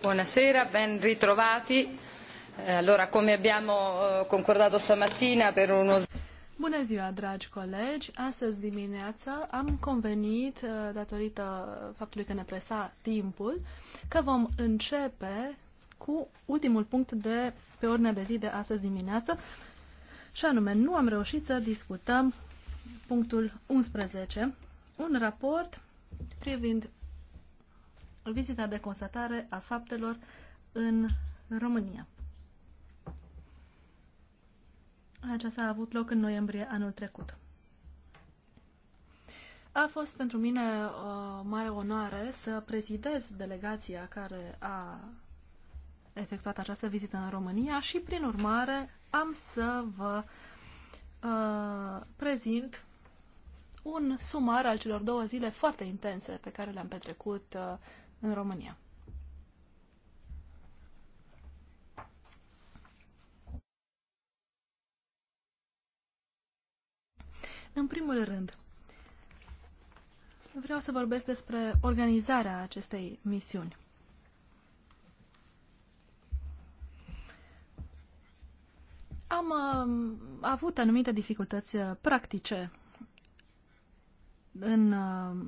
Buonasera, ben ritrovati. Eh, allora, come abbiamo eh, concordato stamattina per uno... Bună ziua, dragi colegi! Astăzi dimineață am convenit, eh, datorită faptului că ne presa timpul, că vom începe cu ultimul punct de pe ordinea de zi de astăzi dimineață, și anume, nu am reușit să discutăm punctul 11, un raport privind vizita de constatare a faptelor în România. Aceasta a avut loc în noiembrie anul trecut. A fost pentru mine o uh, mare onoare să prezidez delegația care a efectuat această vizită în România și, prin urmare, am să vă uh, prezint un sumar al celor două zile foarte intense pe care le-am petrecut uh, în România. În primul rând, vreau să vorbesc despre organizarea acestei misiuni. Am uh, avut anumite dificultăți uh, practice în uh,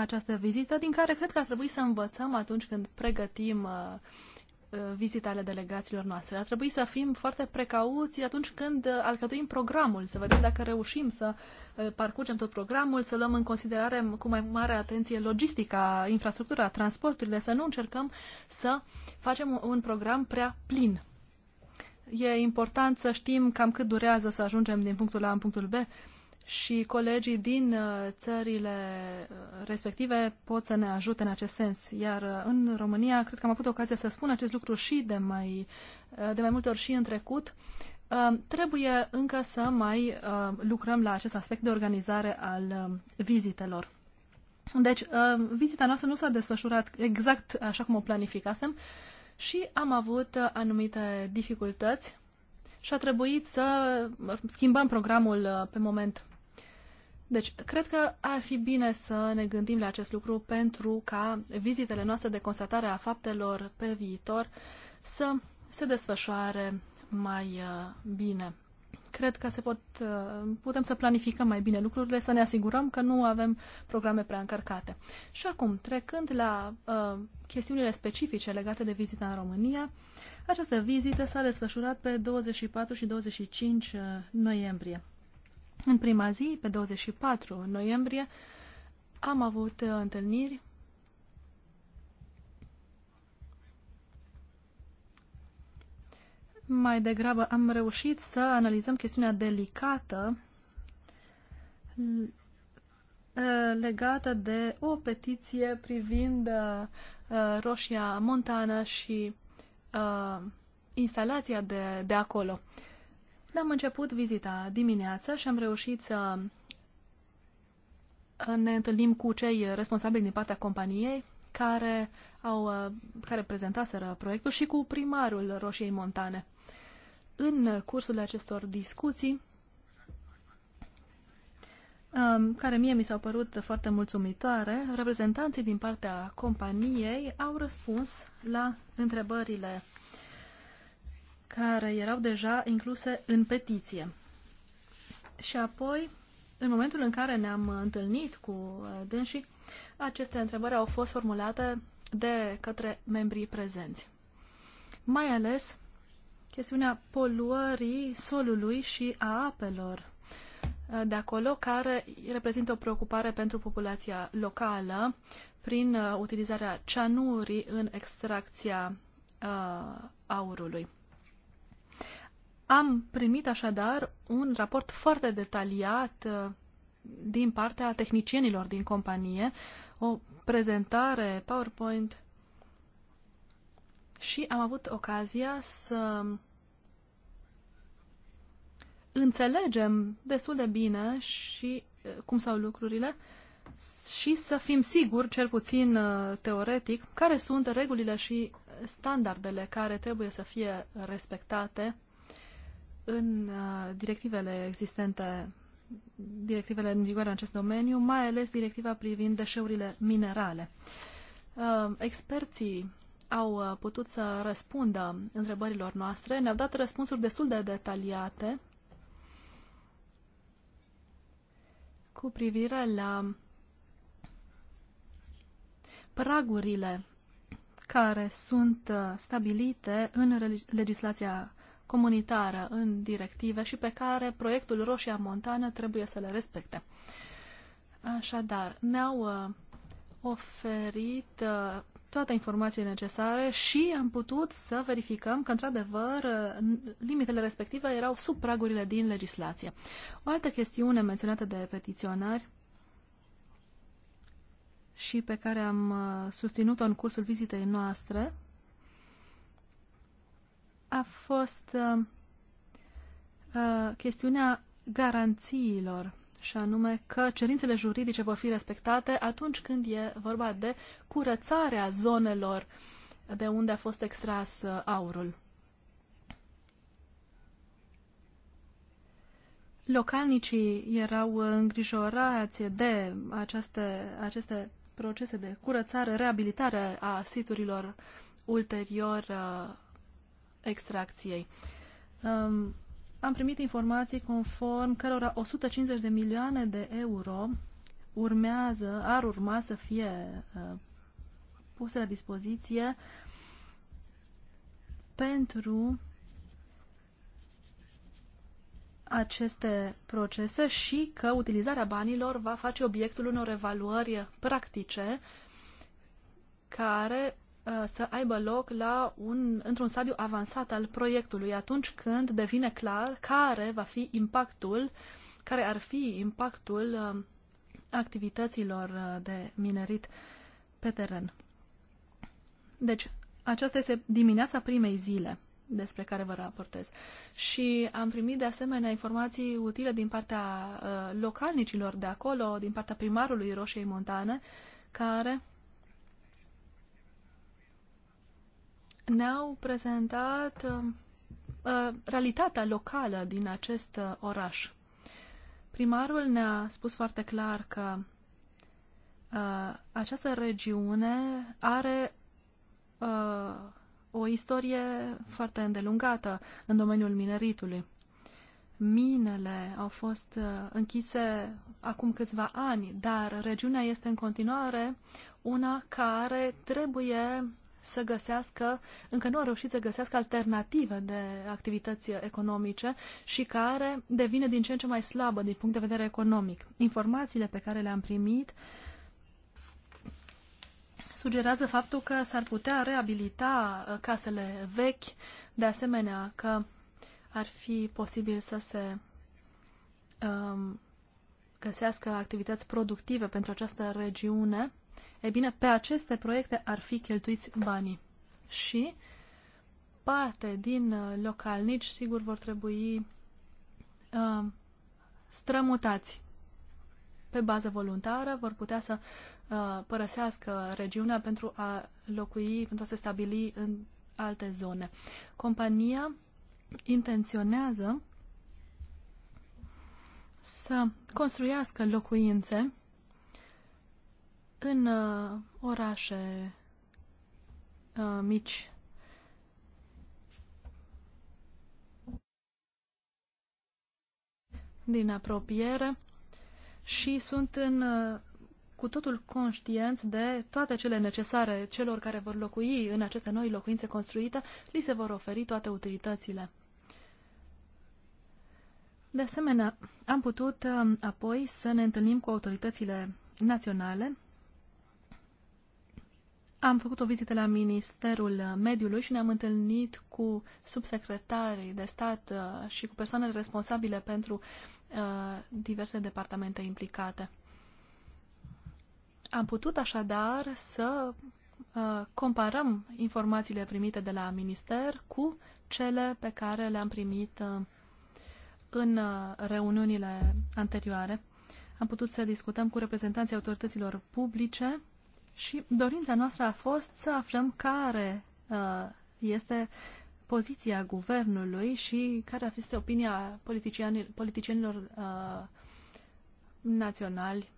această vizită, din care cred că ar trebui să învățăm atunci când pregătim uh, uh, vizita ale delegațiilor noastre. Ar trebui să fim foarte precauți atunci când uh, alcătuim programul, să vedem dacă reușim să parcurgem tot programul, să luăm în considerare cu mai mare atenție logistica, infrastructura, transporturile, să nu încercăm să facem un program prea plin. E important să știm cam cât durează să ajungem din punctul A în punctul B și colegii din uh, țările uh, respective pot să ne ajute în acest sens. Iar uh, în România, cred că am avut ocazia să spun acest lucru și de mai, de mai multe ori și în trecut, trebuie încă să mai lucrăm la acest aspect de organizare al vizitelor. Deci, vizita noastră nu s-a desfășurat exact așa cum o planificasem și am avut anumite dificultăți și a trebuit să schimbăm programul pe moment. Deci, cred că ar fi bine să ne gândim la acest lucru pentru ca vizitele noastre de constatare a faptelor pe viitor să se desfășoare mai uh, bine. Cred că se pot, uh, putem să planificăm mai bine lucrurile, să ne asigurăm că nu avem programe prea încărcate. Și acum, trecând la uh, chestiunile specifice legate de vizita în România, această vizită s-a desfășurat pe 24 și 25 uh, noiembrie. În prima zi, pe 24 noiembrie, am avut uh, întâlniri mai degrabă am reușit să analizăm chestiunea delicată uh, legată de o petiție privind uh, roșia Montana și instalația de, de acolo. Ne-am început vizita dimineața și am reușit să uh, ne întâlnim cu cei responsabili din partea companiei care, au, uh, care prezentaseră proiectul și cu primarul Roșiei Montane. În cursul acestor discuții, um, care mie mi s-au părut foarte mulțumitoare, reprezentanții din partea companiei au răspuns la întrebările care erau deja incluse în petiție. Și apoi, în momentul în care ne-am întâlnit cu uh, dânsii, aceste întrebări au fost formulate de către membrii prezenți. Mai ales chestiunea poluării solului și a apelor uh, de acolo, care reprezintă o preocupare pentru populația locală prin uh, utilizarea cianurii în extracția uh, aurului. Am primit așadar un raport foarte detaliat uh, din partea tehnicienilor din companie, o prezentare PowerPoint și am avut ocazia să înțelegem destul de bine și uh, cum s-au lucrurile și să fim siguri, cel puțin uh, teoretic, care sunt regulile și standardele care trebuie să fie respectate în uh, directivele existente, directivele în vigoare în acest domeniu, mai ales directiva privind deșeurile minerale. Uh, experții au uh, putut să răspundă întrebărilor noastre, ne-au dat răspunsuri destul de detaliate cu privire la pragurile care sunt stabilite în legislația comunitară în directive și pe care proiectul Roșia Montană trebuie să le respecte. Așadar, ne-au uh, oferit uh, toate informațiile necesare și am putut să verificăm că, într-adevăr, uh, limitele respective erau sub pragurile din legislație. O altă chestiune menționată de petiționari și pe care am susținut-o în cursul vizitei noastre a fost uh, uh, chestiunea garanțiilor și anume că cerințele juridice vor fi respectate atunci când e vorba de curățarea zonelor de unde a fost extras uh, aurul. Localnicii erau îngrijorați de aceste, aceste procese de curățare, reabilitare a siturilor ulterior uh, extracției. Um, am primit informații conform cărora 150 de milioane de euro urmează, ar urma să fie uh, puse la dispoziție pentru aceste procese și că utilizarea banilor va face obiectul unor evaluări practice care Uh, să aibă loc la un, într-un stadiu avansat al proiectului, atunci când devine clar care va fi impactul, care ar fi impactul uh, activităților uh, de minerit pe teren. Deci, aceasta este dimineața primei zile despre care vă raportez. Și am primit de asemenea informații utile din partea localnicilor de acolo, din partea primarului Roșiei Montane, care ne-au prezentat uh, uh, realitatea locală din acest uh, oraș. Primarul ne-a spus foarte clar că uh, această regiune are uh, o istorie foarte îndelungată în domeniul mineritului. Minele au fost uh, închise acum câțiva ani, dar regiunea este în continuare una care trebuie să găsească, încă nu a reușit să găsească alternative de activități economice și care devine din ce în ce mai slabă din punct de vedere economic. Informațiile pe care le-am primit sugerează faptul că s-ar putea reabilita uh, casele vechi, de asemenea că ar fi posibil să se um, găsească activități productive pentru această regiune E bine, pe aceste proiecte ar fi cheltuiți banii. Și parte din uh, localnici, sigur, vor trebui uh, strămutați pe bază voluntară, vor putea să uh, părăsească regiunea pentru a locui, pentru a se stabili în alte zone. Compania intenționează să construiască locuințe în uh, orașe uh, mici. din apropiere și sunt în, uh, cu totul conștienți de toate cele necesare celor care vor locui în aceste noi locuințe construite, li se vor oferi toate utilitățile. De asemenea, am putut uh, apoi să ne întâlnim cu autoritățile naționale am făcut o vizită la Ministerul Mediului și ne-am întâlnit cu subsecretarii de stat uh, și cu persoanele responsabile pentru uh, diverse departamente implicate. Am putut așadar să uh, comparăm informațiile primite de la minister cu cele pe care le-am primit în reuniunile anterioare. Am putut să discutăm cu reprezentanții autorităților publice și dorința noastră a fost să aflăm care uh, este poziția guvernului și care este opinia politicienilor uh, naționali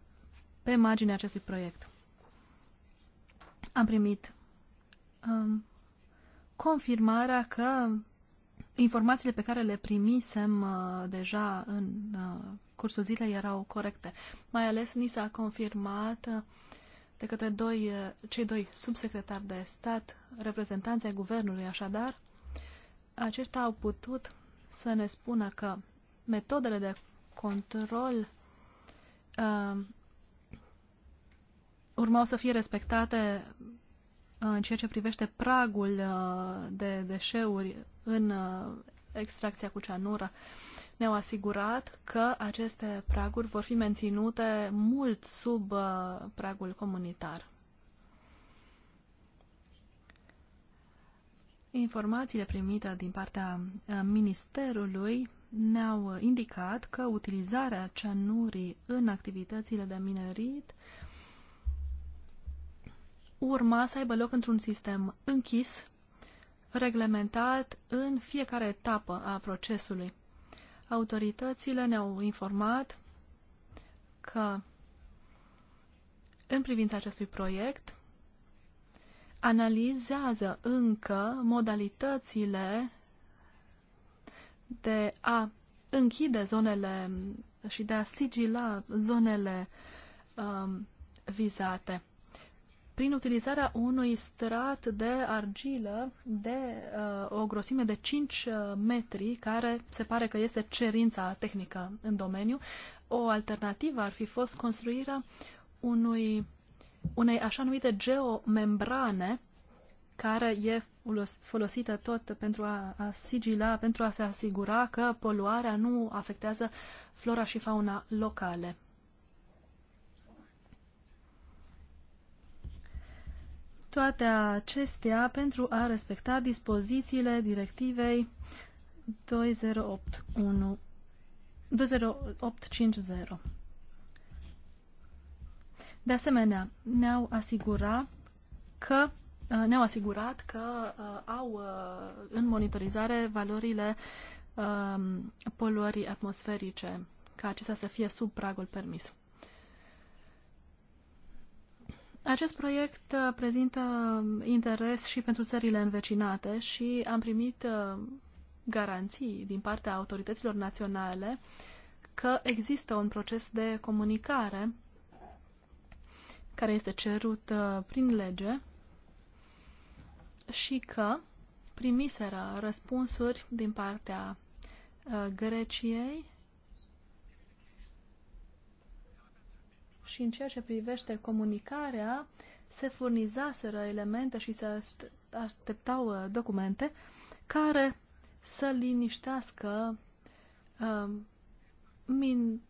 pe marginea acestui proiect. Am primit um, confirmarea că informațiile pe care le primisem uh, deja în uh, cursul zilei erau corecte. Mai ales ni s-a confirmat uh, de către doi, eh, cei doi subsecretari de stat, reprezentanții guvernului așadar, aceștia au putut să ne spună că metodele de control uh, urmau să fie respectate eh, în ceea ce privește pragul uh, de deșeuri în uh, extracția cu ceanură ne-au asigurat că aceste praguri vor fi menținute mult sub uh, pragul comunitar. Informațiile primite din partea uh, Ministerului ne-au indicat că utilizarea cianurii în activitățile de minerit urma să aibă loc într-un sistem închis, reglementat în fiecare etapă a procesului. Autoritățile ne-au informat că în privința acestui proiect analizează încă modalitățile de a închide zonele și de a sigila zonele um, vizate prin utilizarea unui strat de argilă de uh, o grosime de 5 uh, metri, care se pare că este cerința tehnică în domeniu. O alternativă ar fi fost construirea unui, unei așa numite geomembrane, care e folosită tot pentru a, a sigila, pentru a se asigura că poluarea nu afectează flora și fauna locale. toate acestea pentru a respecta dispozițiile directivei 2081 20850. De asemenea, ne-au asigurat că uh, ne-au asigurat că uh, au uh, în monitorizare valorile uh, poluării atmosferice, ca acestea să fie sub pragul permis. Acest proiect uh, prezintă um, interes și pentru țările învecinate și am primit uh, garanții din partea autorităților naționale că există un proces de comunicare care este cerut uh, prin lege și că primiseră răspunsuri din partea Greciei și în ceea ce privește comunicarea, se furnizaseră elemente și se așteptau uh, documente care să liniștească uh, min,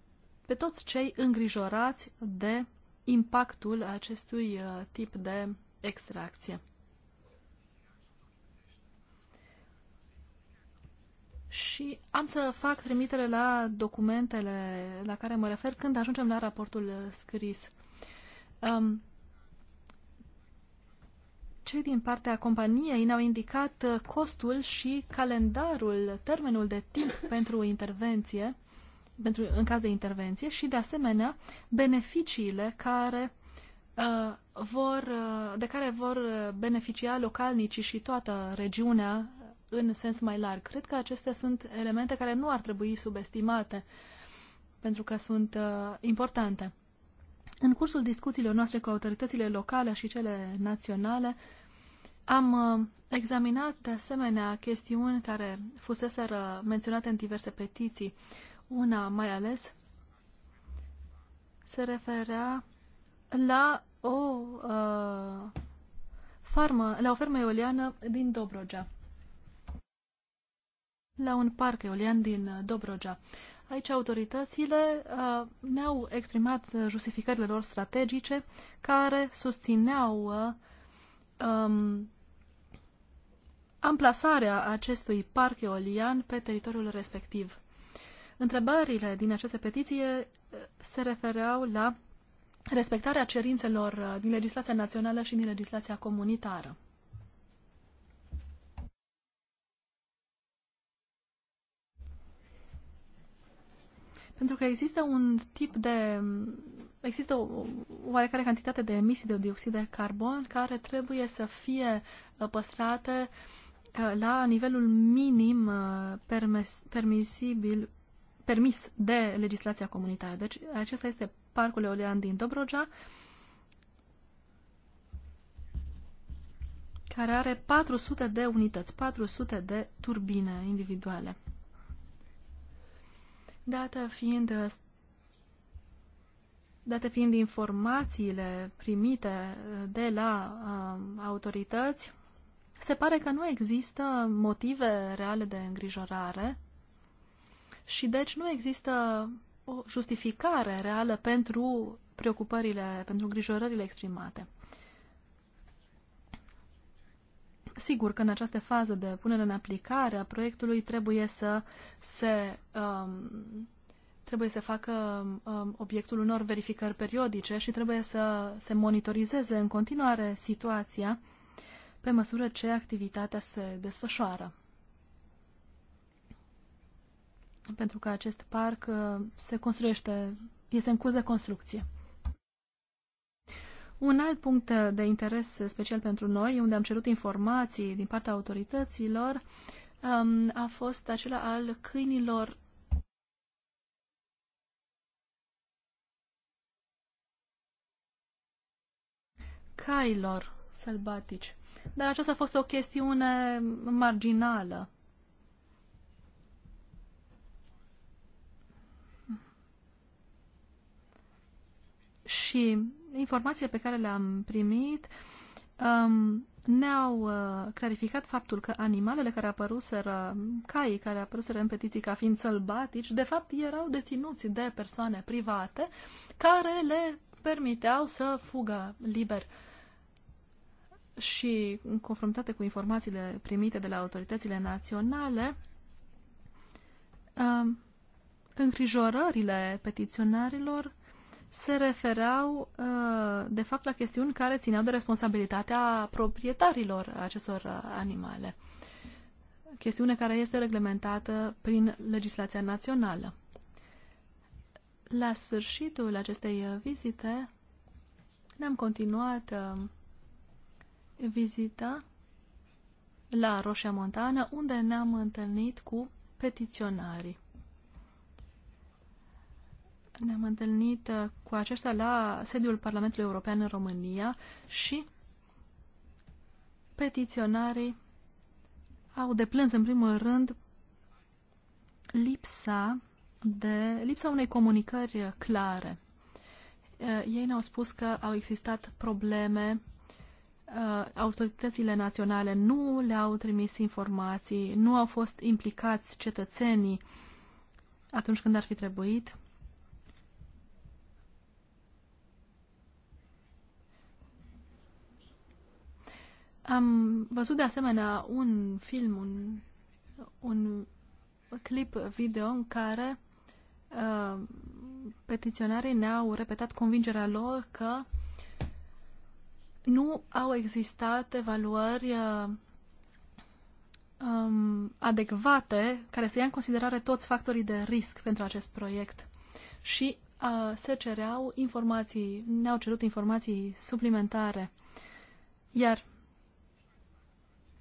pe toți cei îngrijorați de impactul acestui uh, tip de extracție. Și am să fac trimitere la documentele la care mă refer când ajungem la raportul scris. Um, cei din partea companiei ne-au indicat uh, costul și calendarul, termenul de timp pentru intervenție, pentru, în caz de intervenție și, de asemenea, beneficiile care uh, vor, uh, de care vor uh, beneficia localnicii și toată regiunea în sens mai larg. Cred că acestea sunt elemente care nu ar trebui subestimate, pentru că sunt uh, importante. În cursul discuțiilor noastre cu autoritățile locale și cele naționale, am uh, examinat de asemenea chestiuni care fusese menționate în diverse petiții. Una mai ales se referea la o uh, farmă, la o fermă eoliană din Dobrogea la un parc eolian din uh, Dobrogea. Aici autoritățile uh, ne-au exprimat uh, justificările lor strategice care susțineau uh, um, amplasarea acestui parc eolian pe teritoriul respectiv. Întrebările din aceste petiție uh, se refereau la respectarea cerințelor din legislația națională și din legislația comunitară. Pentru că există un tip de. Există o oarecare cantitate de emisii de dioxid de carbon care trebuie să fie uh, păstrate uh, la nivelul minim uh, permis, permisibil, permis de legislația comunitară. Deci acesta este Parcul Eolian din Dobrogea, care are 400 de unități, 400 de turbine individuale dată fiind date fiind informațiile primite de la uh, autorități, se pare că nu există motive reale de îngrijorare și deci nu există o justificare reală pentru preocupările, pentru îngrijorările exprimate. Sigur că în această fază de punere în aplicare a proiectului trebuie să se um, trebuie să facă um, obiectul unor verificări periodice și trebuie să se monitorizeze în continuare situația pe măsură ce activitatea se desfășoară. Pentru că acest parc uh, se construiește, este în curs de construcție. Un alt punct de interes special pentru noi, unde am cerut informații din partea autorităților, um, a fost acela al câinilor cailor sălbatici. Dar aceasta a fost o chestiune marginală. Și informațiile pe care le-am primit um, ne-au uh, clarificat faptul că animalele care apăruseră, caii care apăruseră în petiții ca fiind sălbatici, de fapt erau deținuți de persoane private care le permiteau să fugă liber. Și confruntate cu informațiile primite de la autoritățile naționale, uh, îngrijorările petiționarilor se referau uh, de fapt, la chestiuni care țineau de responsabilitatea proprietarilor acestor uh, animale. Chestiune care este reglementată prin legislația națională. La sfârșitul acestei uh, vizite, ne-am continuat vizita la Roșia Montană, unde ne-am întâlnit cu petiționarii ne-am întâlnit uh, cu aceștia la sediul Parlamentului European în România și petiționarii au deplâns în primul rând lipsa de lipsa unei comunicări clare. Uh, ei ne-au spus că au existat probleme, uh, autoritățile naționale nu le-au trimis informații, nu au fost implicați cetățenii atunci când ar fi trebuit Am văzut de asemenea un film, un, un clip video în care uh, petiționarii ne-au repetat convingerea lor că nu au existat evaluări uh, um, adecvate care să ia în considerare toți factorii de risc pentru acest proiect și uh, se cereau informații, ne-au cerut informații suplimentare. Iar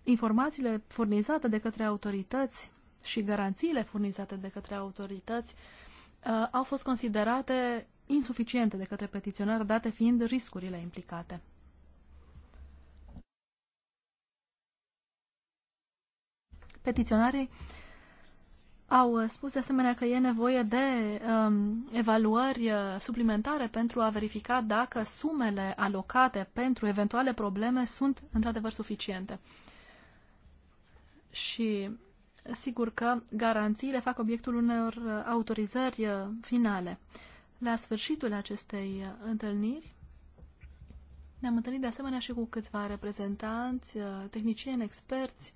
informațiile furnizate de către autorități și garanțiile furnizate de către autorități uh, au fost considerate insuficiente de către petiționar, date fiind riscurile implicate. Petiționarii au uh, spus de asemenea că e nevoie de um, evaluări uh, suplimentare pentru a verifica dacă sumele alocate pentru eventuale probleme sunt într-adevăr suficiente și sigur că garanțiile fac obiectul unor autorizări finale. La sfârșitul acestei întâlniri ne-am întâlnit de asemenea și cu câțiva reprezentanți, tehnicieni, experți,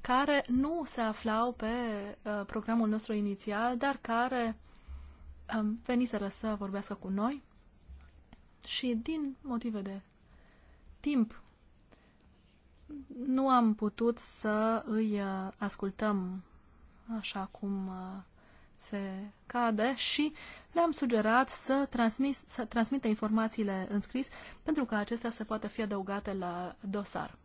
care nu se aflau pe uh, programul nostru inițial, dar care um, veniseră să vorbească cu noi și din motive de timp nu am putut să îi uh, ascultăm așa cum uh, se cade și le-am sugerat să, transmis, să transmită informațiile în scris pentru că acestea se poate fi adăugate la dosar.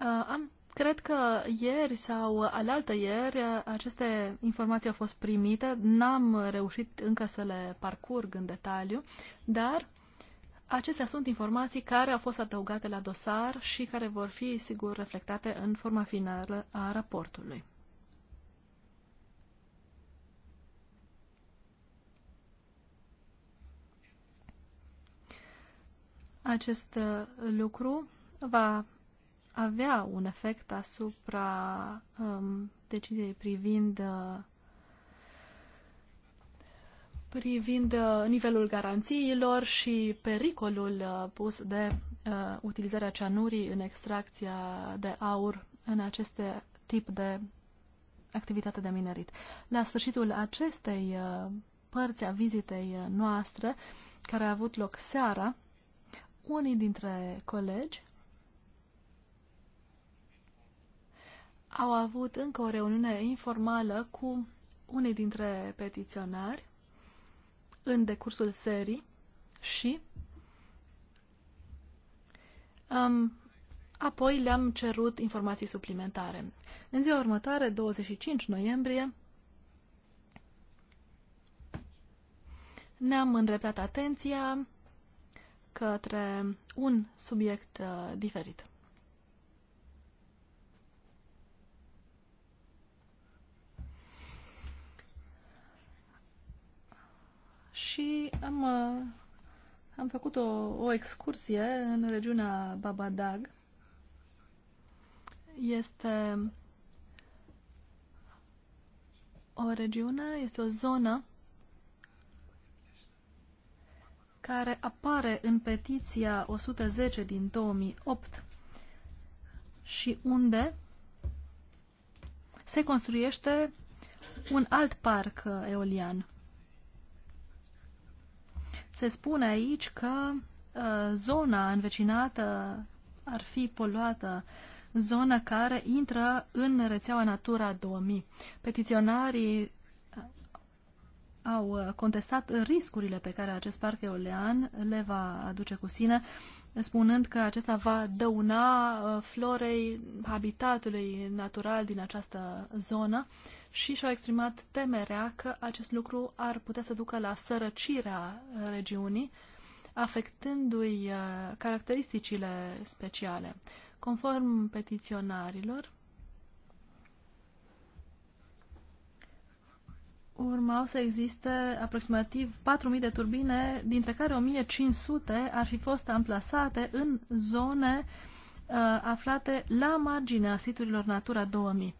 Uh, am Cred că ieri sau alaltă ieri aceste informații au fost primite. N-am reușit încă să le parcurg în detaliu, dar acestea sunt informații care au fost adăugate la dosar și care vor fi, sigur, reflectate în forma finală a raportului. Acest uh, lucru va avea un efect asupra um, deciziei privind uh, privind uh, nivelul garanțiilor și pericolul uh, pus de uh, utilizarea cianurii în extracția de aur în aceste tip de activitate de minerit. La sfârșitul acestei părți a vizitei noastre, care a avut loc seara, unii dintre colegi au avut încă o reuniune informală cu unii dintre petiționari în decursul serii și um, apoi le-am cerut informații suplimentare. În ziua următoare, 25 noiembrie, ne-am îndreptat atenția către un subiect uh, diferit. și am, uh, am făcut o, o excursie în regiunea Babadag. Este o regiune, este o zonă care apare în petiția 110 din 2008 și unde se construiește un alt parc uh, eolian. Se spune aici că uh, zona învecinată ar fi poluată, zona care intră în rețeaua Natura 2000. Petiționarii uh, au uh, contestat riscurile pe care acest parc eolean le va aduce cu sine, spunând că acesta va dăuna florei habitatului natural din această zonă și și-au exprimat temerea că acest lucru ar putea să ducă la sărăcirea regiunii, afectându-i uh, caracteristicile speciale. Conform petiționarilor, urmau să existe aproximativ 4.000 de turbine, dintre care 1.500 ar fi fost amplasate în zone uh, aflate la marginea siturilor Natura 2000.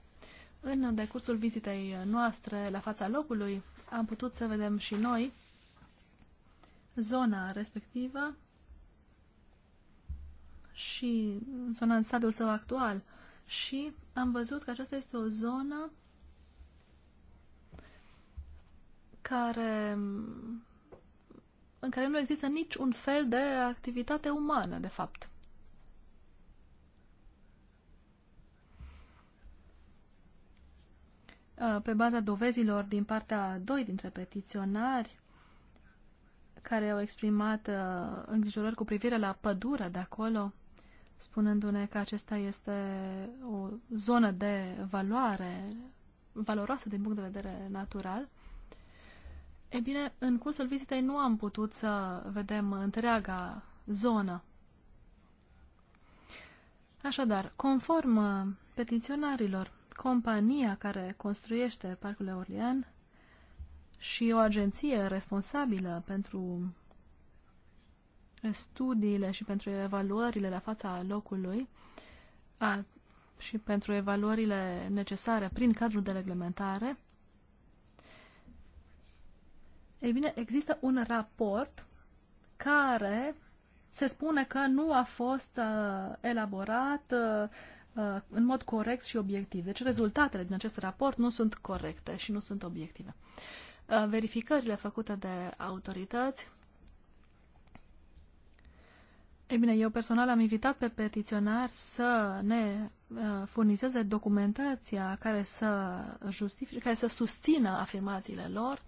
În decursul vizitei noastre la fața locului am putut să vedem și noi zona respectivă și zona în stadiul său actual și am văzut că aceasta este o zonă care, în care nu există niciun fel de activitate umană, de fapt. Uh, pe baza dovezilor din partea a doi dintre petiționari care au exprimat uh, îngrijorări cu privire la pădurea de acolo, spunându-ne că acesta este o zonă de valoare, valoroasă din punct de vedere natural. E bine, în cursul vizitei nu am putut să vedem întreaga zonă. Așadar, conform uh, petiționarilor, compania care construiește parcul eolian și o agenție responsabilă pentru studiile și pentru evaluările la fața locului a, și pentru evaluările necesare prin cadrul de reglementare, ei bine, există un raport care se spune că nu a fost uh, elaborat uh, în mod corect și obiectiv. Deci rezultatele din acest raport nu sunt corecte și nu sunt obiective. Uh, verificările făcute de autorități. Ei bine, eu personal am invitat pe petiționar să ne uh, furnizeze documentația care să, justifice, care să susțină afirmațiile lor,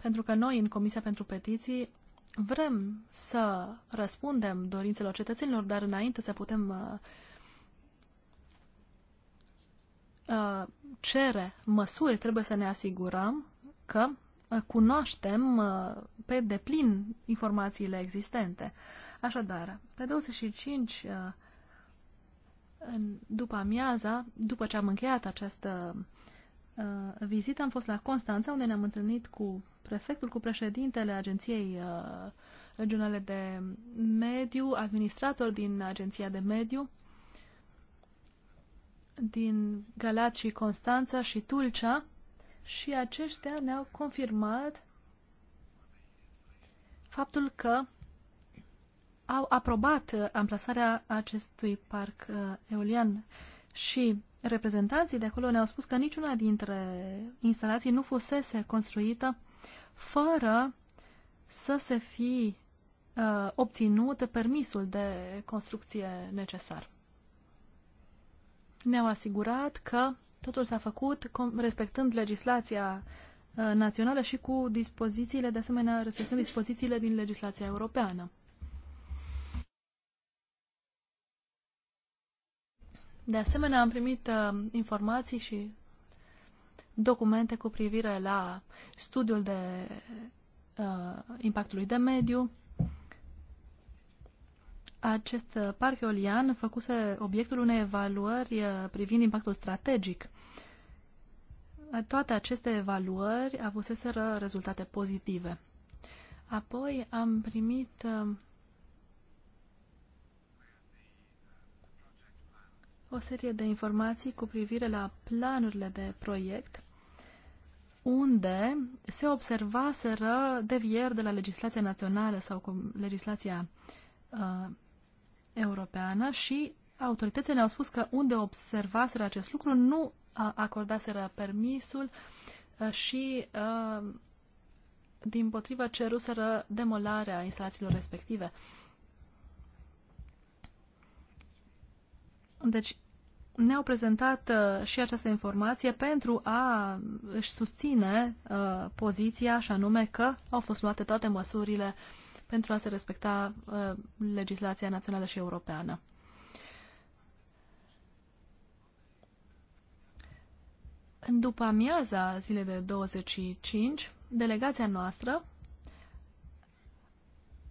pentru că noi, în Comisia pentru Petiții, Vrem să răspundem dorințelor cetățenilor, dar înainte să putem uh, uh cere măsuri, trebuie să ne asigurăm că uh, cunoaștem uh, pe deplin informațiile existente. Așadar, pe 25 după amiaza, după ce am încheiat această Uh, vizită am fost la Constanța, unde ne-am întâlnit cu prefectul, cu președintele Agenției uh, Regionale de Mediu, administrator din Agenția de Mediu, din Galați și Constanța și Tulcea, și aceștia ne-au confirmat faptul că au aprobat uh, amplasarea acestui parc eolian și reprezentanții de acolo ne-au spus că niciuna dintre instalații nu fusese construită fără să se fi uh, obținut permisul de construcție necesar. Ne-au asigurat că totul s-a făcut respectând legislația uh, națională și cu dispozițiile, de asemenea, respectând dispozițiile din legislația europeană. De asemenea, am primit uh, informații și documente cu privire la studiul de uh, impactului de mediu. Acest parc eolian făcuse obiectul unei evaluări uh, privind impactul strategic. Toate aceste evaluări avuseseră rezultate pozitive. Apoi am primit uh, o serie de informații cu privire la planurile de proiect unde se observaseră devieri de la legislația națională sau cu legislația uh, europeană și autoritățile ne-au spus că unde observaseră acest lucru nu acordaseră permisul uh, și uh, din potrivă ceruseră demolarea instalațiilor respective. Uh, Deci ne-au prezentat uh, și această informație pentru a își susține uh, poziția și anume că au fost luate toate măsurile pentru a se respecta uh, legislația națională și europeană. În după amiaza zilei de 25, delegația noastră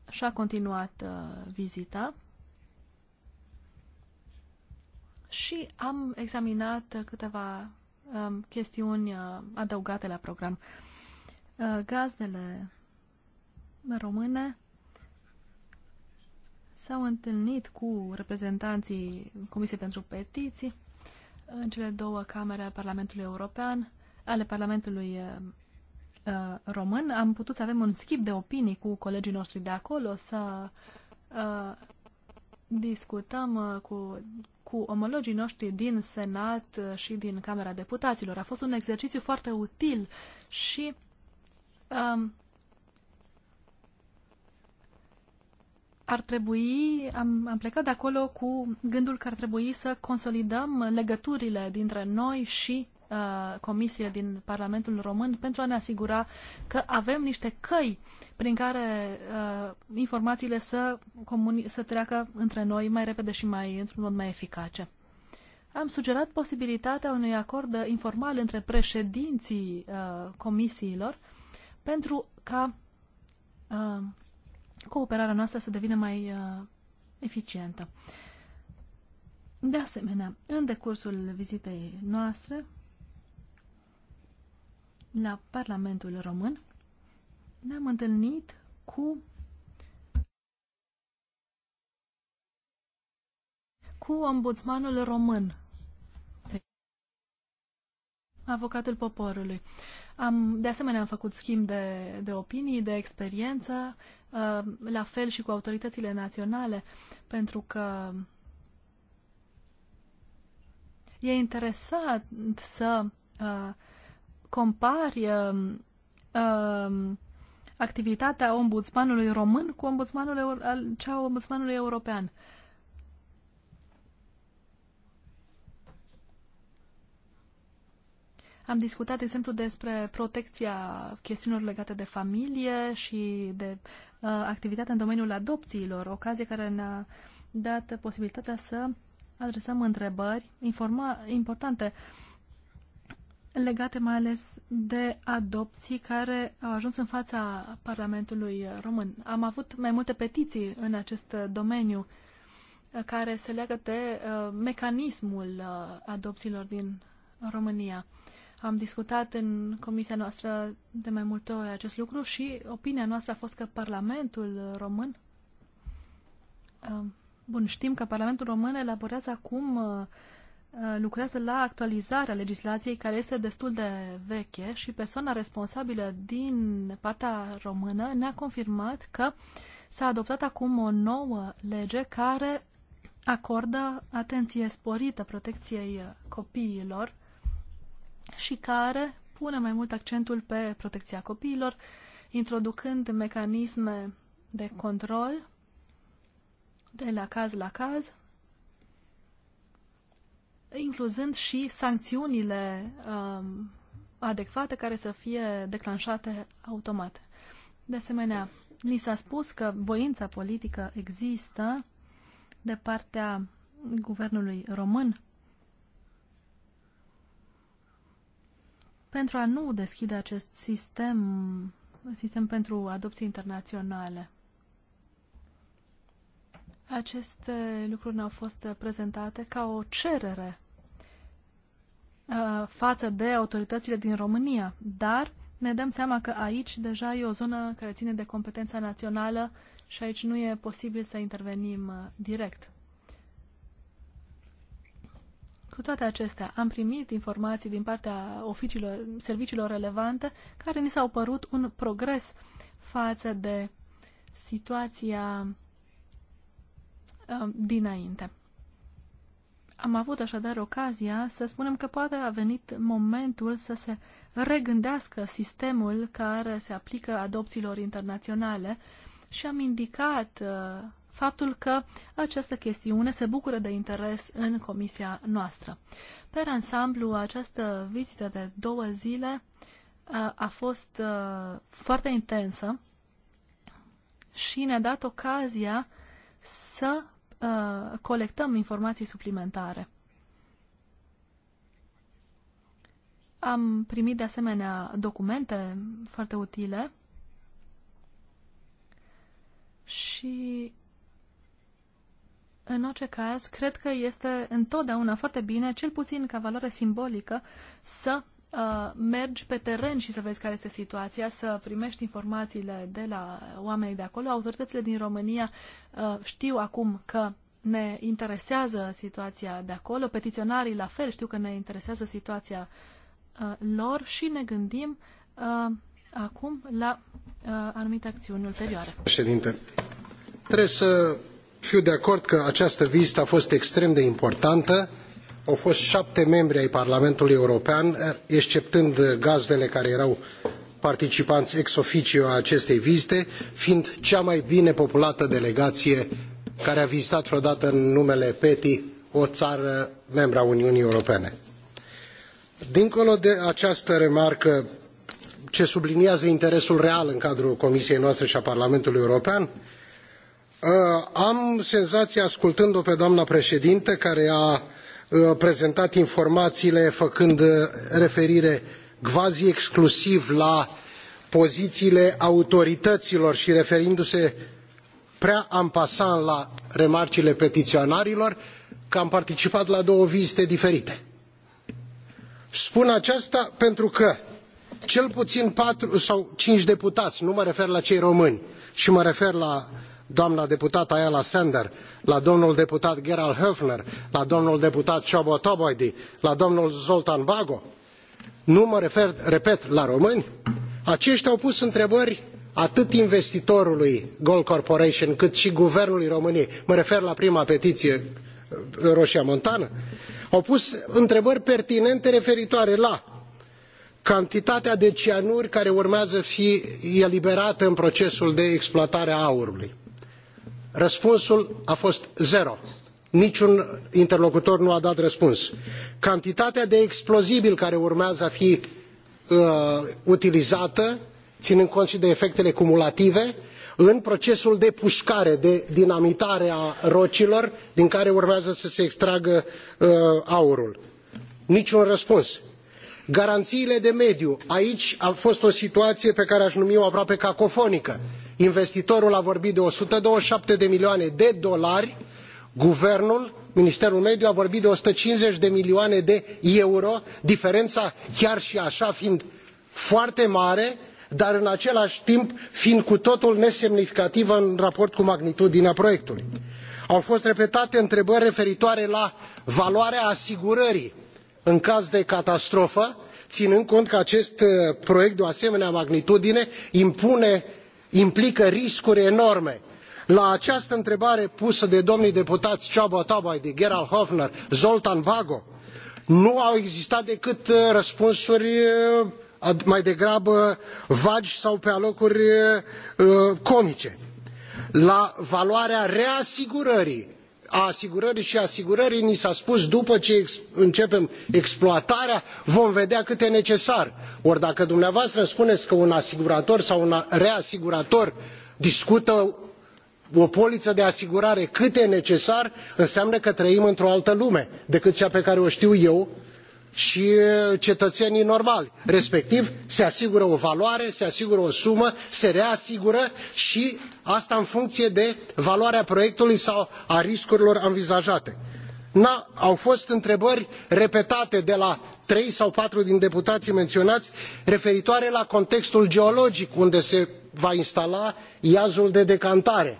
și-a continuat uh, vizita și am examinat câteva um, chestiuni uh, adăugate la program. Uh, gazdele române s-au întâlnit cu reprezentanții Comisiei pentru Petiții în cele două camere ale Parlamentului European, ale Parlamentului uh, uh Român. Am putut să avem un schimb de opinii cu colegii noștri de acolo, să uh, discutăm uh, cu cu omologii noștri din Senat uh, și din Camera Deputaților. A fost un exercițiu foarte util și um, ar trebui, am, am plecat de acolo cu gândul că ar trebui să consolidăm legăturile dintre noi și Uh, comisiile din Parlamentul Român pentru a ne asigura că avem niște căi prin care uh, informațiile să, să treacă între noi mai repede și mai într-un mod mai eficace. Am sugerat posibilitatea unui acord informal între președinții uh, comisiilor pentru ca uh, cooperarea noastră să devină mai uh, eficientă. De asemenea, în decursul vizitei noastre, la Parlamentul Român, ne-am întâlnit cu cu ombudsmanul român, avocatul poporului. Am, de asemenea, am făcut schimb de, de opinii, de experiență, uh, la fel și cu autoritățile naționale, pentru că e interesant să uh, compari uh, activitatea ombudsmanului român cu ombudsmanul, cea ombudsmanului european. Am discutat, de exemplu, despre protecția chestiunilor legate de familie și de uh, activitatea în domeniul adopțiilor, ocazie care ne-a dat posibilitatea să adresăm întrebări informa- importante uh, legate mai ales de adopții care au ajuns în fața Parlamentului Român. Am avut mai multe petiții în acest domeniu uh, care se leagă de uh, mecanismul uh, adopțiilor din România. Am discutat în comisia noastră de mai multe ori acest lucru și opinia noastră a fost că Parlamentul român. bun, știm că Parlamentul român elaborează acum uh, Uh, lucrează la actualizarea legislației care este destul de veche și persoana responsabilă din partea română ne-a confirmat că s-a adoptat acum o nouă lege care acordă atenție sporită protecției copiilor și care pune mai mult accentul pe protecția copiilor, introducând mecanisme de control de la caz la caz incluzând și sancțiunile um, adecvate care să fie declanșate automat. De asemenea, ni s-a spus că voința politică există de partea guvernului român pentru a nu deschide acest sistem, sistem pentru adopții internaționale. Aceste lucruri ne-au fost prezentate ca o cerere Uh, față de autoritățile din România, dar ne dăm seama că aici deja e o zonă care ține de competența națională și aici nu e posibil să intervenim uh, direct. Cu toate acestea, am primit informații din partea oficiilor, serviciilor relevante care ni s-au părut un progres față de situația uh, dinainte. Am avut așadar ocazia să spunem că poate a venit momentul să se regândească sistemul care se aplică adopțiilor internaționale și am indicat uh, faptul că această chestiune se bucură de interes în comisia noastră. Per ansamblu, această vizită de două zile uh, a fost uh, foarte intensă și ne-a dat ocazia să Uh, colectăm informații suplimentare. Am primit de asemenea documente foarte utile și în orice caz, cred că este întotdeauna foarte bine, cel puțin ca valoare simbolică, să Uh, mergi pe teren și să vezi care este situația, să primești informațiile de la oamenii de acolo. Autoritățile din România uh, știu acum că ne interesează situația de acolo, petiționarii la fel știu că ne interesează situația uh, lor și ne gândim uh, acum la uh, anumite acțiuni ulterioare. Președinte, trebuie să fiu de acord că această vizită a fost extrem de importantă au fost șapte membri ai Parlamentului European, eh, exceptând eh, gazdele care erau participanți ex officio a acestei vizite, fiind cea mai bine populată delegație care a vizitat vreodată în numele PETI o țară a Uniunii Europene. Dincolo de această remarcă ce subliniază interesul real în cadrul Comisiei noastre și a Parlamentului European, eh, am senzaia ascultând-o pe doamna preedintă care a Uh, prezentat informaiile făcând uh, referire cvazi exclusiv la poziiile autorităilor i referindu se prea en passant la remarcile petiionarilor că am participat la două vizite diferite. spun aceasta pentru că cel puin patru sau cinci deputai nu mă refer la cei români ci mă refer la doamna deputată ayala sender la domnul deputat gerald hfner la domnul deputat csaba tabajdi la domnul Zoltan bago nu mă refer repet la români acetia au pus întrebări atât investitorului gol corporation cât i guvernului româniei mă refer la prima petiie roia montană au pus întrebări pertinente referitoare la cantitatea de cianuri care urmează să fie eliberată în procesul de exploatare a aurului Răspunsul a fost zero. Niciun interlocutor nu a dat răspuns. Cantitatea de explozibil care urmează a fi uh, utilizată, inând cont i de efectele cumulative, în procesul de pușcare, de dinamitare a rocilor, din care urmează să se extragă uh, aurul. Niciun răspuns. Garanțiile de mediu. Aici a fost o situație pe care a numi-o aproape cacofonică investitorul a vorbit de o sută douăzeci și șapte de milioane de dolari guvernul ministerul mediului a vorbit de o sută cincizeci de milioane de euro diferena chiar i aa fiind foarte mare dar în acelai timp fiind cu totul nesemnificativă în raport cu magnitudinea proiectului. au fost repetate întrebări referitoare la valoarea asigurării în caz de catastrofă inând cont că acest uh, proiect de o asemenea magnitudine impune implică riscuri enorme. La această întrebare pusă de domnii deputați Ceaba Tabai, de Gerald Hofner, Zoltan Vago, nu au existat decât uh, răspunsuri uh, mai degrabă vagi sau pe alocuri uh, comice. La valoarea reasigurării a asigurării și asigurării ni s a spus după ce începem exploatarea vom vedea cât e necesar ori dacă dumneavoastră îmi spuneți că un asigurator sau un reasigurator discută o poliă de asigurare cât e necesar înseamnă că trăim într o altă lume decât cea pe care o tiu eu și cetățenii normali. Respectiv, se asigură o valoare, se asigură o sumă, se reasigură și asta în funcție de valoarea proiectului sau a riscurilor anvizajate. Na, au fost întrebări repetate de la trei sau patru din deputații menționați referitoare la contextul geologic unde se va instala iazul de decantare.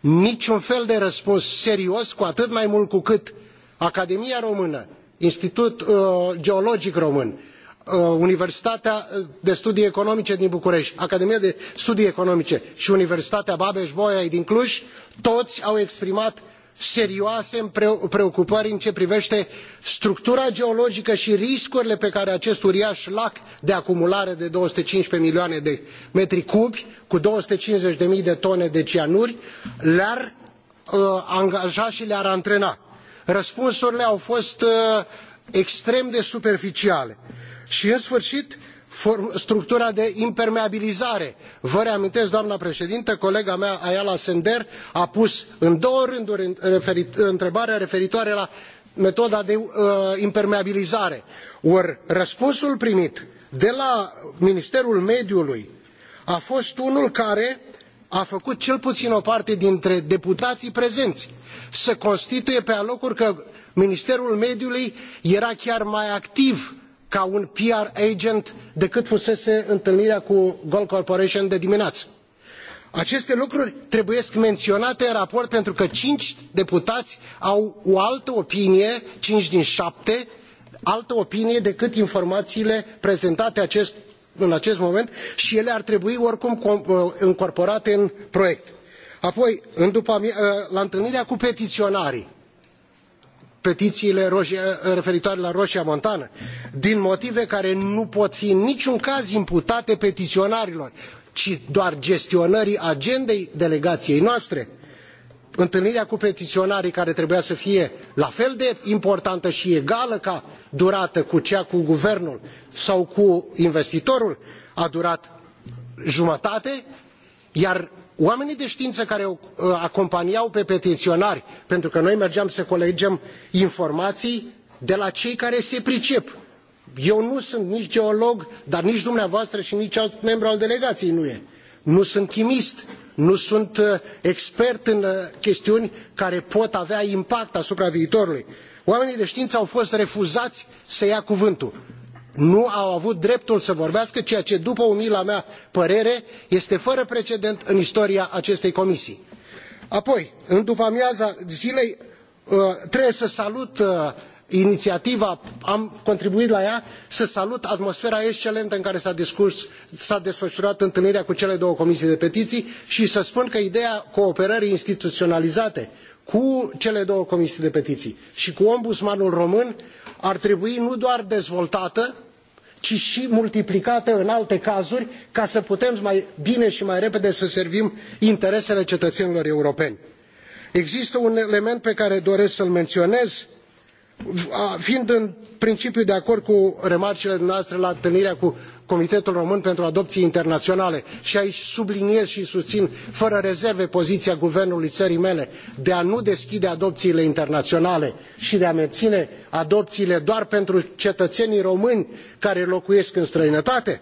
Niciun fel de răspuns serios, cu atât mai mult cu cât Academia Română institut uh, geologic român uh, universitatea de studii economice din bucureti academia de studii economice i universitatea babes bolyai din cluj toi au exprimat serioase preocupări în ceea ce privete structura geologică i riscurile pe care acest uria lac de acumulare de două sute cincisprezece milioane de metri cubi cu două sute cincizeci zero de tone de cianuri le ar uh, angaja i le ar antrena răspunsurile au fost uh, extrem de superficiale și în sfârșit structura de impermeabilizare vă reamintesc doamnă președintă colega mea ayala sender a pus în două rânduri întrebarea referitoare la metoda de uh, impermeabilizare ori răspunsul primit de la ministerul mediului a fost unul care a făcut cel puțin o parte dintre deputații prezenți să constituie pe alocuri că ministerul mediului era chiar mai activ ca un pr agent decât fusese întâlnirea cu gold corporation de dimineaă. aceste lucruri trebuie menionate în raport pentru că cinci deputai au o altă opinie cinci din apte altă opinie decât informaiile prezentate acest, în acest moment i ele ar trebui oricum uh, incorporate în proiect apoi ă, la întâlnirea cu petiionarii petiiile ă, ă, referitoare la roia montană din motive care nu pot fi în niciun caz imputate petiionarilor ci doar gestionării agendei delegaiei noastre întâlnirea cu petiionarii care trebuia să fie la fel de importantă i egală ca durată cu cea cu guvernul sau cu investitorul a durat jumătate iar oamenii de știință care uh, acompaniau pe petiționari, pentru că noi mergeam să colegem informații de la cei care se pricep. Eu nu sunt nici geolog, dar nici dumneavoastră și nici alt membru al delegației nu e. Nu sunt chimist, nu sunt uh, expert în uh, chestiuni care pot avea impact asupra viitorului. Oamenii de știință au fost refuzați să ia cuvântul nu au avut dreptul să vorbească ceea ce după umila mea părere este fără precedent în istoria acestei comisii. apoi în după amiaza zilei uh, trebuie să salut uh, iniiativa am contribuit la ea să salut atmosfera excelentă în care s a desfăurat întâlnirea cu cele două comisii de petiii i să spun că ideea cooperării instituionalizate cu cele două comisii de petiii i cu ombudsmanul român ar trebui nu doar dezvoltată ci și multiplicată în alte cazuri ca să putem mai bine și mai repede să servim interesele cetățenilor europeni. există un element pe care doresc să l menționez fiind în principiu de acord cu remarcile dumneavoastră la întâlnirea cu comitetul român pentru adopții internaționale și aici subliniez și susțin fără rezerve poziția guvernului țării mele de a nu deschide adopțiile internaționale și de a menține adopțiile doar pentru cetățenii români care locuiesc în străinătate?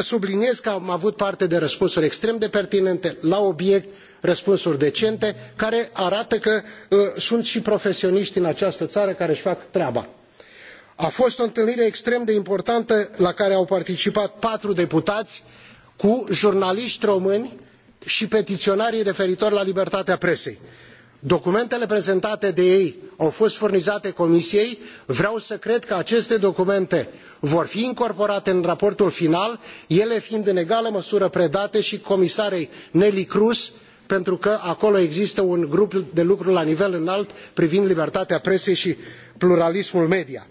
subliniez că am avut parte de răspunsuri extrem de pertinente la obiect răspunsuri decente care arată că uh, sunt și profesioniști în această țară care își fac treaba. A fost o întâlnire extrem de importantă la care au participat patru deputați cu jurnaliști români și petiționarii referitor la libertatea presei documentele prezentate de ei au fost furnizate comisiei vreau să cred că aceste documente vor fi incorporate în raportul final ele fiind în egală măsură predate i comisarei neelie kroes pentru că acolo există un grup de lucru la nivel înalt privind libertatea presei i pluralismul media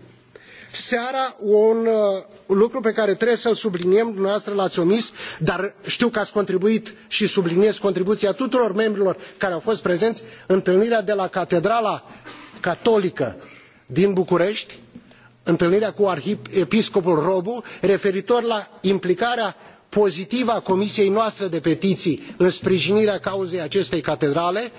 seara un uh, lucru pe care trebuie să îl subliniem dumneavoastră l ai omis dar tiu că ai contribuit i subliniez contribuia tuturor membrilor care au fost prezeni întâlnirea de la catedrala catolică din bucureti întâlnirea cu arhiepiscopul robu referitor la implicarea pozitivă a comisiei noastre de petiii în sprijinirea cauzei acestei catedrale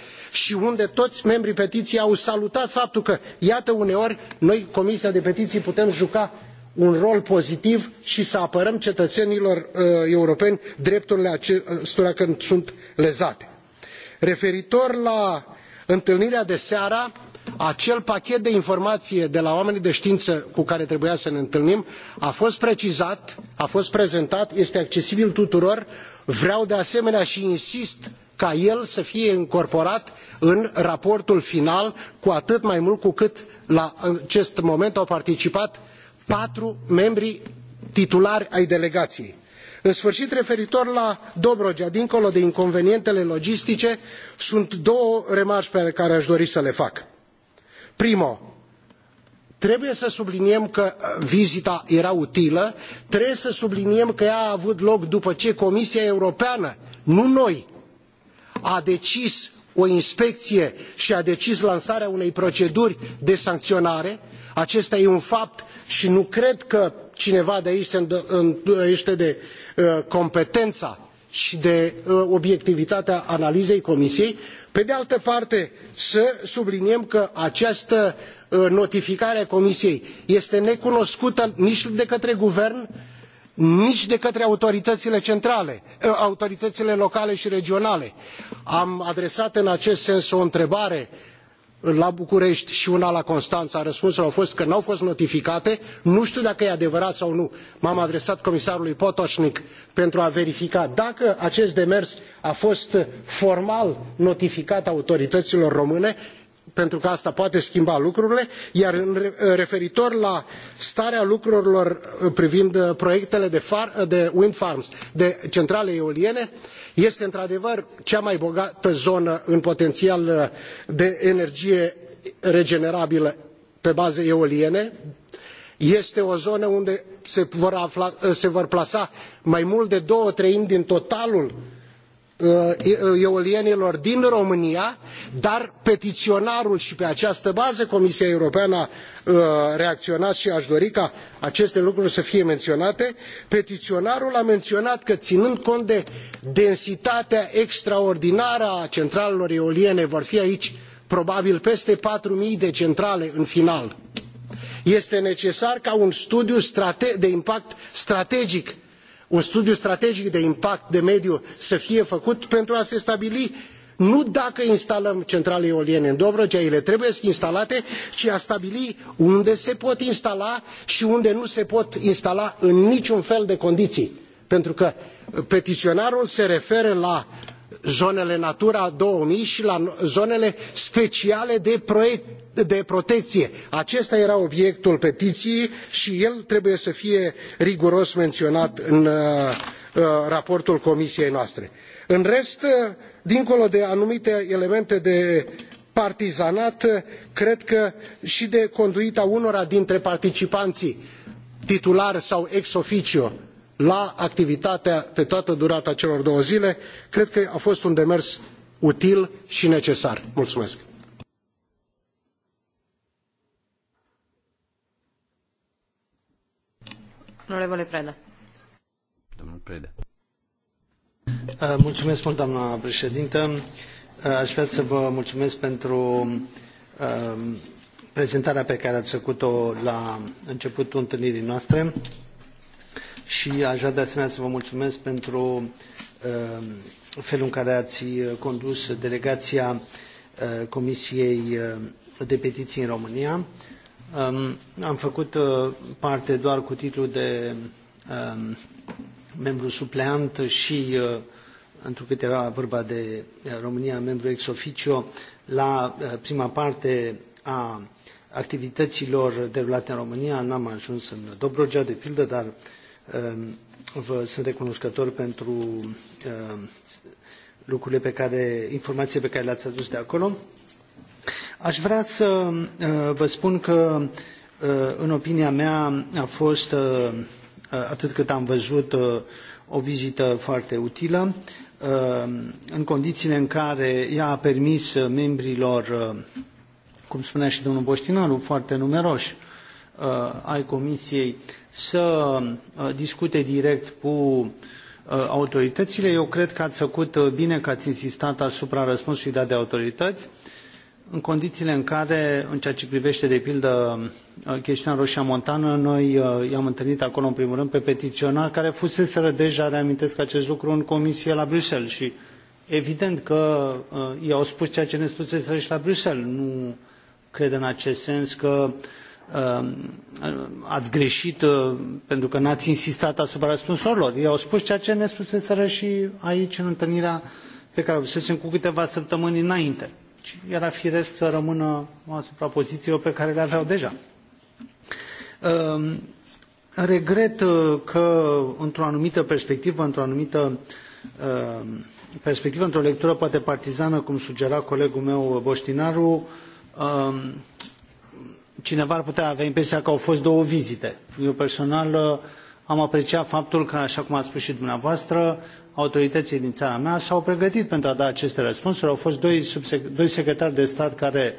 i unde toi membrii petiiei au salutat faptul că iată uneori noi comisia pentru petiii putem juca un rol pozitiv i să apărăm cetăenilor uh, europeni drepturile acestora când sunt lezate. referitor la întâlnirea de seară acel pachet de informație de la oamenii de știință cu care trebuia să ne întâlnim a fost precizat, a fost prezentat, este accesibil tuturor. Vreau de asemenea și insist ca el să fie incorporat în raportul final, cu atât mai mult cu cât la acest moment au participat patru membri titulari ai delegației. În sfârșit, referitor la Dobrogea, dincolo de inconvenientele logistice, sunt două remarci pe care aș dori să le fac primo trebuie să subliniem că uh, vizita era utilă trebuie să subliniem că ea a avut loc după ce comisia europeană nu noi a decis o inspecie i a decis lansarea unei proceduri de sancionare acesta e un fapt i nu cred că cineva de aici se îndoiete de uh, competena i de uh, obiectivitatea analizei comisiei pe de altă parte să subliniem că această uh, notificare a comisiei este necunoscută nici de către guvern nici de către autoritățile, centrale, uh, autoritățile locale și regionale. am adresat în acest sens o întrebare la București și una la Constanța, răspunsul au fost că nu au fost notificate. Nu știu dacă e adevărat sau nu. M-am adresat comisarului Potocnic pentru a verifica dacă acest demers a fost formal notificat autorităților române pentru că asta poate schimba lucrurile iar referitor la starea lucrurilor privind proiectele de wind farms de centrale eoliene este într adevăr cea mai bogată zonă în potenial uh, de energie regenerabilă pe baze eoliene este o zonă unde se vor, afla, uh, se vor plasa mai mult de două treimi din totalul Uh, uh, eolienilor din România, dar petiționarul și pe această bază Comisia Europeană a uh, reacționat și aș dori ca aceste lucruri să fie menționate. Petiționarul a menționat că ținând cont de densitatea extraordinară a centralelor eoliene, vor fi aici probabil peste 4.000 de centrale în final, este necesar ca un studiu de impact strategic un studiu strategic de impact de mediu să fie făcut pentru a se stabili nu dacă instalăm centrale eoliene în Dobrogea, ele trebuie instalate, ci a stabili unde se pot instala și unde nu se pot instala în niciun fel de condiții. Pentru că petiționarul se referă la zonele natura două mii i la zonele speciale de, proiect, de protecie. acesta era obiectul petiiei i el trebuie să fie riguros menionat în uh, uh, raportul comisiei noastre. în rest uh, dincolo de anumite elemente de partizanat cred că i de conduita unora dintre participanii titulari sau ex officio la activitatea pe toată durata celor două zile cred că a fost un demers util și necesar. mulumesc. Uh, mulțumesc mult, doamna președintă. Uh, aș vrea să vă mulțumesc pentru uh, prezentarea pe care ați făcut-o la începutul întâlnirii noastre și aș vrea de asemenea să vă mulțumesc pentru uh, felul în care ați uh, condus delegația uh, Comisiei de Petiții în România. Um, am făcut parte doar cu titlul de um, membru supleant și, întrucât era vorba de România, membru ex officio, la prima parte a activităților derulate în România. N-am ajuns în Dobrogea, de pildă, dar Ehm, vă sunt recunoscător pentru ehm, lucrurile pe care, informațiile pe care le-ați adus de acolo. Aș vrea să ehm, vă spun că, în opinia mea, a fost, atât cât am văzut, o vizită foarte utilă, în condițiile în care ea a permis membrilor, cum spunea și domnul Boștinaru, foarte numeroși Uh, ai Comisiei să uh, discute direct cu uh, autoritățile. Eu cred că ați făcut bine că ați insistat asupra răspunsului dat de autorități în condițiile în care, în ceea ce privește, de pildă, chestiunea Roșia Montană, noi i-am întâlnit acolo, în primul rând, pe petiționari care fuseseră deja, reamintesc acest lucru, în comisie la Bruxelles și evident că uh, i-au spus ceea ce ne spuseseră și la Bruxelles. Nu cred în acest sens că uh, Um, ați greșit uh, pentru că n-ați insistat asupra răspunsurilor. Ei au spus ceea ce ne spuseseră și aici în întâlnirea pe care o avusesem cu câteva săptămâni înainte. Și era firesc să rămână asupra pozițiilor pe care le aveau deja. Um, regret uh, că, într-o anumită perspectivă, într-o anumită um, perspectivă, într-o lectură poate partizană, cum sugera colegul meu uh, Boștinaru, cineva ar putea avea impresia că au fost două vizite. Eu personal uh, am apreciat faptul că, așa cum ați spus și dumneavoastră, autoritățile din țara mea s-au pregătit pentru a da aceste răspunsuri. Au fost doi, doi secretari de stat care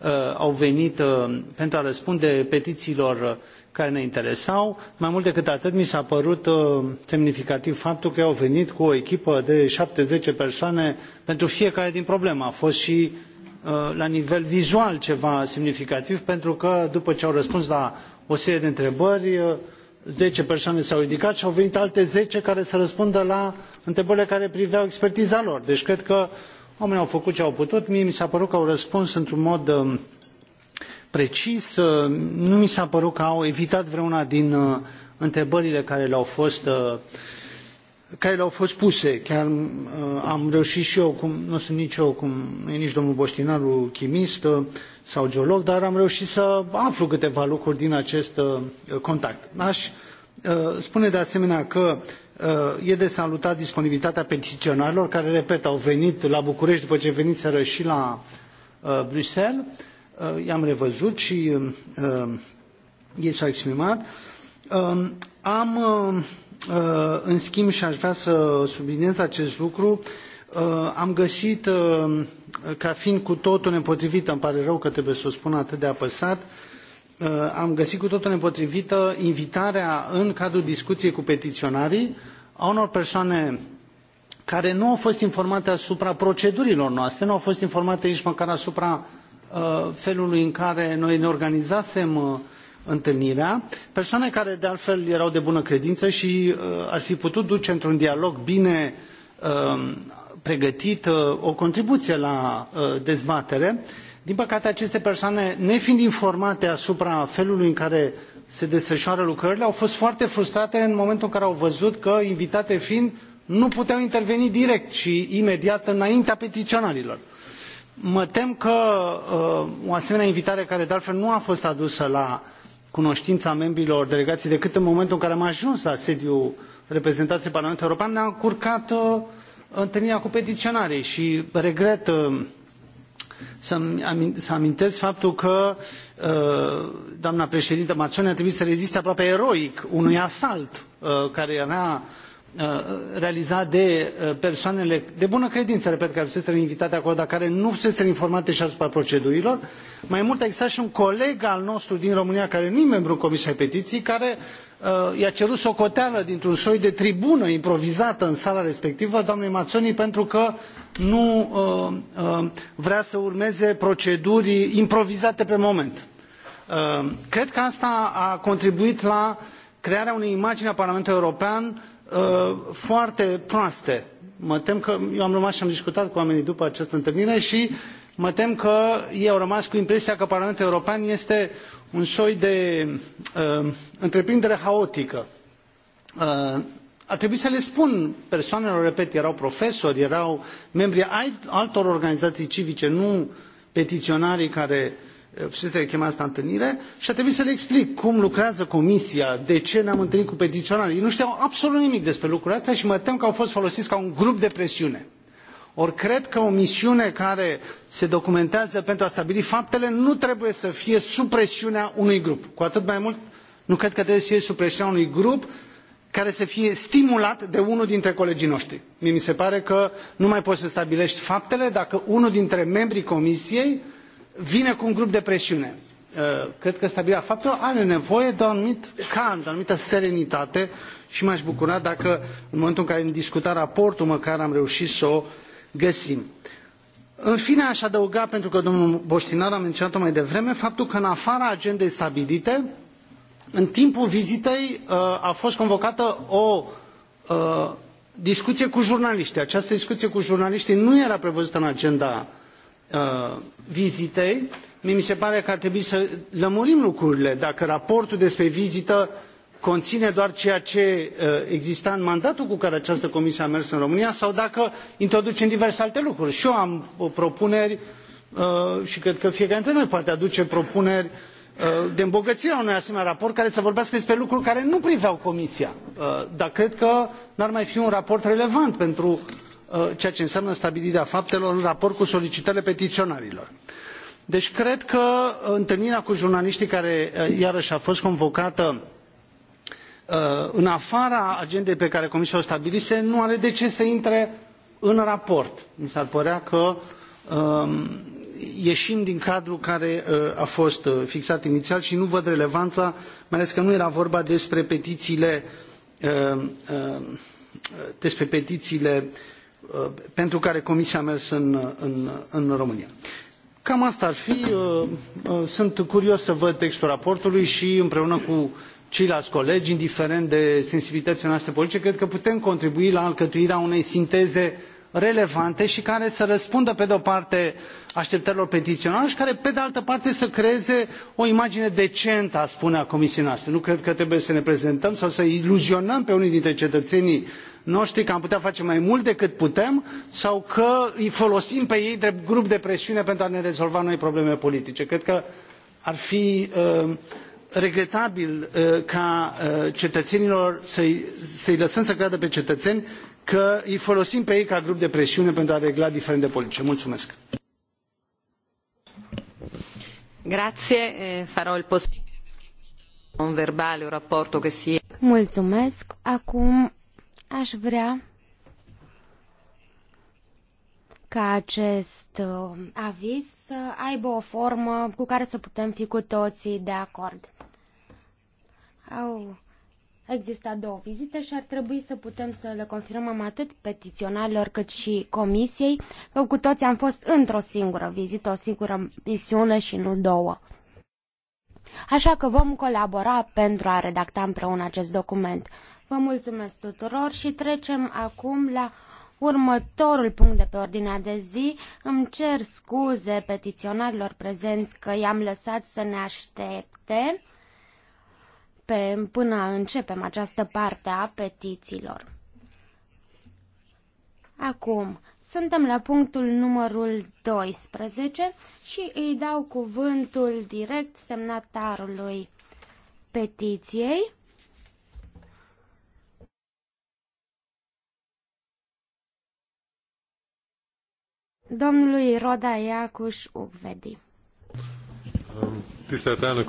uh, au venit uh, pentru a răspunde petițiilor uh, care ne interesau. Mai mult decât atât, mi s-a părut uh, semnificativ faptul că au venit cu o echipă de zece persoane pentru fiecare din probleme. A fost și Uh, la nivel vizual ceva semnificativ, pentru că după ce au răspuns la o serie de întrebări, uh, zece persoane s-au ridicat și au venit alte zece care să răspundă la întrebările care priveau expertiza lor. Deci cred că oamenii au făcut ce au putut. Mie mi s-a părut că au răspuns într-un mod uh, precis. Nu mi s-a părut că au evitat vreuna din întrebările care le-au fost uh, care le-au fost puse. Chiar uh, am reușit și eu, cum, nu sunt nici eu, cum nu e nici domnul Boștinaru chimist sau geolog, dar am reușit să aflu câteva lucruri din acest uh, contact. Aș uh, spune de asemenea că e de salutat disponibilitatea petiționarilor care, repet, au venit la București după ce veniseră și la Bruxelles. I-am revăzut și ei s-au exprimat. Am Uh, în schimb, și aș vrea să subliniez acest lucru, uh, am găsit uh, ca fiind cu totul nepotrivită, îmi pare rău că trebuie să o spun atât de apăsat, am găsit cu totul nepotrivită invitarea în cadrul discuției cu petiționarii a unor persoane care nu au fost informate asupra procedurilor noastre, nu au fost informate nici măcar asupra felului în care noi ne organizasem întâlnirea, persoane care de altfel erau de bună credință și uh, ar fi putut duce într-un dialog bine um, pregătit uh, o contribuție la uh, dezbatere. Din păcate, aceste persoane, nefiind informate asupra felului în care se desfășoară lucrările, au fost foarte frustrate în momentul în care au văzut că, invitate fiind, nu puteau interveni direct și imediat înaintea petiionarilor. Mă tem că o asemenea invitare, care de altfel nu a fost adusă la cunotina membrilor delegaiei decât în momentul în care am ajuns la sediul reprezentanei Parlamentului European ne-a încurcat uh, întâlnirea cu petiionarii și regret uh, să, amintesc faptul că uh, doamna președintă Mazzoni a trebuit să reziste aproape eroic unui asalt uh, care era Uh, realizat de uh, persoanele de bună credință, repet, care fuseseră invitate acolo, dar care nu fuseseră informate i asupra procedurilor. Mai mult a existat și un coleg al nostru din România, care nu e membru în Comisia Petiții, care uh, i-a cerut socoteală dintr-un soi de tribună improvizată în sala respectivă, doamnei Mazzoni, pentru că nu uh, uh, vrea să urmeze proceduri improvizate pe moment. Cred că asta a contribuit la crearea unei imagini a Parlamentului European Uh, foarte proaste. Mă tem că eu am rămas și am discutat cu oamenii după această întâlnire și mă tem că ei au rămas cu impresia că Parlamentul European este un soi de uh, întreprindere haotică. Uh, ar trebui să le spun persoanelor, repet, erau profesori, erau membri ai altor organizații civice, nu petiționarii care uh, fusese chemat la întâlnire și a trebuit să le explic cum lucrează comisia, de ce ne-am întâlnit cu petiționarii. Ei nu știau absolut nimic despre lucrurile astea și mă tem că au fost folosiți ca un grup de presiune. Ori cred că o misiune care se documentează pentru a stabili faptele nu trebuie să fie sub presiunea unui grup. Cu atât mai mult, nu cred că trebuie să fie sub presiunea unui grup care să fie stimulat de unul dintre colegii noștri. Mie mi se pare că nu mai poți să stabilești faptele dacă unul dintre membrii comisiei vine cu un grup de presiune. Uh, cred că stabilirea faptelor are nevoie de un anumit calm, de o anumită serenitate și m-aș bucura dacă în momentul în care am discutat raportul măcar am reușit să o găsim. În fine, aș adăuga, pentru că domnul Boștinaru a menționat-o mai devreme, faptul că în afara agendei stabilite, în timpul vizitei uh, a fost convocată o uh, discuție cu jurnaliștii. Această discuție cu jurnaliștii nu era prevăzută în agenda uh, Uh, vizitei, mie mi se pare că ar trebui să lămurim lucrurile. Dacă raportul despre vizită conține doar ceea ce uh, exista în mandatul cu care această comisie a mers în România sau dacă introducem diverse alte lucruri. i eu am uh, propuneri i și cred că fiecare dintre noi poate aduce propuneri de îmbogățire a unui asemenea raport care să vorbească despre lucruri care nu priveau comisia. Dar cred că n-ar mai fi un raport relevant pentru Uh, ceea ce înseamnă stabilirea faptelor în raport cu solicitările petiionarilor. deci cred că întâlnirea cu jurnalitii care uh, iarăi a fost convocată uh, în afara agendei pe care comisia o stabilise nu are de ce să intre în raport. mi s ar părea că um, ieim din cadrul care a fost fixat inițial și nu văd relevanța, mai ales că nu era vorba despre petițiile, despre petițiile Uh, pentru care Comisia a mers în, în, în România. Cam asta ar fi. Uh, uh, sunt curios să văd textul raportului și împreună cu ceilalți colegi, indiferent de sensibilitățile noastre politice, cred că putem contribui la alcătuirea unei sinteze relevante și care să răspundă pe de o parte așteptărilor petiționarilor și care pe de altă parte să creeze o imagine decentă, a spune, a comisiei noastre. Nu cred că trebuie să ne prezentăm sau să iluzionăm pe unii dintre cetățenii notri că am putea face mai mult decât putem sau că îi folosim pe ei drept grup de presiune pentru a ne rezolva noi probleme politice. Cred că ar fi uh, regretabil uh, ca cetăenilor uh, cetățenilor să îi lăsăm să creadă pe cetățeni că îi folosim pe ei ca grup de presiune pentru a regla diferende politice. Mulțumesc! Grazie, eh, farò il possibile un verbale, un rapporto che Mulțumesc. Acum Aș vrea ca acest uh, aviz să aibă o formă cu care să putem fi cu toții de acord. Au existat două vizite și ar trebui să putem să le confirmăm atât petiționarilor cât și comisiei că cu toții am fost într-o singură vizită, o singură misiune și nu două. Așa că vom colabora pentru a redacta împreună acest document. Vă mulțumesc tuturor și trecem acum la următorul punct de pe ordinea de zi. Îmi cer scuze petiționarilor prezenți că i-am lăsat să ne aștepte pe, până începem această parte a petițiilor. Acum, suntem la punctul numărul 12 și îi dau cuvântul direct semnatarului petiției. domnului Roda Iacuș Ugvedi. Tisztelt elnök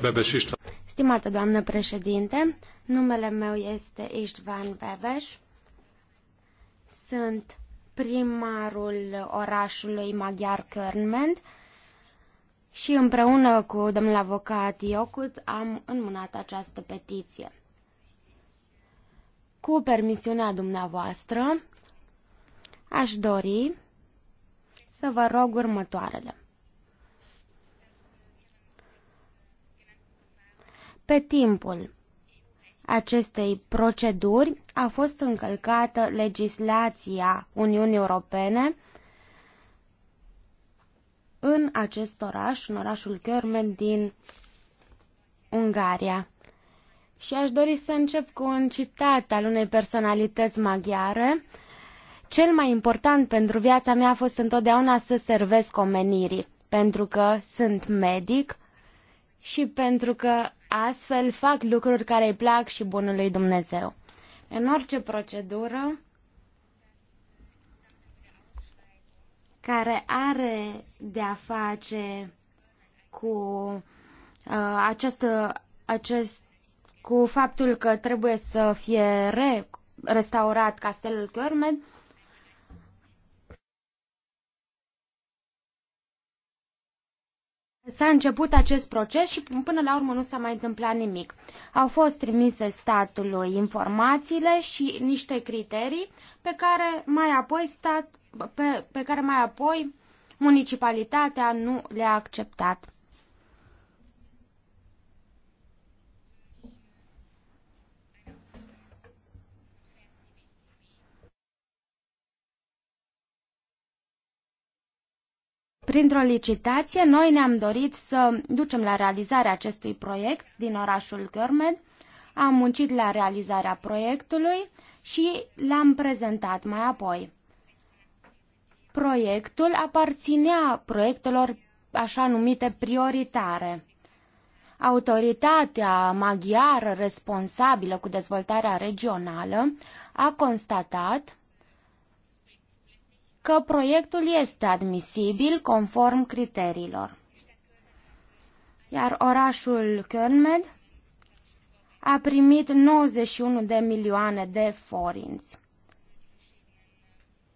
Bebes István. Stimată doamnă președinte, numele meu este István Bebes. Sunt primarul orașului maghiar Kernment și împreună cu domnul avocat Iocut am înmânat această petiție. Cu permisiunea dumneavoastră, Aș dori să vă rog următoarele. Pe timpul acestei proceduri a fost încălcată legislația Uniunii Europene în acest oraș, în orașul Kermen din Ungaria. Și aș dori să încep cu un citat al unei personalități maghiare, cel mai important pentru viața mea a fost întotdeauna să servesc omenirii, pentru că sunt medic și pentru că astfel fac lucruri care îi plac și bunului Dumnezeu. În orice procedură care are de-a face cu uh, această, acest, cu faptul că trebuie să fie re, restaurat castelul Clormed, uh, S-a început acest proces și până la urmă nu s-a mai întâmplat nimic. Au fost trimise statului informațiile și niște criterii pe care mai apoi stat, pe, pe care mai apoi municipalitatea nu le-a acceptat. Printr-o licitație, noi ne-am dorit să ducem la realizarea acestui proiect din orașul Gărmed. Am muncit la realizarea proiectului și l-am prezentat mai apoi. Proiectul aparținea proiectelor așa numite prioritare. Autoritatea maghiară responsabilă cu dezvoltarea regională a constatat că proiectul este admisibil conform criteriilor. Iar orașul Kölnmed a primit 91 de milioane de forinți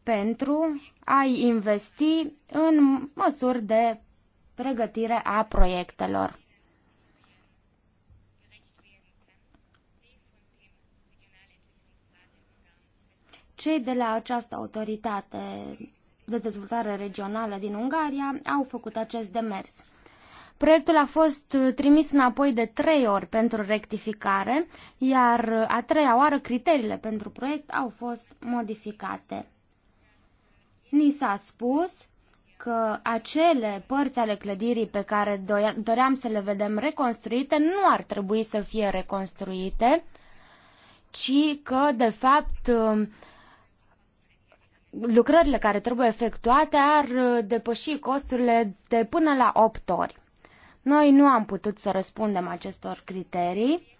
pentru a-i investi în măsuri de pregătire a proiectelor. Cei de la această autoritate de dezvoltare regională din Ungaria au făcut acest demers. Proiectul a fost trimis înapoi de trei ori pentru rectificare, iar a treia oară criteriile pentru proiect au fost modificate. Ni s-a spus că acele părți ale clădirii pe care doream să le vedem reconstruite nu ar trebui să fie reconstruite, ci că, de fapt, lucrările care trebuie efectuate ar uh, depăși costurile de până la 8 ori. Noi nu am putut să răspundem acestor criterii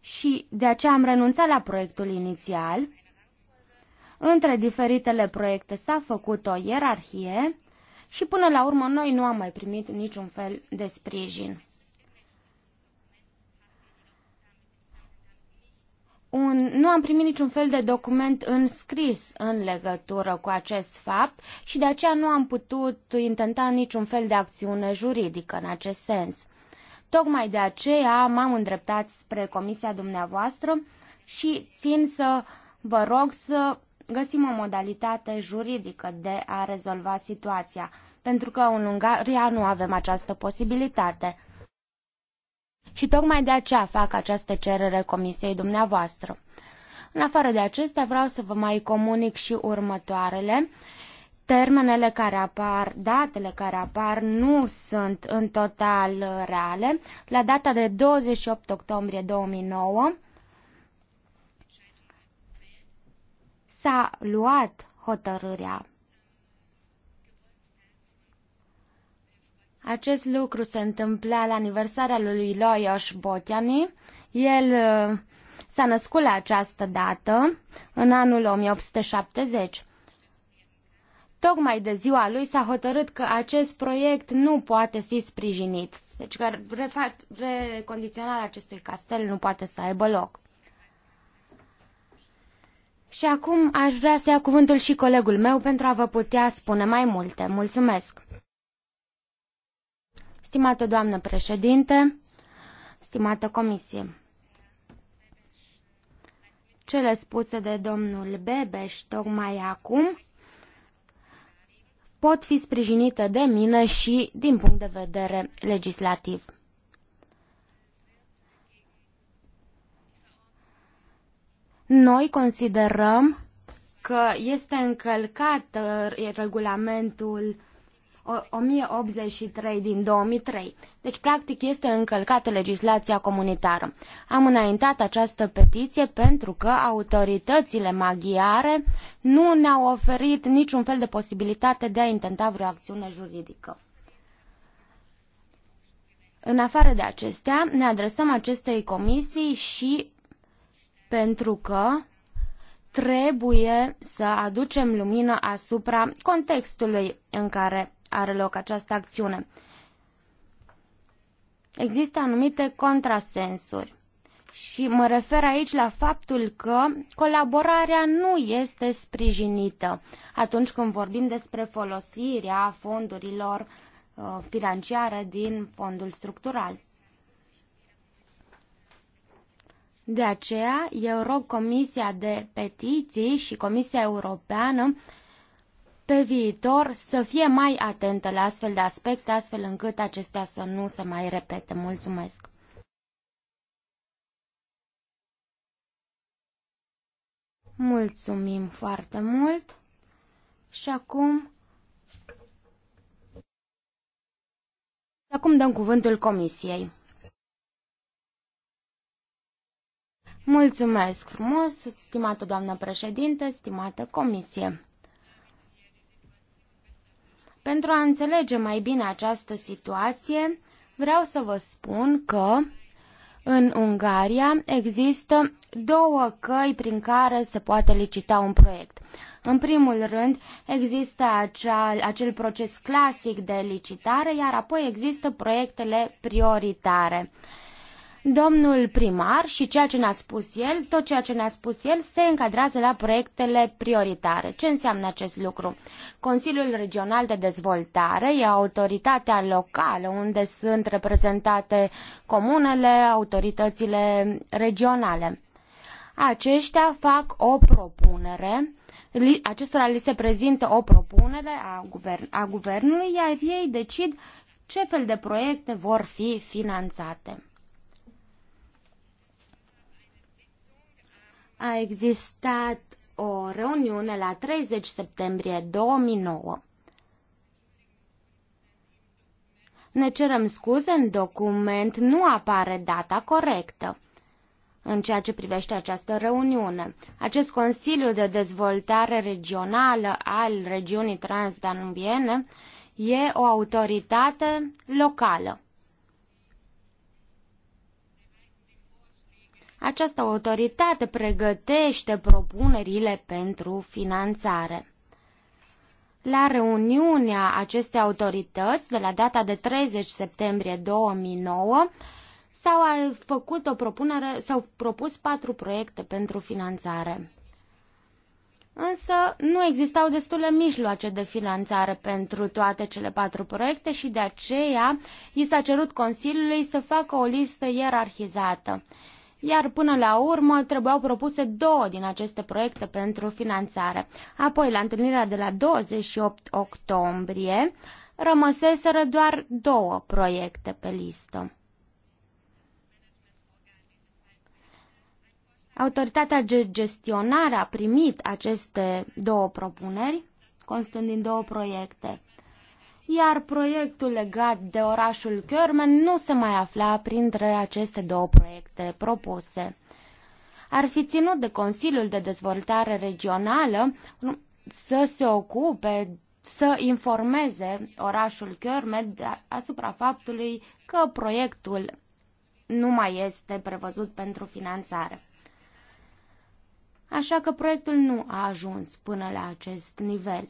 și de aceea am renunțat la proiectul inițial. Între diferitele proiecte s-a făcut o ierarhie și până la urmă noi nu am mai primit niciun fel de sprijin. un, nu am primit niciun fel de document înscris în legătură cu acest fapt și de aceea nu am putut intenta niciun fel de acțiune juridică în acest sens. Tocmai de aceea m-am îndreptat spre comisia dumneavoastră și țin să vă rog să găsim o modalitate juridică de a rezolva situația, pentru că în Ungaria nu avem această posibilitate. Și tocmai de aceea fac această cerere comisiei dumneavoastră. În afară de acestea, vreau să vă mai comunic și următoarele. Termenele care apar, datele care apar nu sunt în total reale. La data de 28 octombrie 2009 s-a luat hotărârea Acest lucru se întâmpla la aniversarea lui Loios Botiani. El uh, s-a născut la această dată, în anul 1870. Tocmai de ziua lui s-a hotărât că acest proiect nu poate fi sprijinit, deci că recondiționarea acestui castel nu poate să aibă loc. Și acum aș vrea să ia cuvântul și colegul meu pentru a vă putea spune mai multe. Mulțumesc! Stimată doamnă președinte, stimată comisie, cele spuse de domnul Bebeș tocmai acum pot fi sprijinite de mine și din punct de vedere legislativ. Noi considerăm că este încălcat uh, regulamentul 1083 din 2003. Deci, practic, este încălcată legislația comunitară. Am înaintat această petiție pentru că autoritățile maghiare nu ne-au oferit niciun fel de posibilitate de a intenta vreo acțiune juridică. În afară de acestea, ne adresăm acestei comisii și pentru că trebuie să aducem lumină asupra contextului în care are loc această acțiune. Există anumite contrasensuri și mă refer aici la faptul că colaborarea nu este sprijinită atunci când vorbim despre folosirea fondurilor uh, financiare din fondul structural. De aceea, eu rog Comisia de Petiții și Comisia Europeană pe viitor să fie mai atentă la astfel de aspecte, astfel încât acestea să nu se mai repete. Mulțumesc! Mulțumim foarte mult! Și acum... Acum dăm cuvântul comisiei. Mulțumesc frumos, stimată doamnă președinte, stimată comisie. Pentru a înțelege mai bine această situație, vreau să vă spun că în Ungaria există două căi prin care se poate licita un proiect. În primul rând, există acel, acel proces clasic de licitare, iar apoi există proiectele prioritare. Domnul primar și ceea ce ne-a spus el, tot ceea ce ne-a spus el se încadrează la proiectele prioritare. Ce înseamnă acest lucru? Consiliul Regional de Dezvoltare e autoritatea locală unde sunt reprezentate comunele, autoritățile regionale. Aceștia fac o propunere acestora li se prezintă o propunere a, guvern, a guvernului, iar ei decid ce fel de proiecte vor fi finanțate. a existat o reuniune la 30 septembrie 2009. Ne cerem scuze, în document nu apare data corectă în ceea ce privește această reuniune. Acest Consiliu de Dezvoltare Regională al regiunii transdanubiene e o autoritate locală. Această autoritate pregătește propunerile pentru finanțare. La reuniunea acestei autorități, de la data de 30 septembrie 2009, s-au făcut o propunere, s-au propus patru proiecte pentru finanțare. Însă nu existau destule mijloace de finanțare pentru toate cele patru proiecte și de aceea i s-a cerut Consiliului să facă o listă ierarhizată iar până la urmă trebuiau propuse două din aceste proiecte pentru finanțare. Apoi, la întâlnirea de la 28 octombrie, rămăseseră doar două proiecte pe listă. Autoritatea de gestionare a primit aceste două propuneri, constând din două proiecte iar proiectul legat de orașul Kermen nu se mai afla printre aceste două proiecte propuse. Ar fi ținut de Consiliul de Dezvoltare Regională să se ocupe să informeze orașul Kermed asupra faptului că proiectul nu mai este prevăzut pentru finanțare. Așa că proiectul nu a ajuns până la acest nivel.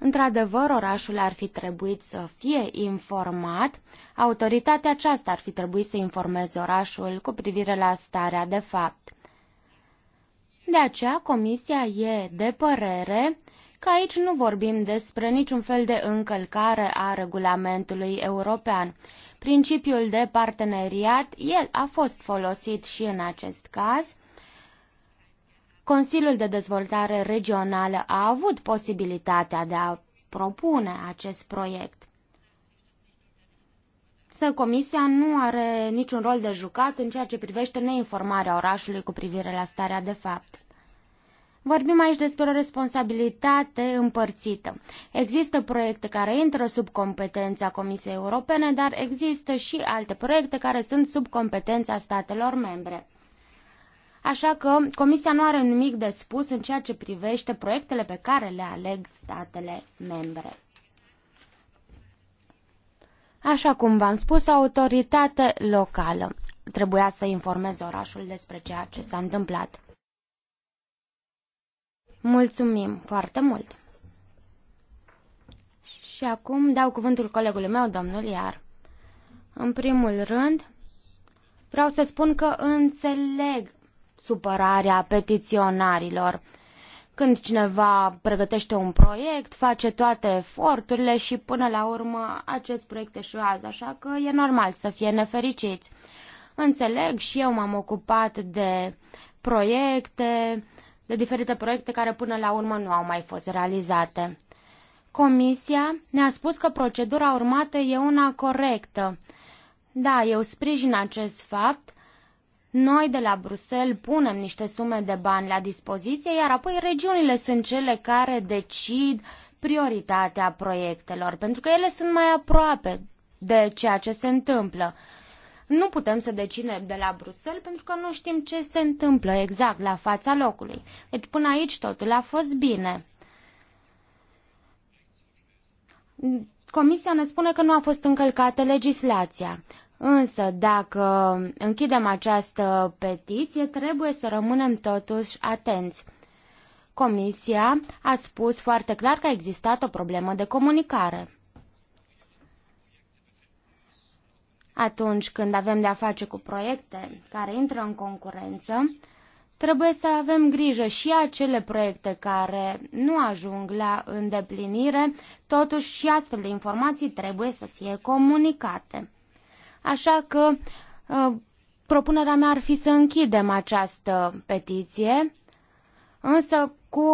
Într-adevăr, orașul ar fi trebuit să fie informat, autoritatea aceasta ar fi trebuit să informeze orașul cu privire la starea de fapt. De aceea, comisia e de părere că aici nu vorbim despre niciun fel de încălcare a regulamentului european. Principiul de parteneriat, el a fost folosit și în acest caz, Consiliul de Dezvoltare Regională a avut posibilitatea de a propune acest proiect. Să comisia nu are niciun rol de jucat în ceea ce privește neinformarea orașului cu privire la starea de fapt. Vorbim aici despre o responsabilitate împărțită. Există proiecte care intră sub competența Comisiei Europene, dar există și alte proiecte care sunt sub competența statelor membre. Așa că Comisia nu are nimic de spus în ceea ce privește proiectele pe care le aleg statele membre. Așa cum v-am spus, autoritate locală. Trebuia să informeze orașul despre ceea ce s-a întâmplat. Mulțumim foarte mult! Și acum dau cuvântul colegului meu, domnul Iar. În primul rând, vreau să spun că înțeleg supărarea petiționarilor. Când cineva pregătește un proiect, face toate eforturile și până la urmă acest proiect eșuează, așa că e normal să fie nefericiți. Înțeleg și eu m-am ocupat de proiecte, de diferite proiecte care până la urmă nu au mai fost realizate. Comisia ne-a spus că procedura urmată e una corectă. Da, eu sprijin acest fapt, noi de la Bruxelles punem niște sume de bani la dispoziție, iar apoi regiunile sunt cele care decid prioritatea proiectelor, pentru că ele sunt mai aproape de ceea ce se întâmplă. Nu putem să decidem de la Bruxelles pentru că nu știm ce se întâmplă exact la fața locului. Deci până aici totul a fost bine. Comisia ne spune că nu a fost încălcată legislația. Însă, dacă închidem această petiție, trebuie să rămânem totuși atenți. Comisia a spus foarte clar că a existat o problemă de comunicare. Atunci când avem de-a face cu proiecte care intră în concurență, trebuie să avem grijă și acele proiecte care nu ajung la îndeplinire, totuși și astfel de informații trebuie să fie comunicate. Așa că uh, propunerea mea ar fi să închidem această petiție, însă cu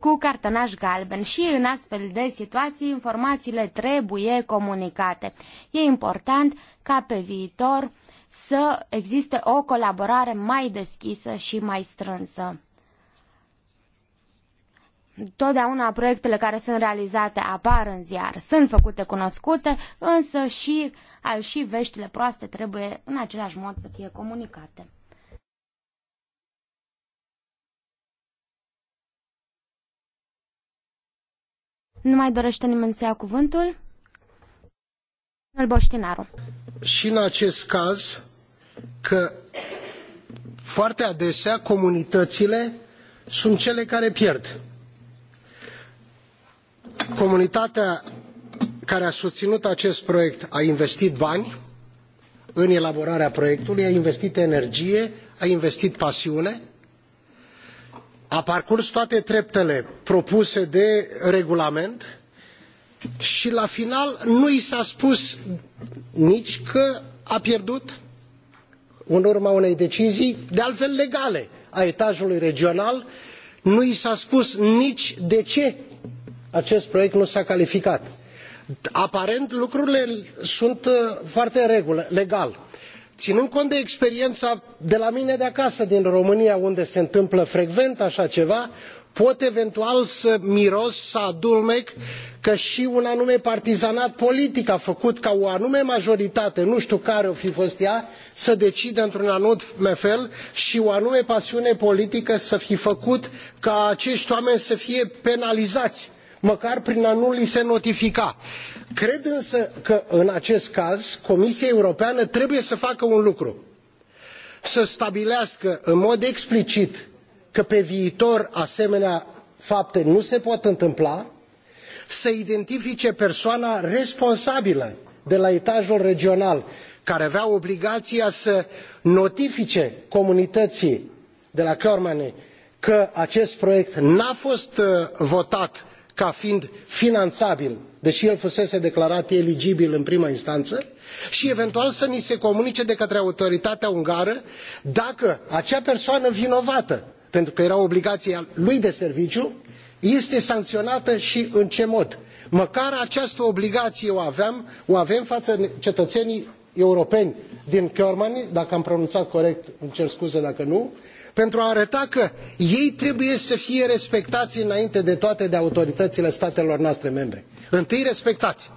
cu cartonaș galben și în astfel de situații informațiile trebuie comunicate. E important ca pe viitor să existe o colaborare mai deschisă și mai strânsă. Totdeauna proiectele care sunt realizate apar în ziar, sunt făcute cunoscute, însă și, și veștile proaste trebuie în același mod să fie comunicate. Nu mai dorește nimeni să ia cuvântul? Domnul Boștinaru. Și în acest caz că foarte adesea comunitățile sunt cele care pierd comunitatea care a susținut acest proiect a investit bani în elaborarea proiectului, a investit energie, a investit pasiune, a parcurs toate treptele propuse de regulament și la final nu i s-a spus nici că a pierdut în urma unei decizii, de altfel legale, a etajului regional, nu i s-a spus nici de ce acest proiect nu s-a calificat. Aparent lucrurile sunt uh, foarte în regulă, legal. inând cont de experiența de la mine de acasă din România, unde se întâmplă frecvent așa ceva, pot eventual să miros, să adulmec că și un anume partizanat politic a făcut ca o anume majoritate, nu tiu care o fi fost ea, să decidă într-un anume fel și o anume pasiune politică să fi făcut ca acești oameni să fie penalizați măcar prin a nu li se notifica. Cred însă că în acest caz Comisia Europeană trebuie să facă un lucru. Să stabilească în mod explicit că pe viitor asemenea fapte nu se pot întâmpla, să identifice persoana responsabilă de la etajul regional care avea obligația să notifice comunității de la Cormane că acest proiect n-a fost uh, votat ca fiind finanțabil, deși el fusese declarat eligibil în prima instanță, și eventual să ni se comunice de către autoritatea ungară dacă acea persoană vinovată, pentru că era obligația lui de serviciu, este sancționată și în ce mod. Măcar această obligație o aveam, o avem față cetățenii europeni din Kermani, dacă am pronunțat corect, îmi cer scuze dacă nu, pentru a arăta că ei trebuie să fie respectați înainte de toate de autoritățile statelor noastre membre. Întâi respectați,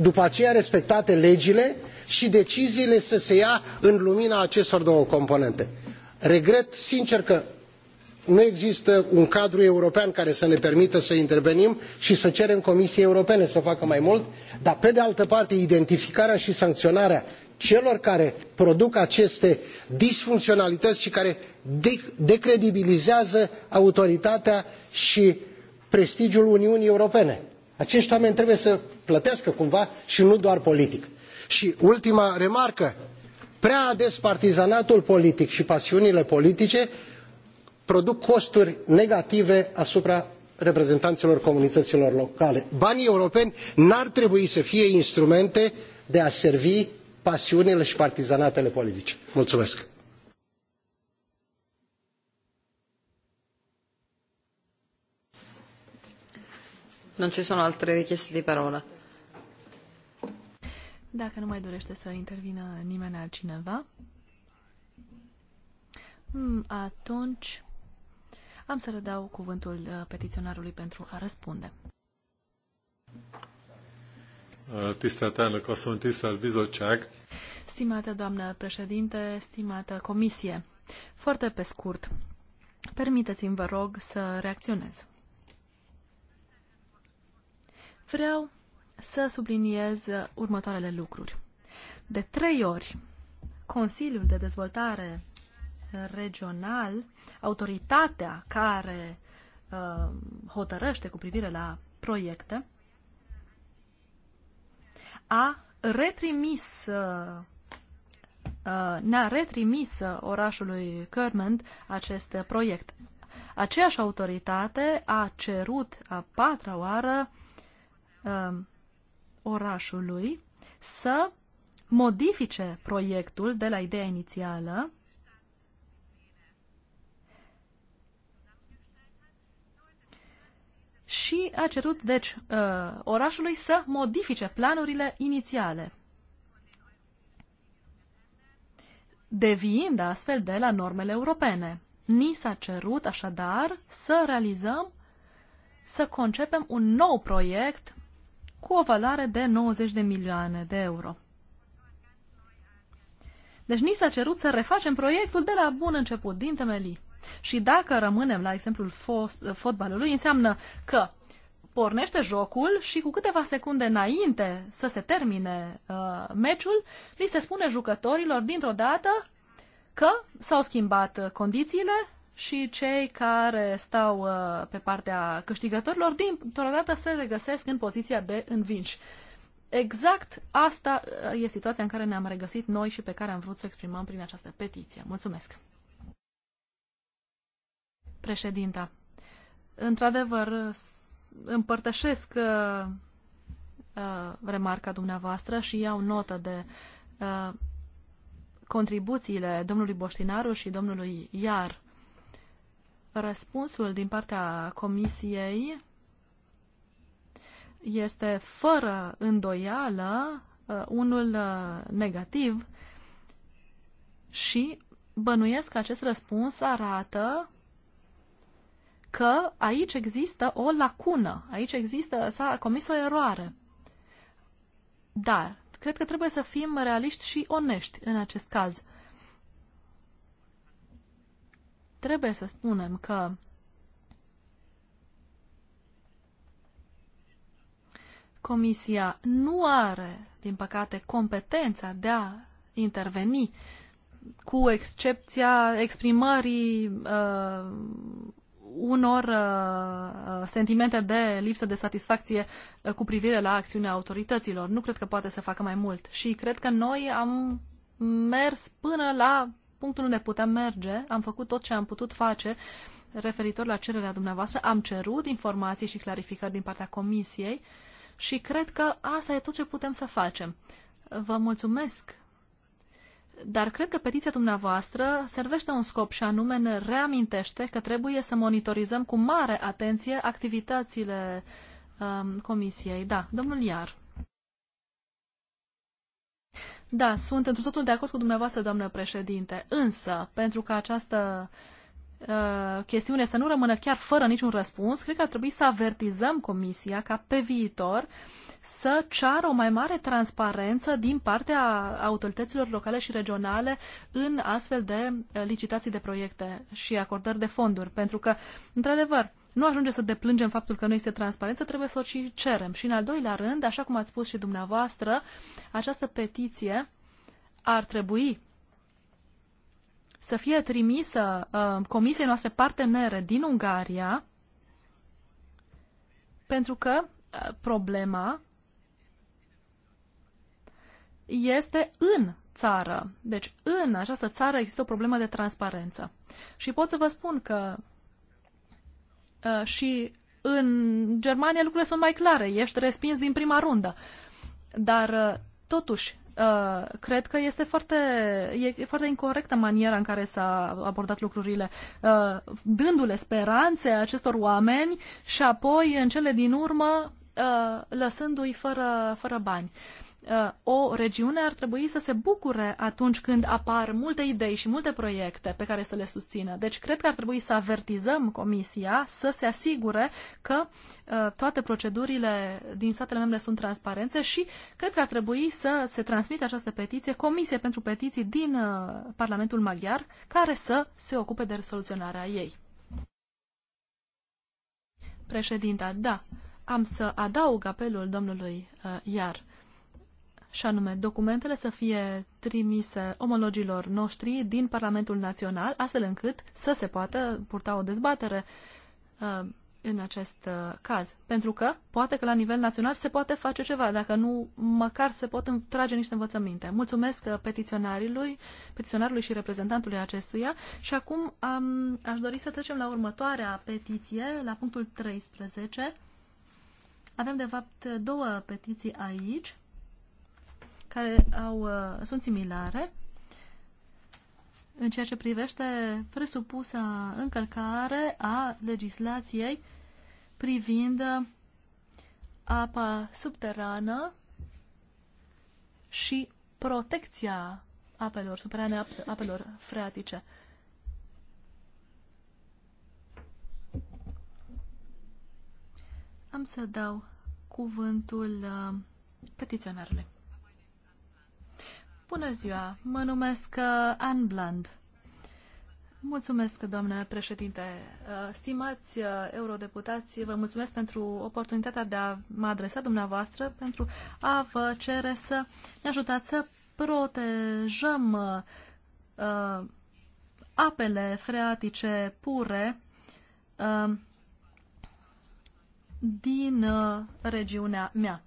după aceea respectate legile și deciziile să se ia în lumina acestor două componente. Regret sincer că nu există un cadru european care să ne permită să intervenim și să cerem Comisiei Europene să facă mai mult, dar pe de altă parte identificarea și sancționarea celor care produc aceste disfuncionalităi i care decredibilizează autoritatea i prestigiul uniunii europene. aceti oameni trebuie să plătească cumva i nu doar politic. i ultima remarcă prea ades partizanatul politic i pasiunile politice produc costuri negative asupra reprezentanilor comunităilor locale. banii europeni nu ar trebui să fie instrumente de a servi pasiunile și partizanatele politice. Mulțumesc! Nu ci sono altre richieste di parola. Dacă nu mai dorește să intervină nimeni altcineva, hmm, atunci am să redau cuvântul uh, petiționarului pentru a răspunde tisztelt elnök asszony, tisztelt bizottság! Stimată doamnă președinte, stimată comisie, foarte pe scurt, permiteți-mi, vă rog, să reacționez. Vreau să subliniez următoarele lucruri. De trei ori, Consiliul de Dezvoltare Regional, autoritatea care uh, hotărăște cu privire la proiecte, a retrimis uh, uh, ne-a retrimis orașului Kermend acest proiect. Aceeași autoritate a cerut a patra oară um, orașului să modifice proiectul de la ideea inițială și a cerut, deci, uh, orașului să modifice planurile inițiale. deviind astfel de la normele europene. Ni s-a cerut așadar să realizăm, să concepem un nou proiect cu o valoare de 90 de milioane de euro. Deci ni s-a cerut să refacem proiectul de la bun început, din temelii. Și dacă rămânem la exemplul fost, fotbalului, înseamnă că pornește jocul și cu câteva secunde înainte să se termine uh, meciul, li se spune jucătorilor dintr-o dată că s-au schimbat uh, condițiile și cei care stau uh, pe partea câștigătorilor dintr-o dată se regăsesc în poziția de învinși. Exact asta uh, e situația în care ne-am regăsit noi și pe care am vrut să o exprimăm prin această petiție. Mulțumesc! Președinta, într-adevăr, împărtășesc uh, uh, remarca dumneavoastră și iau notă de uh, contribuțiile domnului Boștinaru și domnului Iar. Răspunsul din partea comisiei este fără îndoială uh, unul uh, negativ și bănuiesc că acest răspuns arată că aici există o lacună, aici există, s-a comis o eroare. Dar cred că trebuie să fim realiști și onești în acest caz. Trebuie să spunem că Comisia nu are, din păcate, competența de a interveni, cu excepția exprimării uh, unor uh, uh, sentimente de lipsă de satisfacție uh, cu privire la acțiunea autorităților. Nu cred că poate să facă mai mult și cred că noi am mers până la punctul unde putem merge, am făcut tot ce am putut face referitor la cererea dumneavoastră, am cerut informații și clarificări din partea comisiei și cred că asta e tot ce putem să facem. Vă mulțumesc dar cred că petiția dumneavoastră servește un scop și anume ne reamintește că trebuie să monitorizăm cu mare atenție activitățile um, comisiei. Da, domnul Iar. Da, sunt într totul de acord cu dumneavoastră, doamnă președinte, însă, pentru că această uh, Uh, chestiune să nu rămână chiar fără niciun răspuns, cred că ar trebui să avertizăm Comisia ca pe viitor să ceară o mai mare transparență din partea autorităților locale și regionale în astfel de uh, licitații de proiecte și acordări de fonduri. Pentru că, într-adevăr, nu ajunge să deplângem faptul că nu este transparență, trebuie să o și cerem. Și în al doilea rând, așa cum ați spus și dumneavoastră, această petiție ar trebui să fie trimisă uh, comisiei noastre partenere din Ungaria, pentru că uh, problema este în țară. Deci în această țară există o problemă de transparență. Și pot să vă spun că uh, și în Germania lucrurile sunt mai clare, ești respins din prima rundă. Dar uh, totuși Uh, cred că este foarte, e, e foarte incorrectă maniera în care s-a abordat lucrurile, uh, dându-le speranțe acestor oameni și apoi, în cele din urmă, uh, lăsându-i fără, fără bani. Uh, Uh, o regiune ar trebui să se bucure atunci când apar multe idei și multe proiecte pe care să le susțină. Deci cred că ar trebui să avertizăm Comisia să se asigure că uh, toate procedurile din statele membre sunt transparente și cred că ar trebui să se transmită această petiție Comisie pentru Petiții din uh, Parlamentul Maghiar care să se ocupe de soluționarea ei. Președinta, da, am să adaug apelul domnului Iar și anume documentele să fie trimise omologilor noștri din Parlamentul Național, astfel încât să se poată purta o dezbatere uh, în acest uh, caz. Pentru că poate că la nivel național se poate face ceva, dacă nu, măcar se pot trage niște învățăminte. Mulțumesc uh, petiționarului, petiționarului și reprezentantului acestuia și acum am aș dori să trecem la următoarea petiție, la punctul 13. Avem, de fapt, două petiții aici care au, uh, sunt similare în ceea ce privește presupusa încălcare a legislației privind apa subterană și protecția apelor subterane, apelor freatice. Am să dau cuvântul uh, petiționarului. Bună ziua! Mă numesc uh, Anne Bland. Mulțumesc, doamnă președinte. Uh, stimați uh, eurodeputați, vă mulțumesc pentru oportunitatea de a mă adresa dumneavoastră pentru a vă cere să ne ajutați să protejăm uh, apele freatice pure uh, din uh, regiunea mea.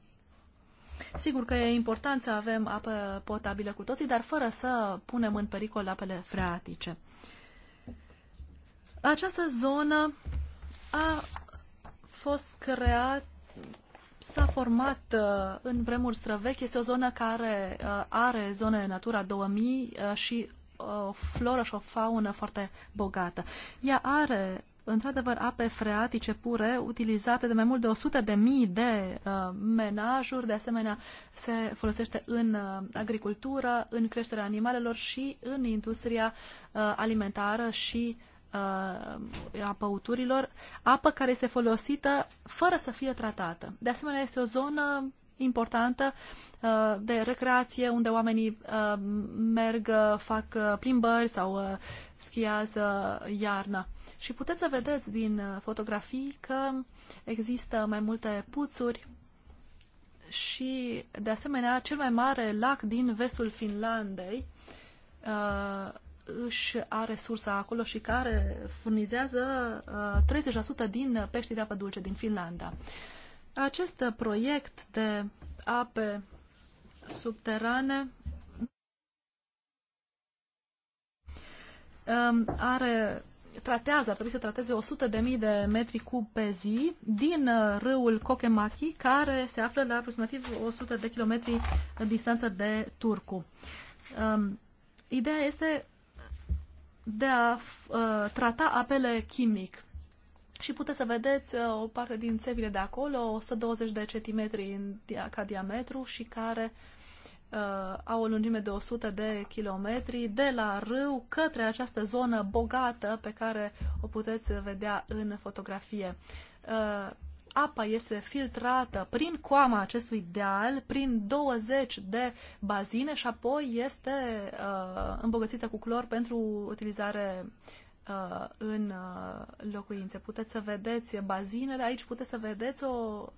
Sigur că e important să avem apă potabilă cu toții, dar fără să punem în pericol apele freatice. Această zonă a fost creat, s-a format uh, în vremuri străvechi. Este o zonă care uh, are zone Natura 2000 uh, și o floră și o faună foarte bogată. Ea are într-adevăr, ape freatice pure utilizate de mai mult de 100 de mii de uh, menajuri. De asemenea, se folosește în uh, agricultură, în creșterea animalelor și în industria uh, alimentară și uh, a păuturilor, apă care este folosită fără să fie tratată. De asemenea, este o zonă importantă uh, de recreație, unde oamenii uh, merg, uh, fac plimbări sau schiază iarna. Și puteți să vedeți din fotografii că există mai multe puțuri și, de asemenea, cel mai mare lac din vestul Finlandei își are sursa acolo și care furnizează 30% din peștii de apă dulce din Finlanda. Acest proiect de ape subterane um, are tratează, ar trebui să trateze 100.000 de de metri cub pe zi din uh, râul Kokemaki, care se află la aproximativ 100 de kilometri în distanță de Turcu. Um, ideea este de a uh, trata apele chimic și puteți să vedeți uh, o parte din țevile de acolo, 120 de centimetri ca diametru și care uh, au o lungime de 100 de kilometri de la râu către această zonă bogată pe care o puteți vedea în fotografie. Uh, apa este filtrată prin coama acestui deal, prin 20 de bazine și apoi este uh, îmbogățită cu clor pentru utilizare uh, în uh, locuințe. Puteți să vedeți bazinele. Aici puteți să vedeți o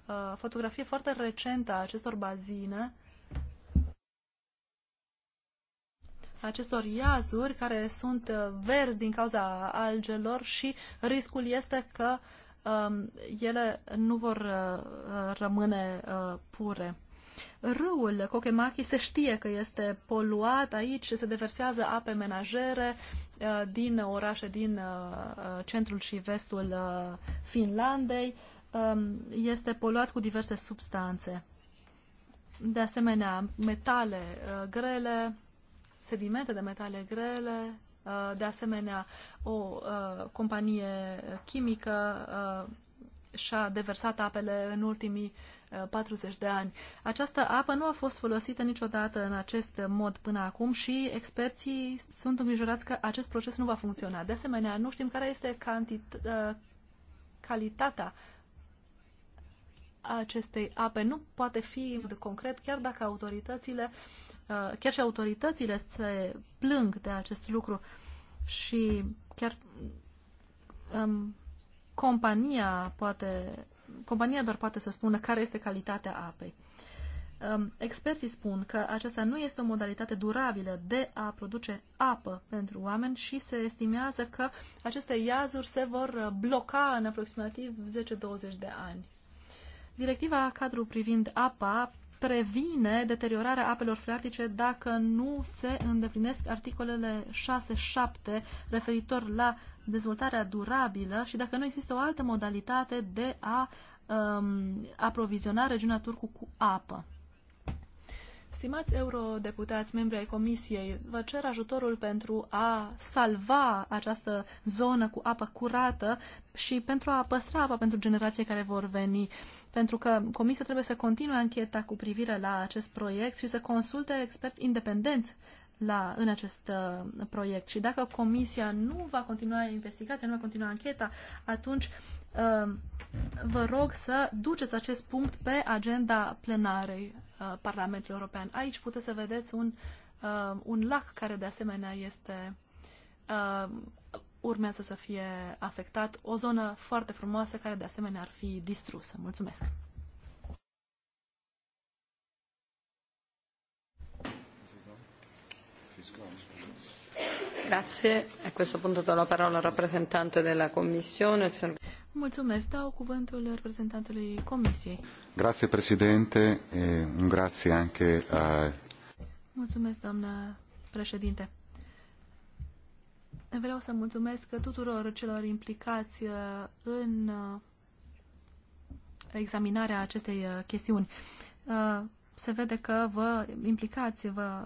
uh, fotografie foarte recentă a acestor bazine, acestor iazuri care sunt uh, verzi din cauza algelor și riscul este că um, ele nu vor uh, rămâne uh, pure. Râul Kokemaki se știe că este poluat aici, se deversează ape menajere uh, din orașe din uh, uh, centrul și vestul Finlandei. Um, este poluat cu diverse substanțe. De asemenea, metale grele, sedimente de metale grele, de asemenea, o companie chimică și-a deversat apele în ultimii 40 uh, de ani. Această apă nu a fost folosită niciodată în acest mod până acum și experții sunt îngrijorați că acest proces nu va funcționa. De asemenea, nu știm care este uh, calitatea acestei ape. Nu poate fi concret, chiar dacă autoritățile, uh, chiar și autoritățile se plâng de acest lucru și chiar um, compania poate compania doar poate să spună care este calitatea apei. Um, experții spun că aceasta nu este o modalitate durabilă de a produce apă pentru oameni și se estimează că aceste iazuri se vor uh, bloca în aproximativ 10-20 de ani. Directiva cadru privind apa previne deteriorarea apelor freatice dacă nu se îndeplinesc articolele 6-7 referitor la dezvoltarea durabilă și dacă nu există o altă modalitate de a um, aproviziona regiunea Turcu cu apă. Stimați eurodeputați, membri ai Comisiei, vă cer ajutorul pentru a salva această zonă cu apă curată și pentru a păstra apa pentru generații care vor veni. Pentru că Comisia trebuie să continue ancheta cu privire la acest proiect și să consulte experți independenți la, în acest uh, proiect. Și dacă comisia nu va continua investigația, nu va continua ancheta, atunci uh, vă rog să duceți acest punct pe agenda plenarei uh, Parlamentului European. Aici puteți să vedeți un, uh, un lac care de asemenea este uh, urmează să fie afectat, o zonă foarte frumoasă care de asemenea ar fi distrusă. Mulțumesc! Grazie. A questo Mulțumesc. Un grazie anche a... Mulțumesc, doamnă președinte. Vreau să mulțumesc tuturor celor implicați uh, în uh, examinarea acestei uh, chestiuni se vede că vă implicați, vă,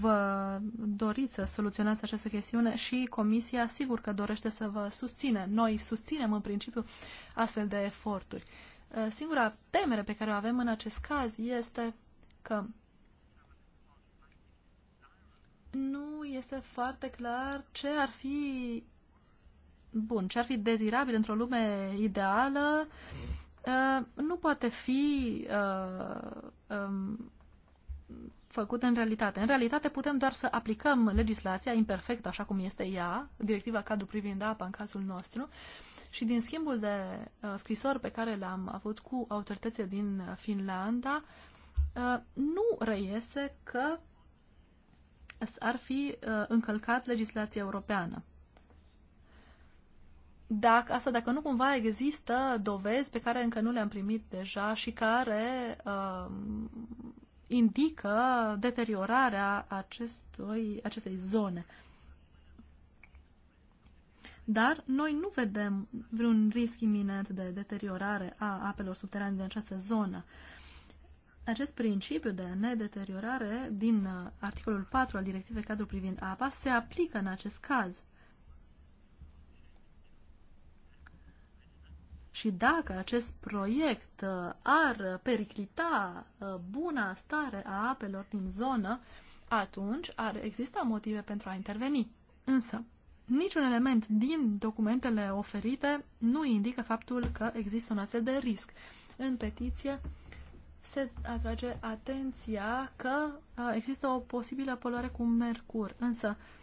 vă doriți să soluționați această chestiune și Comisia sigur că dorește să vă susține. Noi susținem în principiu astfel de eforturi. Uh, singura temere pe care o avem în acest caz este că nu este foarte clar ce ar fi bun, ce ar fi dezirabil într-o lume ideală, Uh, nu poate fi uh, um, făcut în realitate. În realitate putem doar să aplicăm legislația imperfectă, așa cum este ea, directiva cadru privind apa în cazul nostru, și din schimbul de uh, scrisori pe care l-am avut cu autoritățile din Finlanda, uh, nu reiese că ar fi uh, încălcat legislația europeană dacă, asta dacă nu cumva există dovezi pe care încă nu le-am primit deja și care uh, indică deteriorarea acestui, acestei zone. Dar noi nu vedem vreun risc iminent de deteriorare a apelor subterane din această zonă. Acest principiu de nedeteriorare din uh, articolul 4 al directivei cadru privind apa se aplică în acest caz. Și dacă acest proiect uh, ar periclita uh, buna stare a apelor din zonă, atunci ar exista motive pentru a interveni. Însă, niciun element din documentele oferite nu indică faptul că există un astfel de risc. În petiție se atrage atenția că uh, există o posibilă poluare cu mercur, însă uh,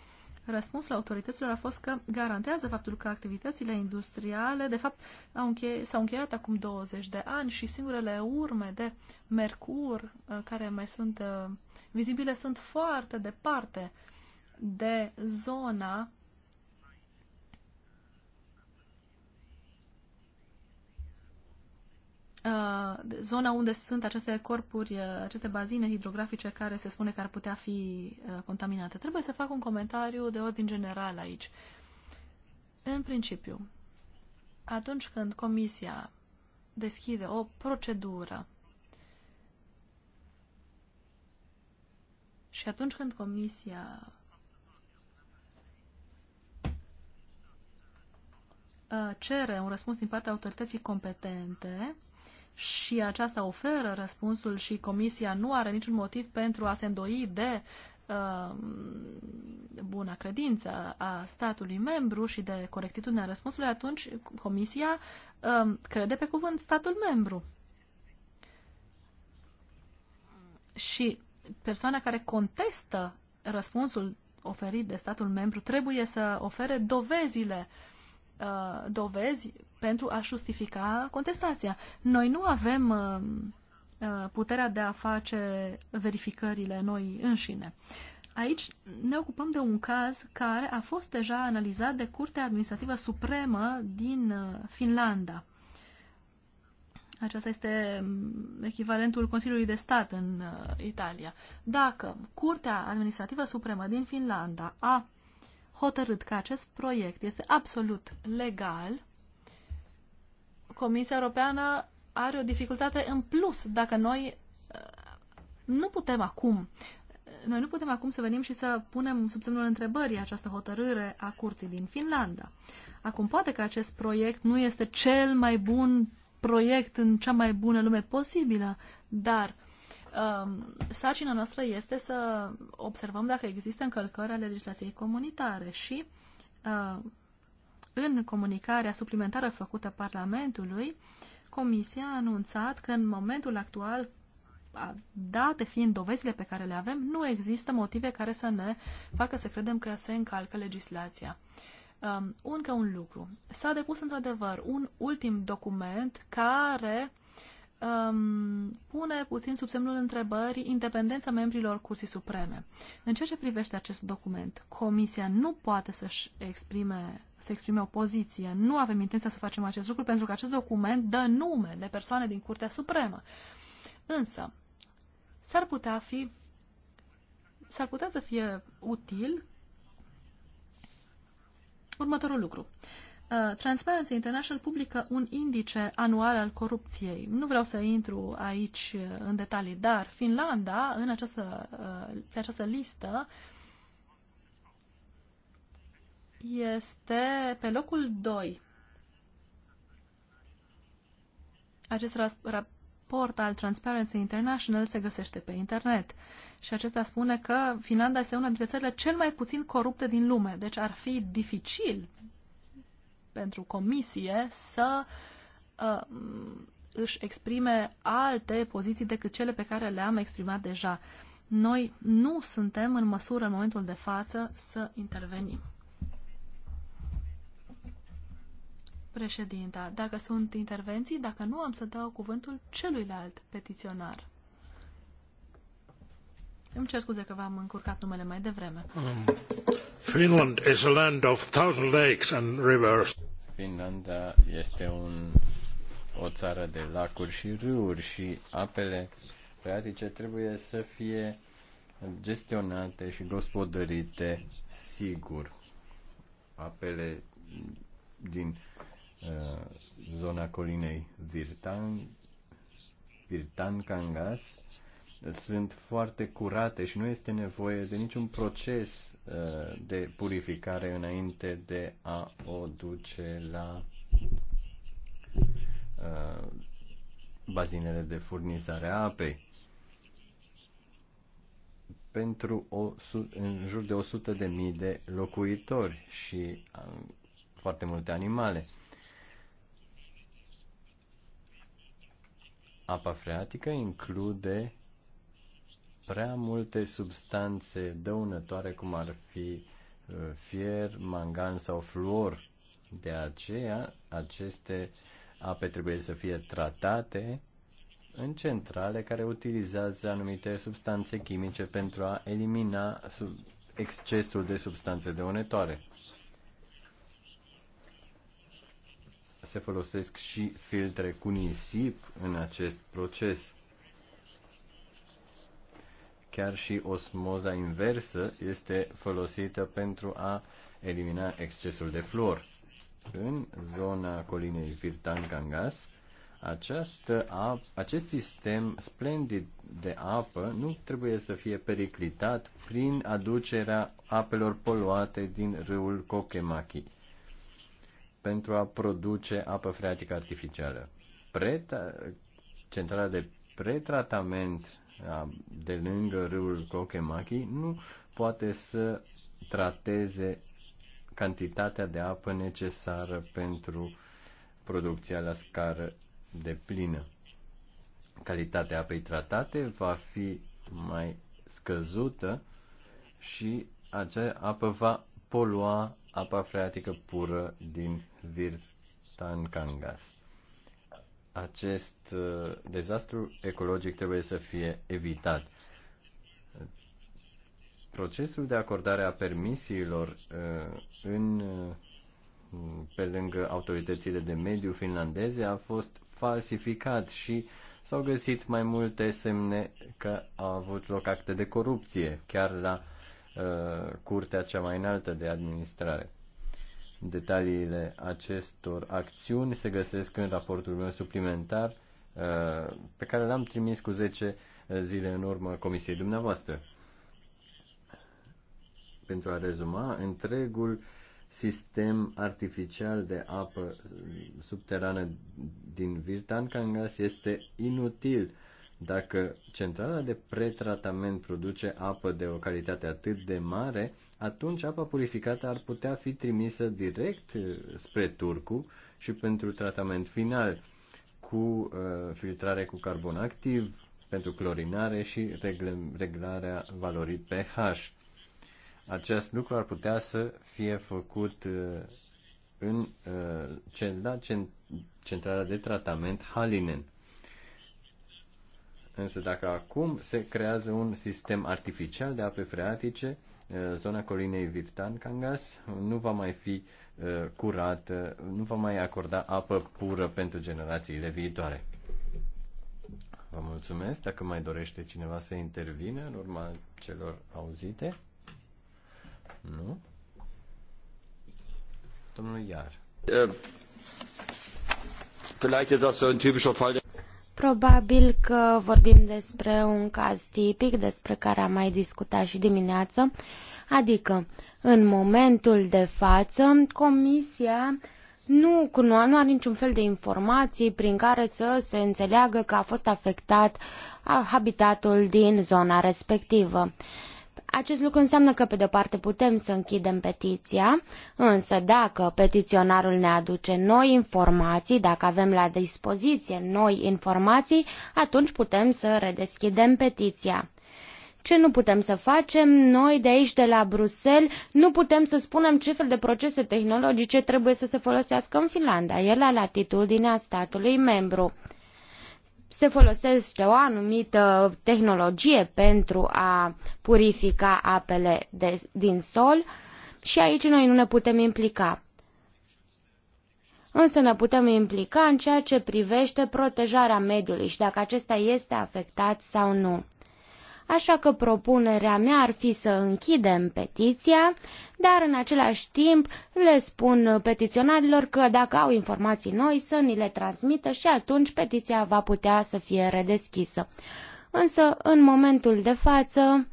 Răspunsul autorităților a fost că garantează faptul că activitățile industriale, de fapt, au înche- s-au încheiat acum 20 de ani și singurele urme de mercur uh, care mai sunt uh, vizibile sunt foarte departe de zona Uh, zona unde sunt aceste corpuri, uh, aceste bazine hidrografice care se spune că ar putea fi uh, contaminate. Trebuie să fac un comentariu de ordin general aici. În principiu, atunci când Comisia deschide o procedură și atunci când Comisia cere un răspuns din partea autorității competente, și aceasta oferă răspunsul și Comisia nu are niciun motiv pentru a se îndoi de uh, buna credință a statului membru și de corectitudinea răspunsului, atunci Comisia uh, crede pe cuvânt statul membru. Și persoana care contestă răspunsul oferit de statul membru trebuie să ofere dovezile, uh, dovezi pentru a justifica contestația. Noi nu avem uh, uh, puterea de a face verificările noi înșine. Aici ne ocupăm de un caz care a fost deja analizat de Curtea Administrativă Supremă din uh, Finlanda. Aceasta este mm, echivalentul Consiliului de Stat în uh, Italia. Dacă Curtea Administrativă Supremă din Finlanda a hotărât că acest proiect este absolut legal, Comisia Europeană are o dificultate în plus dacă noi uh, nu putem acum uh, noi nu putem acum să venim și să punem sub semnul întrebării această hotărâre a curții din Finlanda. Acum, poate că acest proiect nu este cel mai bun proiect în cea mai bună lume posibilă, dar uh, sarcina noastră este să observăm dacă există încălcări ale legislației comunitare și uh, în comunicarea suplimentară făcută Parlamentului, Comisia a anunțat că în momentul actual, date fiind dovezile pe care le avem, nu există motive care să ne facă să credem că se încalcă legislația. Um, încă un lucru. S-a depus într-adevăr un ultim document care um, pune puțin sub semnul întrebării independența membrilor Curții Supreme. În ceea ce privește acest document, Comisia nu poate să-și exprime, să exprime o poziție. Nu avem intenția să facem acest lucru pentru că acest document dă nume de persoane din Curtea Supremă. Însă, s-ar putea fi s-ar putea să fie util următorul lucru. Uh, Transparency International publică un indice anual al corupției. Nu vreau să intru aici uh, în detalii, dar Finlanda, în această, uh, pe această listă, este pe locul 2. Acest raport al Transparency International se găsește pe internet și acesta spune că Finlanda este una dintre țările cel mai puțin corupte din lume, deci ar fi dificil pentru comisie să uh, își exprime alte poziții decât cele pe care le-am exprimat deja. Noi nu suntem în măsură în momentul de față să intervenim. Președinta, dacă sunt intervenții, dacă nu, am să dau cuvântul celuilalt petiționar. Îmi cer scuze că v-am încurcat numele mai devreme. Um, Finland is a land of thousand lakes and rivers. Finlanda este un, o țară de lacuri și râuri și apele freatice trebuie să fie gestionate și gospodărite sigur. Apele din uh, zona colinei Virtan, Virtan uh, sunt foarte curate și nu este nevoie de niciun proces uh, de purificare înainte de a o duce la uh, bazinele de furnizare a apei. Pentru o, în jur de 100.000 de mii de locuitori și uh, foarte multe animale. Apa freatică include prea multe substanțe dăunătoare, cum ar fi uh, fier, mangan sau fluor. De aceea, aceste ape trebuie să fie tratate în centrale care utilizează anumite substanțe chimice pentru a elimina excesul de substanțe dăunătoare. Se folosesc și filtre cu nisip în acest proces chiar și osmoza inversă este folosită pentru a elimina excesul de fluor. În zona colinei Virtan-Gangas, acest sistem splendid de apă nu trebuie să fie periclitat prin aducerea apelor poluate din râul Kokemaki pentru a produce apă freatică artificială. Preta, centrala de pretratament de lângă râul Kokemaki nu poate să trateze cantitatea de apă necesară pentru producția la scară de plină. Calitatea apei tratate va fi mai scăzută și acea apă va polua apa freatică pură din Virtan Kangast acest uh, dezastru ecologic trebuie să fie evitat. Procesul de acordare a permisiilor uh, în, uh, pe lângă autoritățile de mediu finlandeze a fost falsificat și s-au găsit mai multe semne că au avut loc acte de corupție, chiar la uh, curtea cea mai înaltă de administrare. Detaliile acestor acțiuni se găsesc în raportul meu suplimentar uh, pe care l-am trimis cu 10 zile în urmă comisiei dumneavoastră. Pentru a rezuma, întregul sistem artificial de apă subterană din Cangas este inutil dacă centrala de pretratament produce apă de o calitate atât de mare, atunci apa purificată ar putea fi trimisă direct eh, spre Turcu și pentru tratament final, cu uh, filtrare cu carbon activ, pentru clorinare și regle, reglarea valorii pH. Acest lucru ar putea să fie făcut uh, în uh, centrala de tratament Halinen Însă dacă acum se creează un sistem artificial de ape freatice, uh, zona colinei Virtan-Cangas nu va mai fi uh, curată, nu va mai acorda apă pură pentru generațiile viitoare. Vă mulțumesc. Dacă mai dorește cineva să intervine în urma celor auzite? Nu? Domnul Iar. Äh, vielleicht ist das so ein typischer Fall. Probabil că vorbim despre un caz tipic despre care am mai discutat și dimineață, adică în momentul de față Comisia nu, nu are niciun fel de informații prin care să se înțeleagă că a fost afectat habitatul din zona respectivă. Acest lucru înseamnă că, pe de-o parte, putem să închidem petiția, însă dacă petiționarul ne aduce noi informații, dacă avem la dispoziție noi informații, atunci putem să redeschidem petiția. Ce nu putem să facem? Noi de aici, de la Bruxelles, nu putem să spunem ce fel de procese tehnologice trebuie să se folosească în Finlanda. E la latitudinea statului membru se folosește o anumită tehnologie pentru a purifica apele de, din sol și aici noi nu ne putem implica. Însă ne putem implica în ceea ce privește protejarea mediului și dacă acesta este afectat sau nu așa că propunerea mea ar fi să închidem petiția, dar în același timp le spun petiționarilor că dacă au informații noi să ni le transmită și atunci petiția va putea să fie redeschisă. Însă, în momentul de față,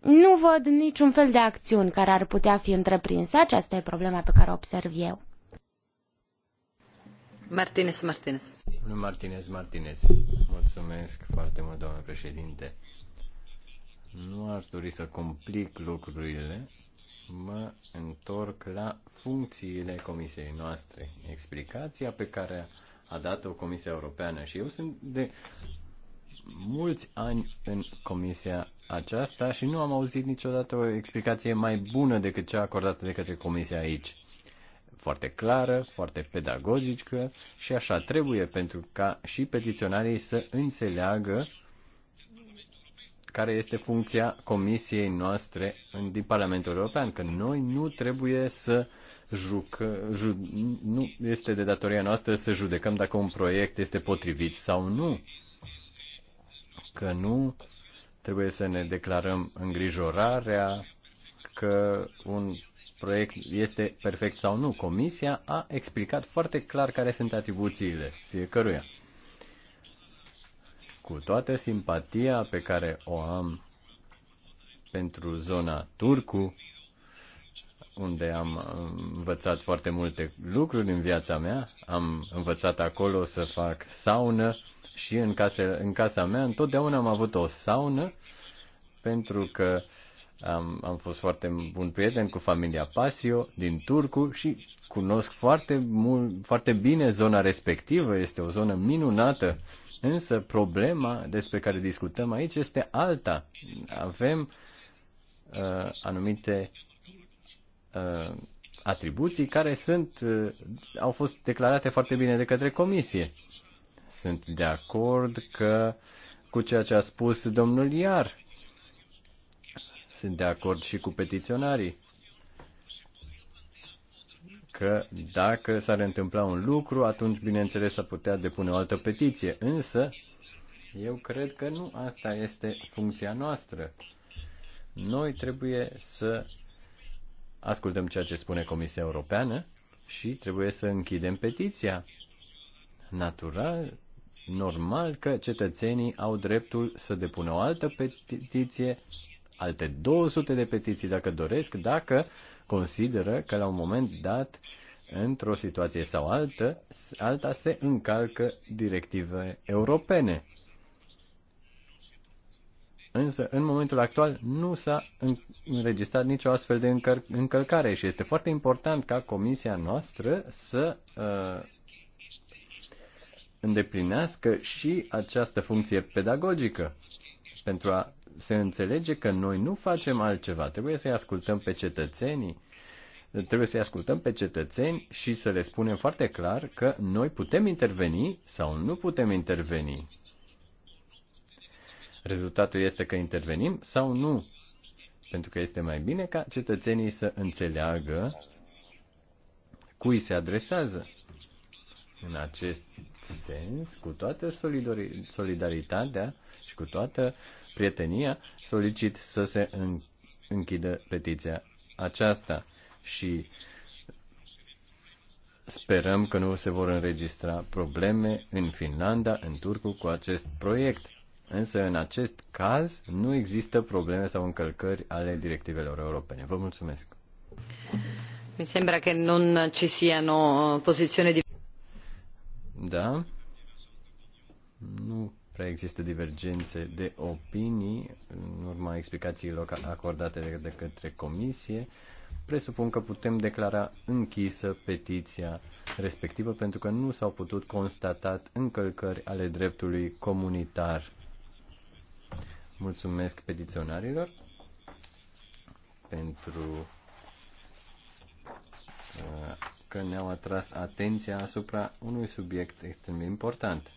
nu văd niciun fel de acțiuni care ar putea fi întreprinse. Aceasta e problema pe care o observ eu. Martinez, Martinez. Martinez, Martinez. foarte mult, președinte. Nu a dori să complic lucrurile. Mă întorc la funcțiile comisiei noastre. Explicația pe care a dat-o Comisia Europeană și eu sunt de mulți ani în comisia aceasta și nu am auzit niciodată o explicație mai bună decât cea acordată de către comisia aici foarte clară, foarte pedagogică și așa trebuie pentru ca și petiționarii să înțeleagă care este funcția comisiei noastre în, din Parlamentul European, că noi nu trebuie să jucă, ju, nu este de datoria noastră să judecăm dacă un proiect este potrivit sau nu, că nu trebuie să ne declarăm îngrijorarea că un proiect este perfect sau nu. Comisia a explicat foarte clar care sunt atribuțiile fiecăruia. Cu toată simpatia pe care o am pentru zona Turcu, unde am învățat foarte multe lucruri în viața mea. Am învățat acolo să fac saună și în, case, în casa mea întotdeauna am avut o saună pentru că uh, am, am fost foarte bun prieten cu familia Pasio din Turcu și cunosc foarte, mult, foarte bine zona respectivă. Este o zonă minunată. Însă problema despre care discutăm aici este alta. Avem uh, anumite uh, atribuții care sunt, uh, au fost declarate foarte bine de către comisie. Sunt de acord că cu ceea ce a spus domnul Iar sunt de acord și cu petiționarii că dacă s-ar întâmpla un lucru, atunci, bineînțeles, s-ar putea depune o altă petiție. Însă, eu cred că nu asta este funcția noastră. Noi trebuie să ascultăm ceea ce spune Comisia Europeană și trebuie să închidem petiția. Natural, normal că cetățenii au dreptul să depună o altă petiție alte 200 de petiții dacă doresc, dacă consideră că la un moment dat, într-o situație sau altă, alta se încalcă directive europene. Însă, în momentul actual, nu s-a înregistrat nicio astfel de încălcare și este foarte important ca comisia noastră să uh, îndeplinească și această funcție pedagogică pentru a se înțelege că noi nu facem altceva. Trebuie să-i ascultăm pe cetățenii, trebuie să-i ascultăm pe cetățeni și să le spunem foarte clar că noi putem interveni sau nu putem interveni. Rezultatul este că intervenim sau nu. Pentru că este mai bine ca cetățenii să înțeleagă cui se adresează. În acest sens, cu toată solidaritatea și cu toată prietenia, solicit să se închidă petiția aceasta și sperăm că nu se vor înregistra probleme în Finlanda, în Turcu, cu acest proiect. Însă, în acest caz, nu există probleme sau încălcări ale directivelor europene. Vă mulțumesc. Mi sembra că nu ci siano uh, pozizioni di... Da. Nu prea există divergențe de opinii în urma explicațiilor acordate de către comisie, presupun că putem declara închisă petiția respectivă pentru că nu s-au putut constata încălcări ale dreptului comunitar. Mulțumesc petiționarilor pentru uh, că ne-au atras atenția asupra unui subiect extrem de important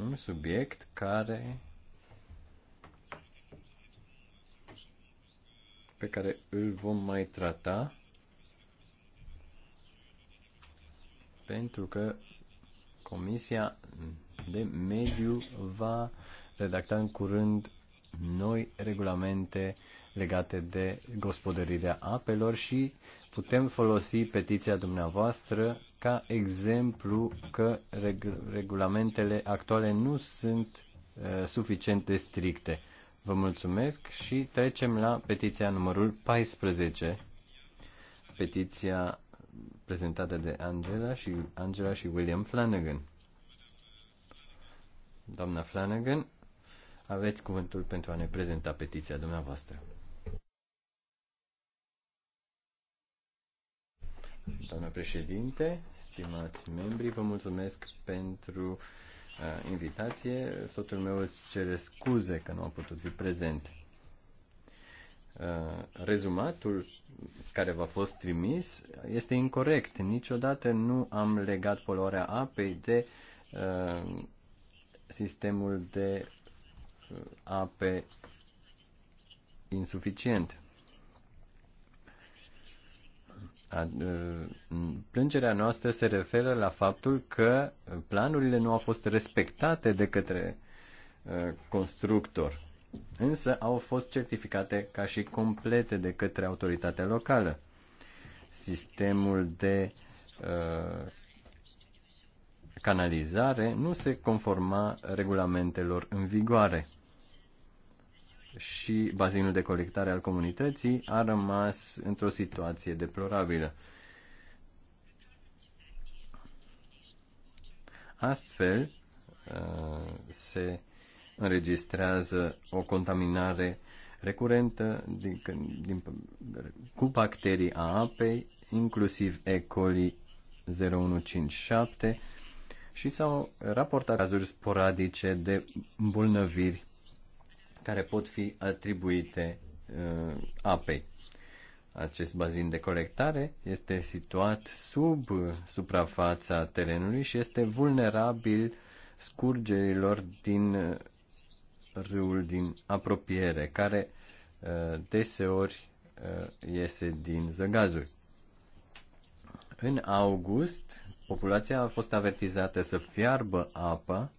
un subiect care pe care îl vom mai trata pentru că Comisia de Mediu va redacta în curând noi regulamente legate de gospodărirea apelor și putem folosi petiția dumneavoastră ca exemplu că regulamentele actuale nu sunt uh, suficient de stricte. Vă mulțumesc și trecem la petiția numărul 14, petiția prezentată de Angela și, Angela și William Flanagan. Doamna Flanagan, aveți cuvântul pentru a ne prezenta petiția dumneavoastră. Doamna președinte, stimați membri, vă mulțumesc pentru uh, invitație. Sotul meu îți cere scuze că nu a putut fi prezent. Uh, rezumatul care v-a fost trimis este incorrect. Niciodată nu am legat poluarea apei de uh, sistemul de uh, ape insuficient. Plângerea noastră se referă la faptul că planurile nu au fost respectate de către constructor, însă au fost certificate ca și complete de către autoritatea locală. Sistemul de canalizare nu se conforma regulamentelor în vigoare și bazinul de colectare al comunității a rămas într-o situație deplorabilă. Astfel, uh, se înregistrează o contaminare recurentă din, din, cu bacterii a apei, inclusiv E. coli 0157 și s-au raportat cazuri sporadice de îmbolnăviri care pot fi atribuite uh, apei. Acest bazin de colectare este situat sub suprafața terenului și este vulnerabil scurgerilor din uh, râul din apropiere, care uh, deseori uh, iese din zăgazuri. În august, populația a fost avertizată să fiarbă apa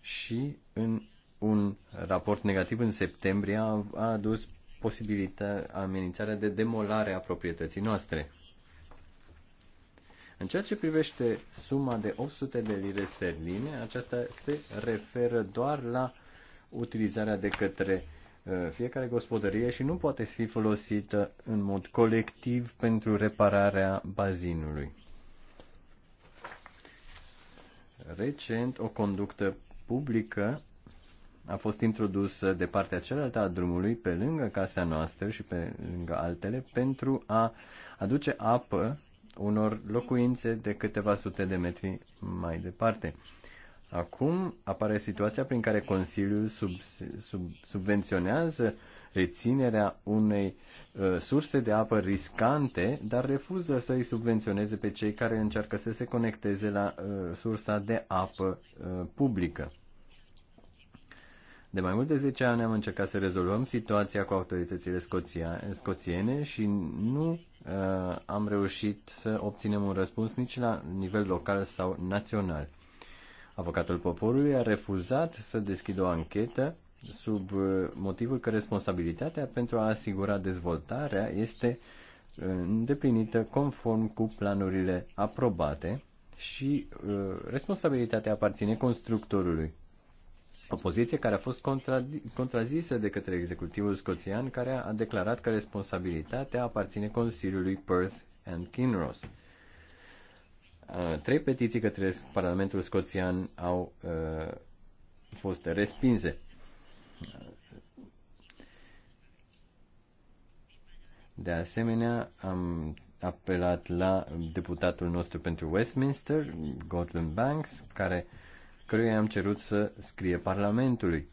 și în un raport negativ în septembrie a, a adus posibilitatea, amenințarea de demolare a proprietății noastre. În ceea ce privește suma de 800 de lire sterline, aceasta se referă doar la utilizarea de către uh, fiecare gospodărie și nu poate fi folosită în mod colectiv pentru repararea bazinului. Recent, o conductă publică a fost introdusă de partea cealaltă a drumului, pe lângă casa noastră și pe lângă altele, pentru a aduce apă unor locuințe de câteva sute de metri mai departe. Acum apare situația prin care Consiliul sub, sub, subvenționează reținerea unei uh, surse de apă riscante, dar refuză să îi subvenționeze pe cei care încearcă să se conecteze la uh, sursa de apă uh, publică. De mai mult de 10 ani am încercat să rezolvăm situația cu autoritățile scoția, scoțiene și nu uh, am reușit să obținem un răspuns nici la nivel local sau național. Avocatul poporului a refuzat să deschidă o anchetă sub uh, motivul că responsabilitatea pentru a asigura dezvoltarea este uh, îndeplinită conform cu planurile aprobate și uh, responsabilitatea aparține constructorului. O poziție care a fost contra, contrazisă de către executivul scoțian, care a declarat că responsabilitatea aparține Consiliului Perth and Kinross. Uh, trei petiții către Parlamentul Scoțian au uh, fost respinse. De asemenea, am apelat la deputatul nostru pentru Westminster, Gordon Banks, care uh, căruia am cerut să scrie Parlamentului.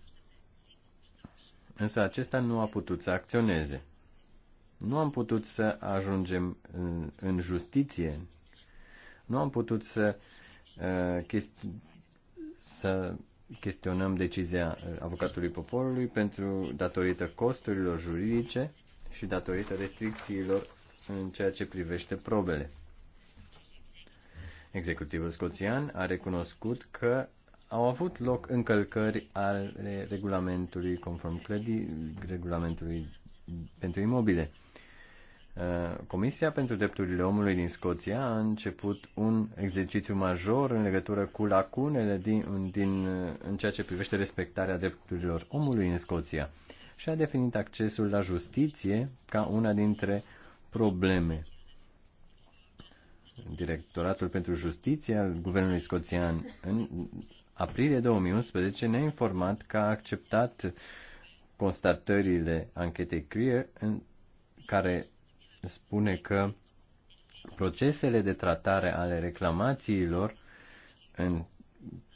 Însă acesta nu a putut să acționeze. Nu am putut să ajungem în, în justiție. Nu am putut să, uh, chest- să chestionăm decizia avocatului poporului pentru datorită costurilor juridice și datorită restricțiilor în ceea ce privește probele. Executivul scoțian a recunoscut că au avut loc încălcări ale regulamentului conform clădii, regulamentului pentru imobile. Uh, Comisia pentru Drepturile Omului din Scoția a început un exercițiu major în legătură cu lacunele din, din, uh, în ceea ce privește respectarea drepturilor omului în Scoția și a definit accesul la justiție ca una dintre probleme. Directoratul pentru Justiție al Guvernului Scoțian în, aprilie 2011 ne-a informat că a acceptat constatările anchetei Creer, în care spune că procesele de tratare ale reclamațiilor în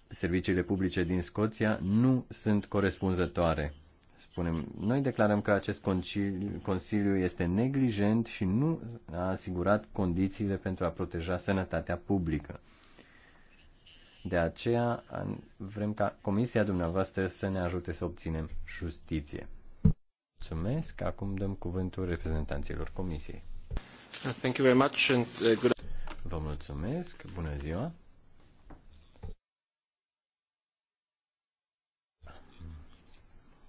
serviciile publice din Scoția nu sunt corespunzătoare. Spunem, noi declarăm că acest consiliu este neglijent și nu a asigurat condițiile pentru a proteja sănătatea publică. De aceea vrem ca comisia dumneavoastră să ne ajute să obținem justiție. Mulțumesc. Acum dăm cuvântul reprezentanților comisiei. Thank you very much and uh, good... Vă mulțumesc. Bună ziua.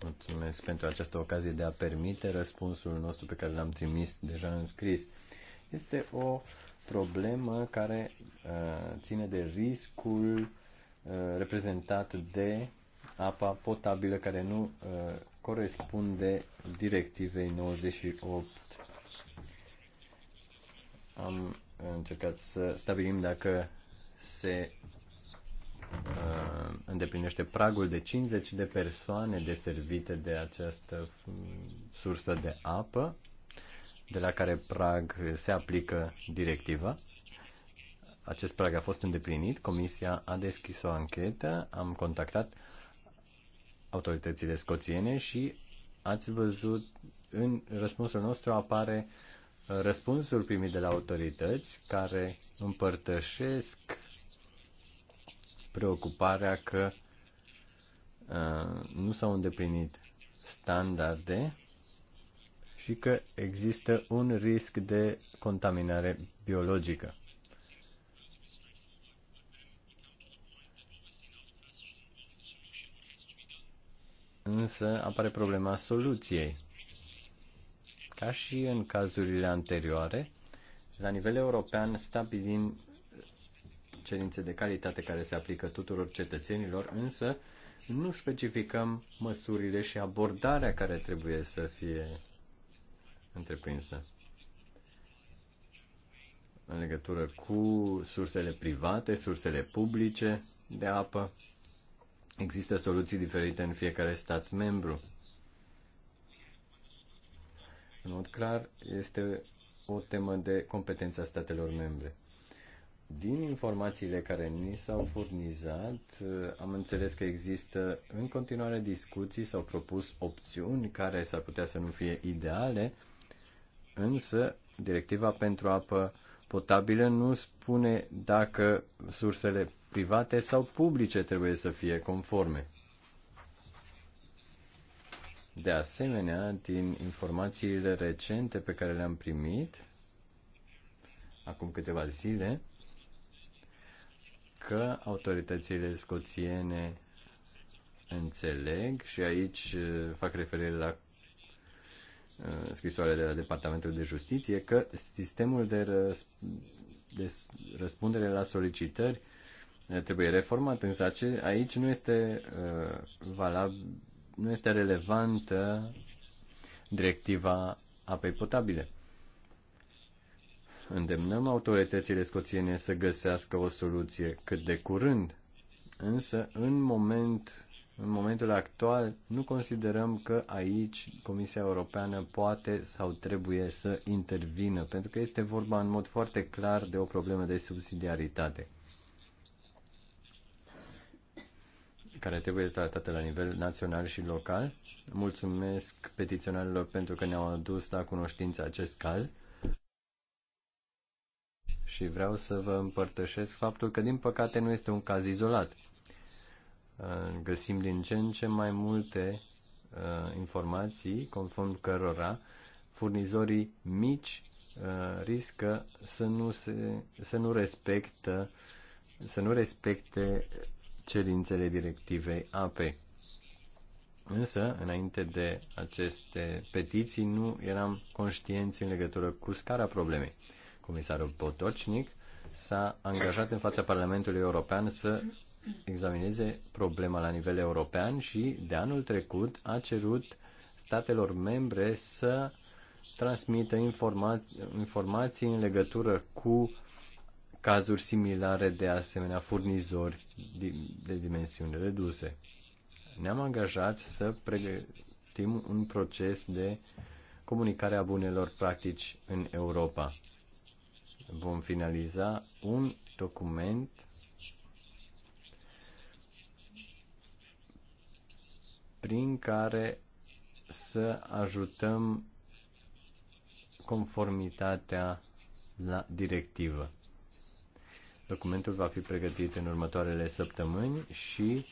Mulțumesc pentru această ocazie de a permite răspunsul nostru pe care l-am trimis deja în scris. Este o problemă care uh, ține de riscul uh, reprezentat de apa potabilă care nu uh, corespunde directivei 98. Am încercat să stabilim dacă se uh, îndeplinește pragul de 50 de persoane deservite de această mm, sursă de apă de la care prag se aplică directiva. Acest prag a fost îndeplinit, comisia a deschis o anchetă, am contactat autoritățile scoțiene și ați văzut în răspunsul nostru apare uh, răspunsul primit de la autorități care împărtășesc preocuparea că uh, nu s-au îndeplinit standarde și că există un risc de contaminare biologică. Însă apare problema soluției. Ca și în cazurile anterioare, la nivel european stabilim cerințe de calitate care se aplică tuturor cetățenilor, însă nu specificăm măsurile și abordarea care trebuie să fie întreprinsă în legătură cu sursele private, sursele publice de apă. Există soluții diferite în fiecare stat membru. În mod clar, este o temă de competența statelor membre. Din informațiile care ni s-au furnizat, am înțeles că există în continuare discuții, s-au propus opțiuni care s-ar putea să nu fie ideale, Însă, directiva pentru apă potabilă nu spune dacă sursele private sau publice trebuie să fie conforme. De asemenea, din informațiile recente pe care le-am primit, acum câteva zile, că autoritățile scoțiene înțeleg și aici eh, fac referire la Uh, scrisoare de la Departamentul de Justiție că sistemul de, răs, de răspundere la solicitări uh, trebuie reformat, însă ace, aici nu este uh, valab, nu este relevantă directiva apei potabile. Îndemnăm autoritățile scoțiene să găsească o soluție cât de curând, însă în moment în momentul actual, nu considerăm că aici Comisia Europeană poate sau trebuie să intervină, pentru că este vorba în mod foarte clar de o problemă de subsidiaritate care trebuie tratată la nivel național și local. Mulțumesc petiționarilor pentru că ne-au adus la cunoștință acest caz și vreau să vă împărtășesc faptul că, din păcate, nu este un caz izolat găsim din ce în ce mai multe uh, informații conform cărora furnizorii mici uh, riscă să nu, se, să nu respectă să nu respecte cerințele directivei APE. Însă, înainte de aceste petiții, nu eram conștienți în legătură cu scara problemei. Comisarul Potocnic s-a angajat în fața Parlamentului European să examineze problema la nivel european și de anul trecut a cerut statelor membre să transmită informa- informații în legătură cu cazuri similare de asemenea furnizori de dimensiuni reduse. Ne-am angajat să pregătim un proces de comunicare a bunelor practici în Europa. Vom finaliza un document prin care să ajutăm conformitatea la directivă. Documentul va fi pregătit în următoarele săptămâni și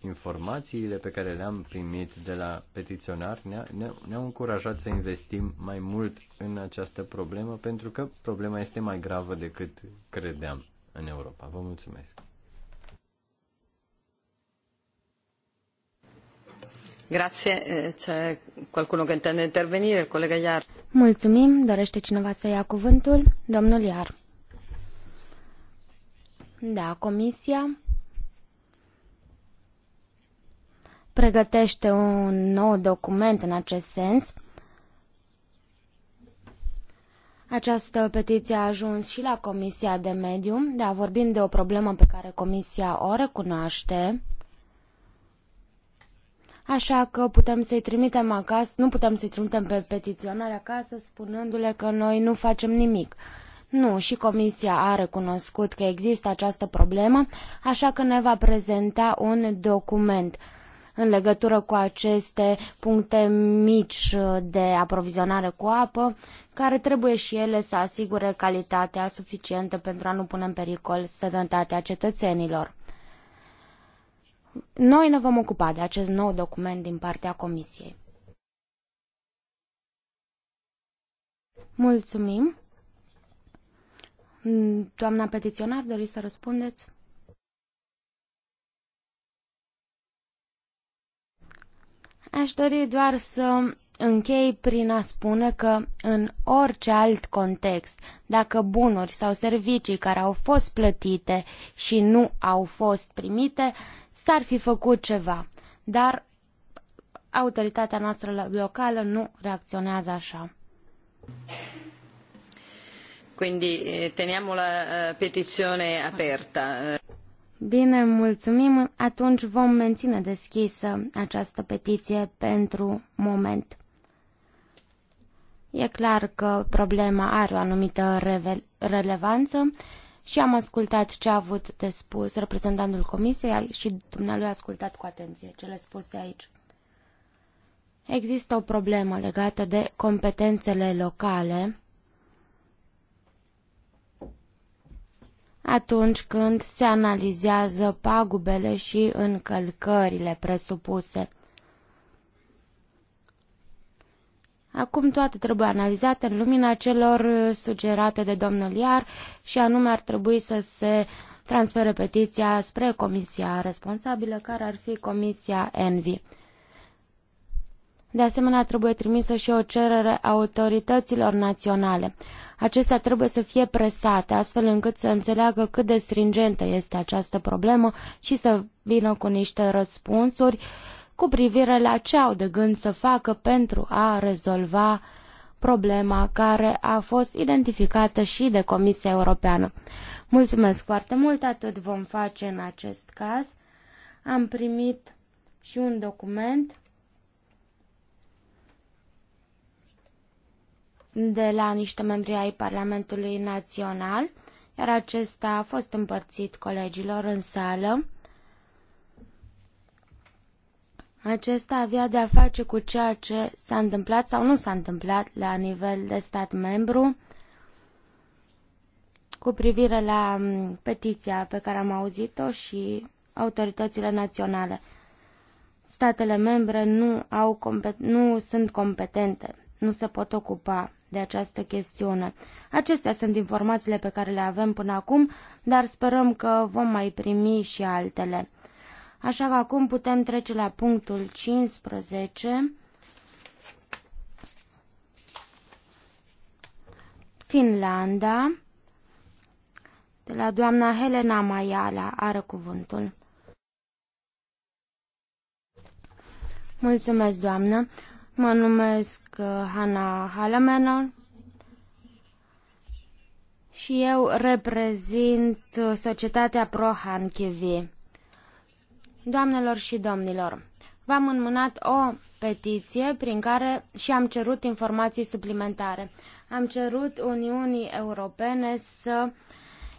informațiile pe care le-am primit de la petiționar ne-au ne, ne încurajat să investim mai mult în această problemă pentru că problema este mai gravă decât credeam în Europa. Vă mulțumesc! Eh, Mulțumim. Dorește cineva să ia cuvântul? Domnul Iar. Da, Comisia pregătește un nou document în acest sens. Această petiție a ajuns și la Comisia de Mediu, dar vorbim de o problemă pe care Comisia o recunoaște. Așa că putem să-i trimitem acasă, nu putem să-i trimitem pe petiționare acasă spunându-le că noi nu facem nimic. Nu, și Comisia a recunoscut că există această problemă, așa că ne va prezenta un document în legătură cu aceste puncte mici de aprovizionare cu apă, care trebuie și ele să asigure calitatea suficientă pentru a nu pune în pericol sănătatea cetățenilor. Noi ne vom ocupa de acest nou document din partea Comisiei. Mulțumim. Doamna petiționar, doriți să răspundeți? Aș dori doar să Închei prin a spune că în orice alt context, dacă bunuri sau servicii care au fost plătite și nu au fost primite, s-ar fi făcut ceva. Dar autoritatea noastră locală nu reacționează așa. Quindi eh, teniamo la eh, petizione aperta. Bine, mulțumim. Atunci vom menține deschisă această petiție pentru moment. E clar că problema are o anumită relevanță și am ascultat ce a avut de spus reprezentantul comisiei și dumnealui a ascultat cu atenție ce le spuse aici. Există o problemă legată de competențele locale atunci când se analizează pagubele și încălcările presupuse. Acum toate trebuie analizate în lumina celor uh, sugerate de domnul Iar și anume ar trebui să se transfere petiția spre comisia responsabilă, care ar fi comisia ENVI. De asemenea, trebuie trimisă și o cerere autorităților naționale. Acestea trebuie să fie presate, astfel încât să înțeleagă cât de stringentă este această problemă și să vină cu niște răspunsuri uh, cu privire la ce au de gând să facă pentru a rezolva problema care a fost identificată și de Comisia Europeană. Mulțumesc foarte mult, atât vom face în acest caz. Am primit și un document de la niște membri ai Parlamentului Național, iar acesta a fost împărțit colegilor în sală. Acesta avea de-a face cu ceea ce s-a întâmplat sau nu s-a întâmplat la nivel de stat membru cu privire la mm, petiția pe care am auzit-o și autoritățile naționale. Statele membre nu, au nu sunt competente, nu se pot ocupa de această chestiune. Acestea sunt informațiile pe care le avem până acum, dar sperăm că vom mai primi și altele. Așa că acum putem trece la punctul 15. Finlanda. De la doamna Helena Maiala are cuvântul. Mulțumesc, doamnă. Mă numesc uh, Hanna Halamena și eu reprezint uh, societatea Prohan Hankivi. Doamnelor și domnilor, v-am înmânat o petiție prin care și am cerut informații suplimentare. Am cerut Uniunii Europene să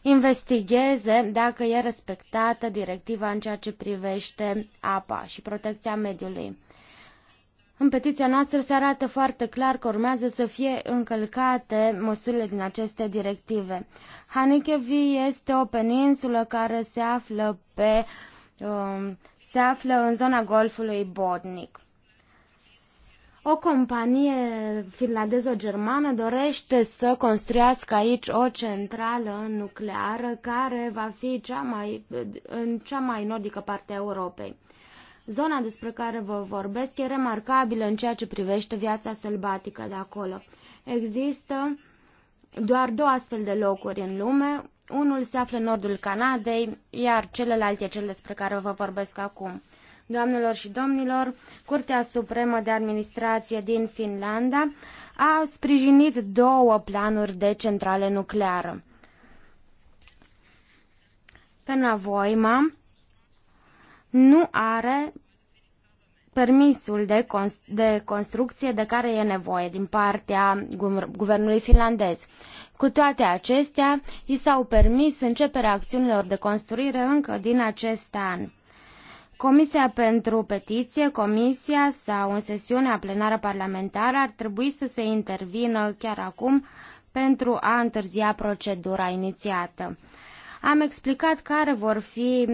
investigheze dacă e respectată directiva în ceea ce privește apa și protecția mediului. În petiția noastră se arată foarte clar că urmează să fie încălcate măsurile din aceste directive. Hanikevi este o peninsulă care se află pe Um, se află în zona golfului Bodnic. O companie finlandezo-germană dorește să construiască aici o centrală nucleară care va fi cea mai, în cea mai nordică parte a Europei. Zona despre care vă vorbesc e remarcabilă în ceea ce privește viața sălbatică de acolo. Există doar două astfel de locuri în lume, unul se află în nordul Canadei, iar celălalt e cel despre care vă vorbesc acum. Doamnelor și domnilor, Curtea Supremă de Administrație din Finlanda a sprijinit două planuri de centrale nucleară. Penavoima nu are permisul de, const- de construcție de care e nevoie din partea guvernului finlandez. Cu toate acestea, i s-au permis începerea acțiunilor de construire încă din acest an. Comisia pentru petiție, comisia sau în sesiunea plenară parlamentară ar trebui să se intervină chiar acum pentru a întârzia procedura inițiată. Am explicat care vor fi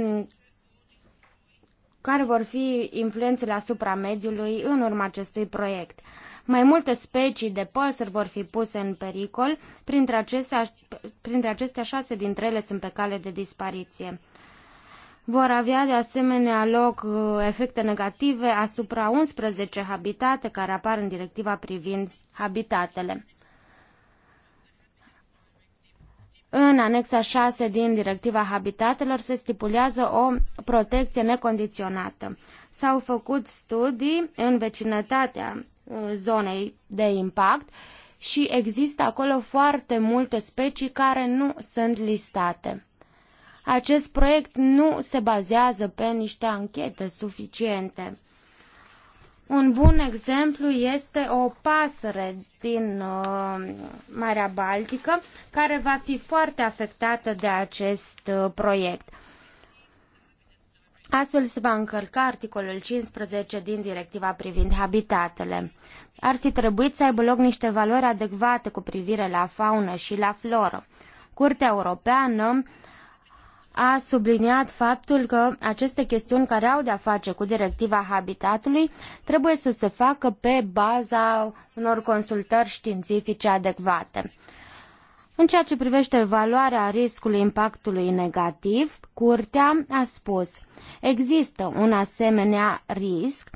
care vor fi influențele asupra mediului în urma acestui proiect. Mai multe specii de păsări vor fi puse în pericol, printre acestea, printre acestea șase dintre ele sunt pe cale de dispariție. Vor avea de asemenea loc uh, efecte negative asupra 11 habitate care apar în directiva privind habitatele. În anexa 6 din Directiva Habitatelor se stipulează o protecție necondiționată. S-au făcut studii în vecinătatea zonei de impact și există acolo foarte multe specii care nu sunt listate. Acest proiect nu se bazează pe niște anchete suficiente. Un bun exemplu este o pasăre din uh, Marea Baltică care va fi foarte afectată de acest uh, proiect. Astfel se va încălca articolul 15 din directiva privind habitatele. Ar fi trebuit să aibă loc niște valori adecvate cu privire la faună și la floră. Curtea Europeană a subliniat faptul că aceste chestiuni care au de-a face cu directiva habitatului trebuie să se facă pe baza unor consultări științifice adecvate. În ceea ce privește evaluarea riscului impactului negativ, Curtea a spus Există un asemenea risc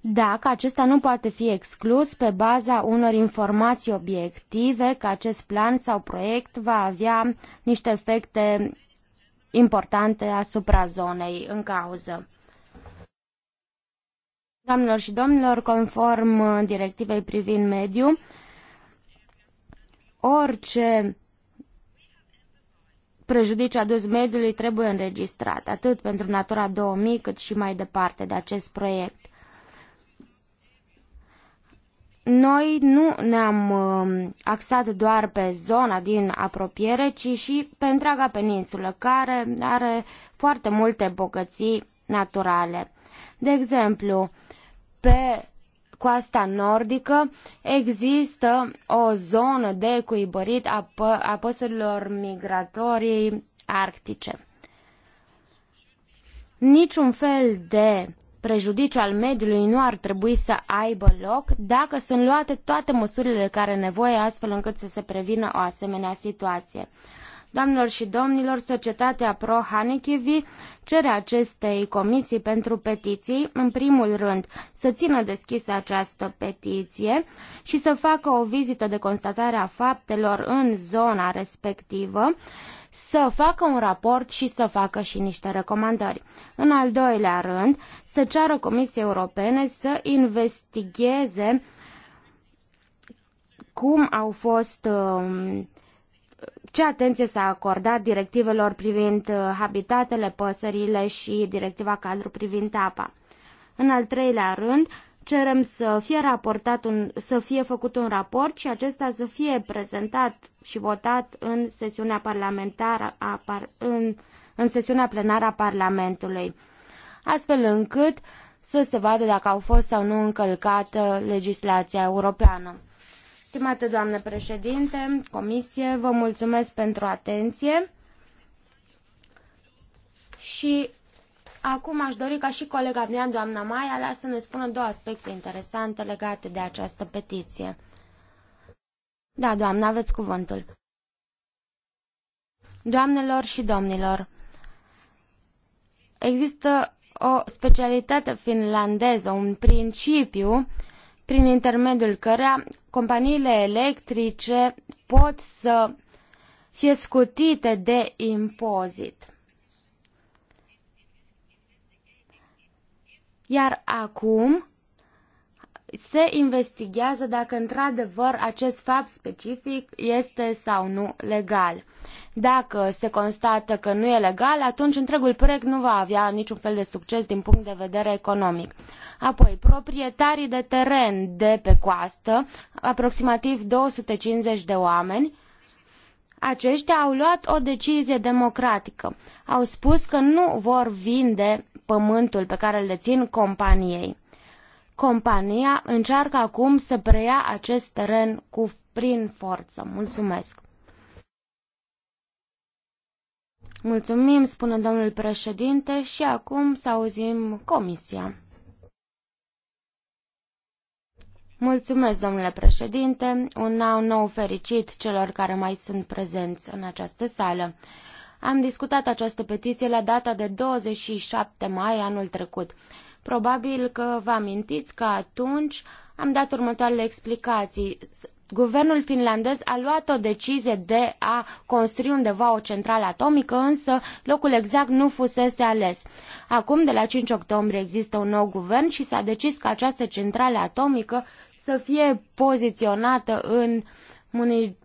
dacă acesta nu poate fi exclus pe baza unor informații obiective că acest plan sau proiect va avea niște efecte importante asupra zonei în cauză. Doamnelor și domnilor, conform directivei privind mediu, orice prejudicii adus mediului trebuie înregistrat, atât pentru Natura 2000 cât și mai departe de acest proiect. Noi nu ne-am um, axat doar pe zona din apropiere, ci și pe întreaga peninsulă, care are foarte multe bogății naturale. De exemplu, pe coasta nordică există o zonă de cuibărit a, pă- a păsărilor migratorii arctice. Niciun fel de prejudiciu al mediului nu ar trebui să aibă loc dacă sunt luate toate măsurile de care nevoie astfel încât să se prevină o asemenea situație. Doamnelor și domnilor, societatea Pro Hanikivi cere acestei comisii pentru petiții, în primul rând, să țină deschisă această petiție și să facă o vizită de constatare a faptelor în zona respectivă, să facă un raport și să facă și niște recomandări. În al doilea rând, să ceară Comisiei Europene să investigheze cum au fost uh, ce atenție s-a acordat directivelor privind uh, habitatele, păsările și directiva cadru privind apa. În al treilea rând, cerem să fie raportat un, să fie făcut un raport și acesta să fie prezentat și votat în sesiunea parlamentară a, par, în, în sesiunea plenară a Parlamentului, astfel încât să se vadă dacă au fost sau nu încălcată legislația europeană. Stimată doamnă președinte, comisie, vă mulțumesc pentru atenție și acum aș dori ca și colega mea, doamna Maia, să ne spună două aspecte interesante legate de această petiție. Da, doamnă, aveți cuvântul. Doamnelor și domnilor, există o specialitate finlandeză, un principiu prin intermediul căreia companiile electrice pot să fie scutite de impozit. Iar acum se investigează dacă într-adevăr acest fapt specific este sau nu legal. Dacă se constată că nu e legal, atunci întregul proiect nu va avea niciun fel de succes din punct de vedere economic. Apoi, proprietarii de teren de pe coastă, aproximativ 250 de oameni, aceștia au luat o decizie democratică. Au spus că nu vor vinde pământul pe care îl dețin companiei. Compania încearcă acum să preia acest teren cu, prin forță. Mulțumesc! Mulțumim, spune domnul președinte, și acum să auzim comisia. Mulțumesc, domnule președinte, un nou nou fericit celor care mai sunt prezenți în această sală. Am discutat această petiție la data de 27 mai anul trecut. Probabil că vă amintiți că atunci am dat următoarele explicații. Guvernul finlandez a luat o decizie de a construi undeva o centrală atomică, însă locul exact nu fusese ales. Acum, de la 5 octombrie, există un nou guvern și s-a decis că această centrală atomică să fie poziționată în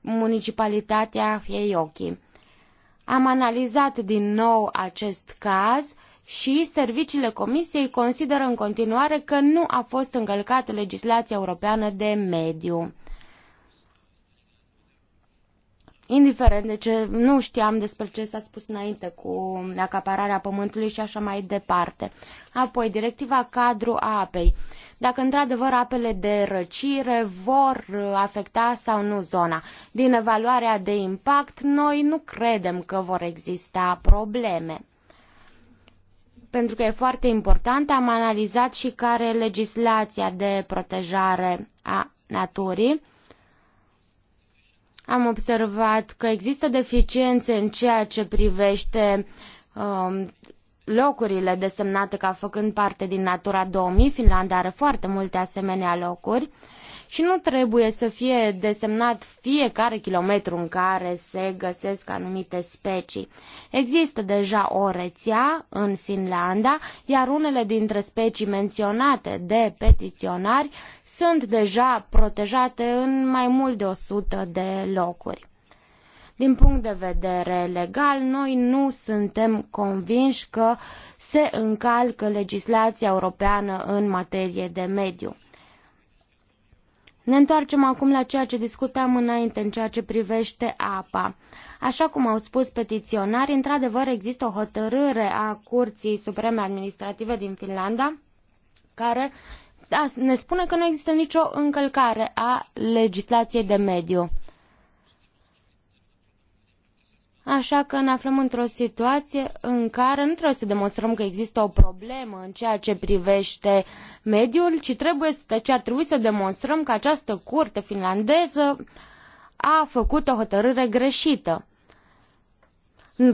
municipalitatea Heioki. Am analizat din nou acest caz și serviciile Comisiei consideră în continuare că nu a fost încălcată legislația europeană de mediu indiferent de ce nu știam despre ce s-a spus înainte cu acapararea pământului și așa mai departe. Apoi, directiva cadru a apei. Dacă într-adevăr apele de răcire vor afecta sau nu zona. Din evaluarea de impact, noi nu credem că vor exista probleme pentru că e foarte important, am analizat și care legislația de protejare a naturii am observat că există deficiențe în ceea ce privește um, locurile desemnate ca făcând parte din Natura 2000. Finlanda are foarte multe asemenea locuri. Uh, și nu trebuie să fie desemnat fiecare kilometru în care se găsesc anumite specii. Există deja o rețea în Finlanda, iar unele dintre specii menționate de petiționari sunt deja protejate în mai mult de 100 de locuri. Din punct de vedere legal, noi nu suntem convinși că se încalcă legislația europeană în materie de mediu. Ne întoarcem acum la ceea ce discutam înainte în ceea ce privește apa. Așa cum au spus petiționari, într-adevăr există o hotărâre a Curții Supreme Administrative din Finlanda care da, ne spune că nu există nicio încălcare a legislației de mediu. Așa că ne aflăm într-o situație în care nu trebuie să demonstrăm că există o problemă în ceea ce privește mediul, ci trebuie să, ce deci ar trebui să demonstrăm că această curte finlandeză a făcut o hotărâre greșită.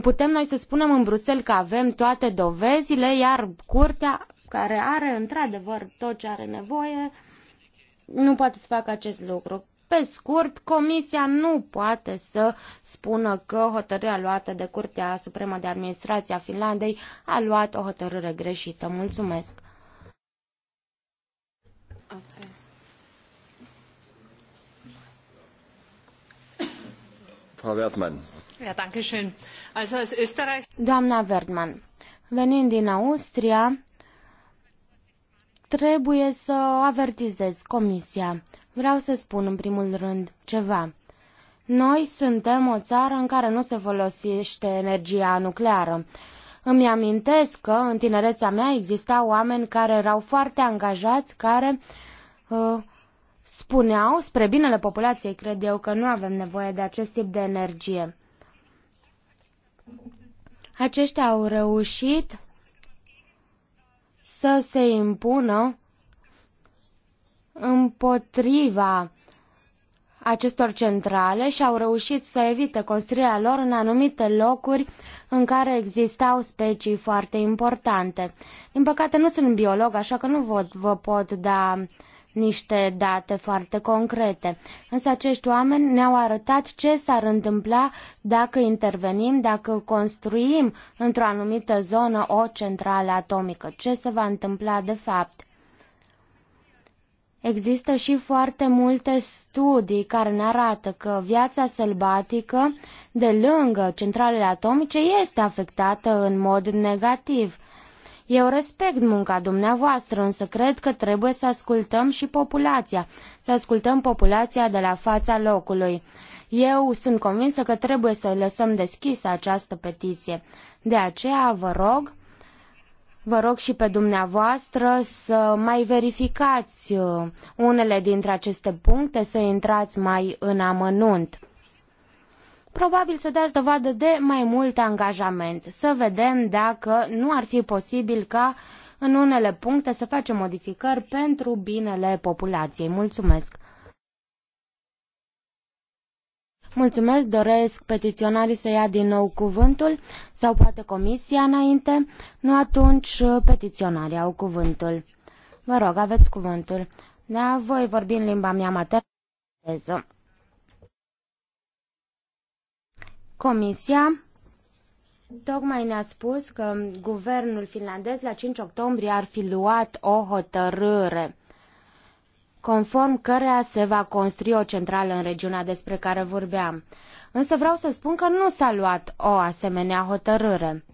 Putem noi să spunem în Bruxelles că avem toate dovezile, iar curtea care are într-adevăr tot ce are nevoie, nu poate să facă acest lucru. Pe scurt, Comisia nu poate să spună că hotărârea luată de Curtea Supremă de Administrație a Finlandei a luat o hotărâre greșită. Mulțumesc! Frau Wertmann. Ja, danke schön. Also aus Österreich. Doamna Wertmann, venind din Austria, trebuie să avertizez Comisia Vreau să spun în primul rând ceva. Noi suntem o țară în care nu se folosește energia nucleară. Îmi amintesc că în tinerețea mea existau oameni care erau foarte angajați, care uh, spuneau, spre binele populației, cred eu, că nu avem nevoie de acest tip de energie. Aceștia au reușit să se impună împotriva acestor centrale și au reușit să evite construirea lor în anumite locuri în care existau specii foarte importante. Din păcate nu sunt biolog, așa că nu vă, vă pot da niște date foarte concrete. Însă acești oameni ne-au arătat ce s-ar întâmpla dacă intervenim, dacă construim într-o anumită zonă o centrală atomică, ce se va întâmpla de fapt. Există și foarte multe studii care ne arată că viața sălbatică de lângă centralele atomice este afectată în mod negativ. Eu respect munca dumneavoastră, însă cred că trebuie să ascultăm și populația, să ascultăm populația de la fața locului. Eu sunt convinsă că trebuie să lăsăm deschisă această petiție. De aceea vă rog Vă rog și pe dumneavoastră să mai verificați uh, unele dintre aceste puncte, să intrați mai în amănunt. Probabil să dați dovadă de mai mult angajament, să vedem dacă nu ar fi posibil ca în unele puncte să facem modificări pentru binele populației. Mulțumesc! Mulțumesc, doresc petiționarii să ia din nou cuvântul sau poate comisia înainte. Nu atunci uh, petiționarii au cuvântul. Vă rog, aveți cuvântul. Da, voi vorbi în limba mea maternă. Comisia tocmai ne-a spus că guvernul finlandez la 5 octombrie ar fi luat o hotărâre conform căreia se va construi o centrală în regiunea despre care vorbeam. Însă vreau să spun că nu s-a luat o asemenea hotărâre.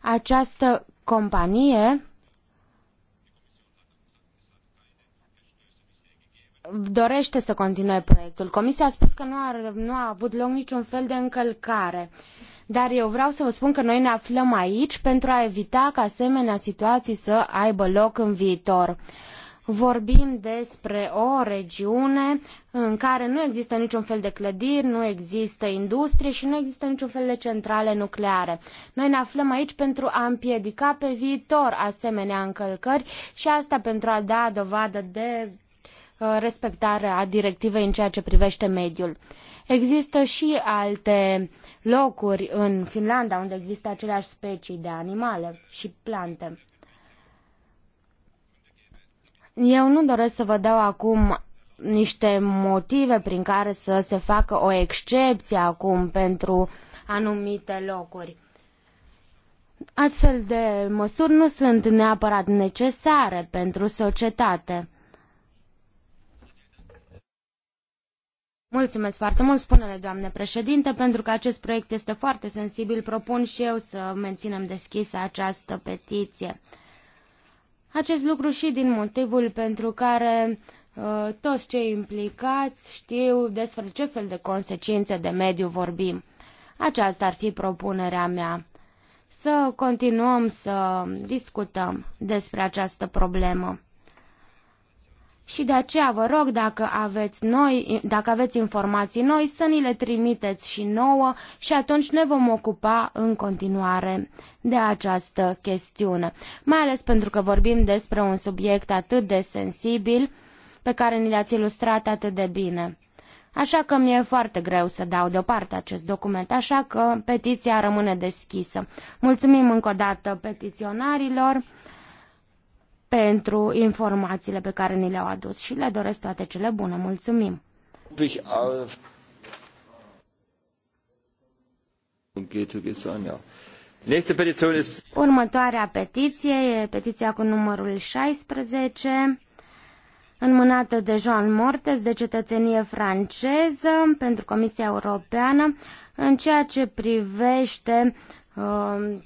Această companie dorește să continue proiectul. Comisia a spus că nu a, nu a avut loc niciun fel de încălcare. Dar eu vreau să vă spun că noi ne aflăm aici pentru a evita ca asemenea situații să aibă loc în viitor. Vorbim despre o regiune în care nu există niciun fel de clădiri, nu există industrie și nu există niciun fel de centrale nucleare. Noi ne aflăm aici pentru a împiedica pe viitor asemenea încălcări și asta pentru a da dovadă de uh, respectarea directivei în ceea ce privește mediul. Există și alte locuri în Finlanda unde există aceleași specii de animale și plante. Eu nu doresc să vă dau acum niște motive prin care să se facă o excepție acum pentru anumite locuri. Astfel de măsuri nu sunt neapărat necesare pentru societate. Mulțumesc foarte mult, spune doamne președinte, pentru că acest proiect este foarte sensibil, propun și eu să menținem deschisă această petiție. Acest lucru și din motivul pentru care uh, toți cei implicați știu despre ce fel de consecințe de mediu vorbim. Aceasta ar fi propunerea mea. Să continuăm să discutăm despre această problemă. Și de aceea vă rog, dacă aveți, noi, dacă aveți informații noi, să ni le trimiteți și nouă și atunci ne vom ocupa în continuare de această chestiune. Mai ales pentru că vorbim despre un subiect atât de sensibil pe care ni l-ați ilustrat atât de bine. Așa că mi-e foarte greu să dau deoparte acest document, așa că petiția rămâne deschisă. Mulțumim încă o dată petiționarilor pentru informațiile pe care ni le-au adus și le doresc toate cele bune. Mulțumim! Următoarea petiție e petiția cu numărul 16, înmânată de Jean Mortes, de cetățenie franceză pentru Comisia Europeană, în ceea ce privește uh,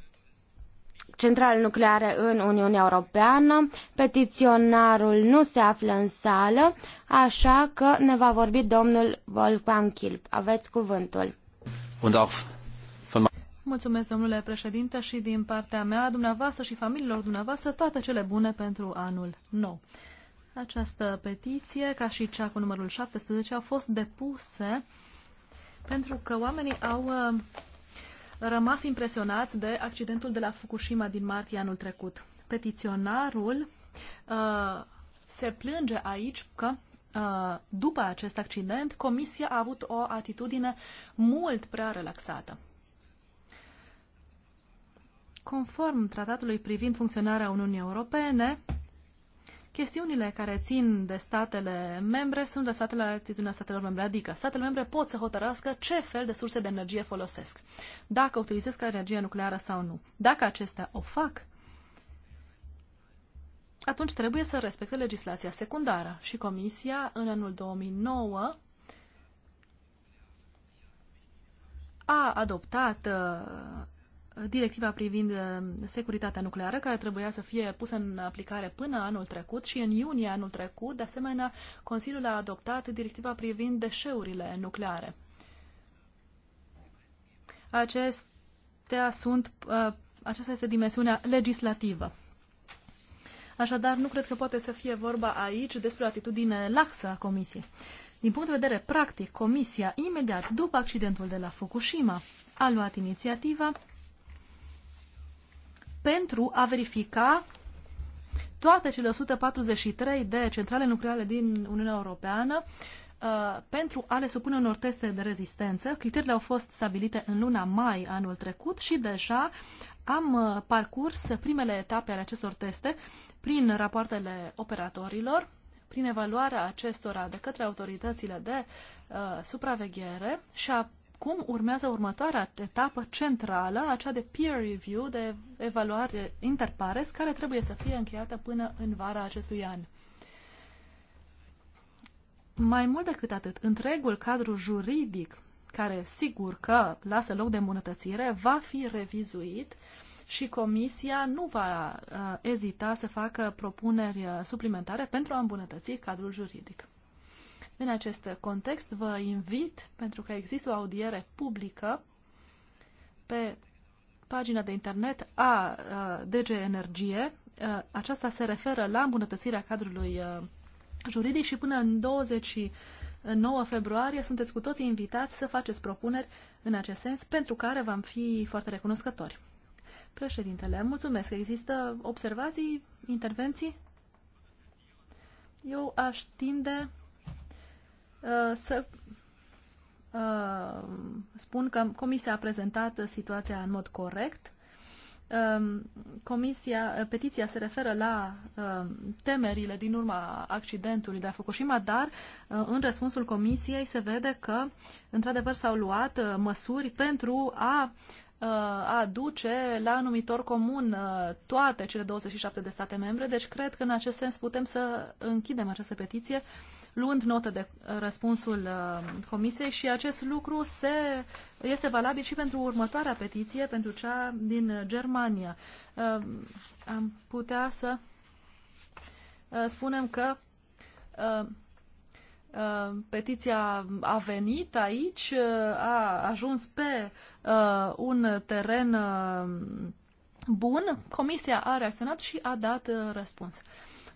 centrale nucleare în Uniunea Europeană. Petiționarul nu se află în sală, așa că ne va vorbi domnul Wolfgang Kilp. Aveți cuvântul. Und auch von Mulțumesc, domnule președinte, și din partea mea, dumneavoastră și familiilor dumneavoastră, toate cele bune pentru anul nou. Această petiție, ca și cea cu numărul 17, a fost depuse pentru că oamenii au uh, rămas impresionați de accidentul de la Fukushima din martie anul trecut. Petiționarul uh, se plânge aici că uh, după acest accident, Comisia a avut o atitudine mult prea relaxată. Conform tratatului privind funcționarea Uniunii Europene, chestiunile care țin de statele membre sunt lăsate la atitudinea statelor membre, adică statele membre pot să hotărască ce fel de surse de energie folosesc, dacă utilizesc energia nucleară sau nu. Dacă acestea o fac, atunci trebuie să respecte legislația secundară și Comisia în anul 2009 a adoptat uh, directiva privind uh, securitatea nucleară, care trebuia să fie pusă în aplicare până anul trecut și în iunie anul trecut, de asemenea, Consiliul a adoptat directiva privind deșeurile nucleare. Acestea sunt, uh, aceasta este dimensiunea legislativă. Așadar, nu cred că poate să fie vorba aici despre o atitudine laxă a Comisiei. Din punct de vedere practic, Comisia, imediat după accidentul de la Fukushima, a luat inițiativa pentru a verifica toate cele 143 de centrale nucleare din Uniunea Europeană uh, pentru a le supune unor teste de rezistență. Criteriile au fost stabilite în luna mai anul trecut și deja am uh, parcurs primele etape ale acestor teste prin rapoartele operatorilor, prin evaluarea acestora de către autoritățile de uh, supraveghere și a Acum urmează următoarea etapă centrală, acea de peer review, de evaluare interpares, care trebuie să fie încheiată până în vara acestui an. Mai mult decât atât, întregul cadru juridic, care sigur că lasă loc de îmbunătățire, va fi revizuit și Comisia nu va uh, ezita să facă propuneri uh, suplimentare pentru a îmbunătăți cadrul juridic. În acest context vă invit, pentru că există o audiere publică pe pagina de internet a DG Energie. Aceasta se referă la îmbunătățirea cadrului juridic și până în 29 februarie sunteți cu toții invitați să faceți propuneri în acest sens, pentru care vom fi foarte recunoscători. Președintele, mulțumesc. Există observații, intervenții? Eu aș tinde Uh, să uh, spun că Comisia a prezentat situația în mod corect. Um, comisia, uh, petiția se referă la temerile din urma accidentului de la Fukushima, dar în răspunsul Comisiei se vede că, într-adevăr, s-au luat măsuri pentru a aduce la numitor comun toate cele 27 de state membre, deci cred că în acest sens putem să închidem această petiție uh, luând notă de uh, răspunsul uh, Comisiei și acest lucru se, este valabil și pentru următoarea petiție, pentru cea din Germania. Uh, am putea să spunem că petiția a venit aici, a ajuns pe un teren bun, Comisia a reacționat și a dat răspuns.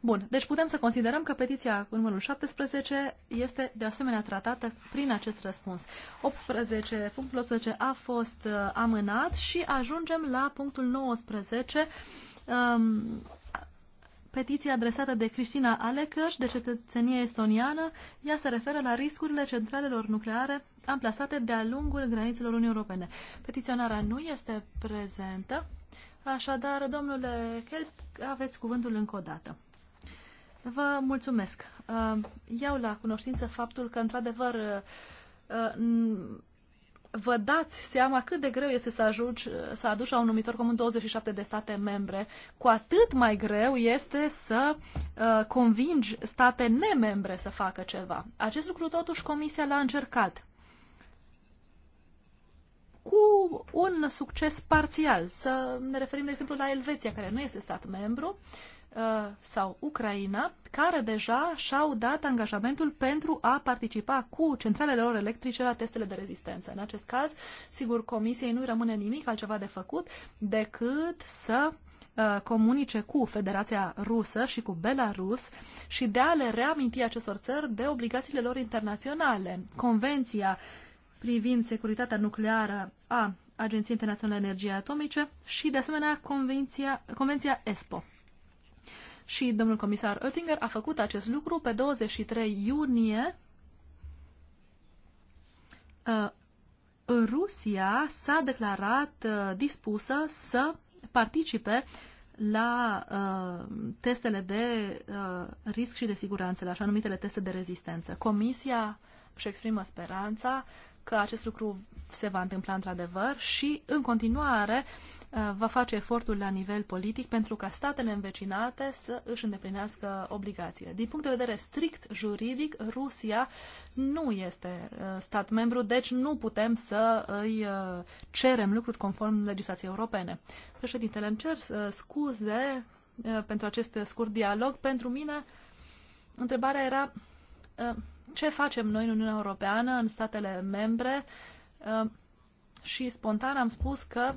Bun, deci putem să considerăm că petiția cu numărul 17 este de asemenea tratată prin acest răspuns. 18, punctul 18 a fost uh, amânat și ajungem la punctul 19, um, petiție adresată de Cristina Alecăș, de cetățenie estoniană, ea se referă la riscurile centralelor nucleare amplasate de-a lungul granițelor Uniunii Europene. Petiționarea nu este prezentă, așadar, domnule Kelp, aveți cuvântul încă o dată. Vă mulțumesc. Uh, iau la cunoștință faptul că, într-adevăr, uh, vă dați seama cât de greu este să ajungi, uh, să aduci la un numitor comun 27 de state membre, cu atât mai greu este să convingi state nemembre să facă ceva. Acest lucru totuși Comisia l-a încercat cu un succes parțial. Să ne referim, de exemplu, la Elveția, care nu este stat membru, uh, Uh, sau Ucraina, care deja și-au dat angajamentul pentru a participa cu centralele lor electrice la testele de rezistență. În acest caz, sigur, Comisiei nu rămâne nimic altceva de făcut decât să uh, comunice cu Federația Rusă și cu Belarus și de a le reaminti acestor țări de obligațiile lor internaționale. Convenția privind securitatea nucleară a Agenției Internaționale Energiei Atomice și, de asemenea, Convenția, Convenția ESPO. Și domnul comisar Oettinger a făcut acest lucru pe 23 iunie. Uh, Rusia s-a declarat uh, dispusă să participe la uh, testele de uh, risc și de siguranță, la așa numitele teste de rezistență. Comisia își exprimă speranța că acest lucru se va întâmpla într-adevăr și, în continuare, Uh, va face efortul la nivel politic pentru ca statele învecinate să își îndeplinească obligațiile. Din punct de vedere strict juridic, Rusia nu este uh, stat membru, deci nu putem să îi uh, cerem lucruri conform legislației europene. Președintele, îmi cer scuze pentru acest scurt dialog. Pentru mine, întrebarea era ce facem noi în Uniunea Europeană, în statele membre și spontan am spus că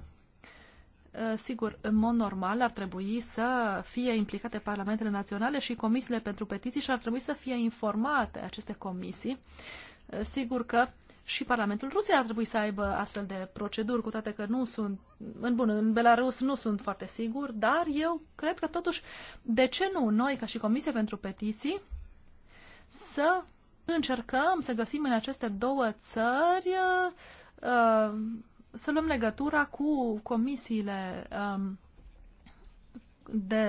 Uh, sigur, în mod normal ar trebui să fie implicate parlamentele naționale și comisiile pentru petiții și ar trebui să fie informate aceste comisii. Uh, sigur că și Parlamentul Rusiei ar trebui să aibă astfel de proceduri, cu toate că nu sunt, în bun, în Belarus nu sunt foarte sigur, dar eu cred că totuși, de ce nu noi, ca și Comisie pentru Petiții, să încercăm să găsim în aceste două țări uh, să luăm legătura cu comisiile um, de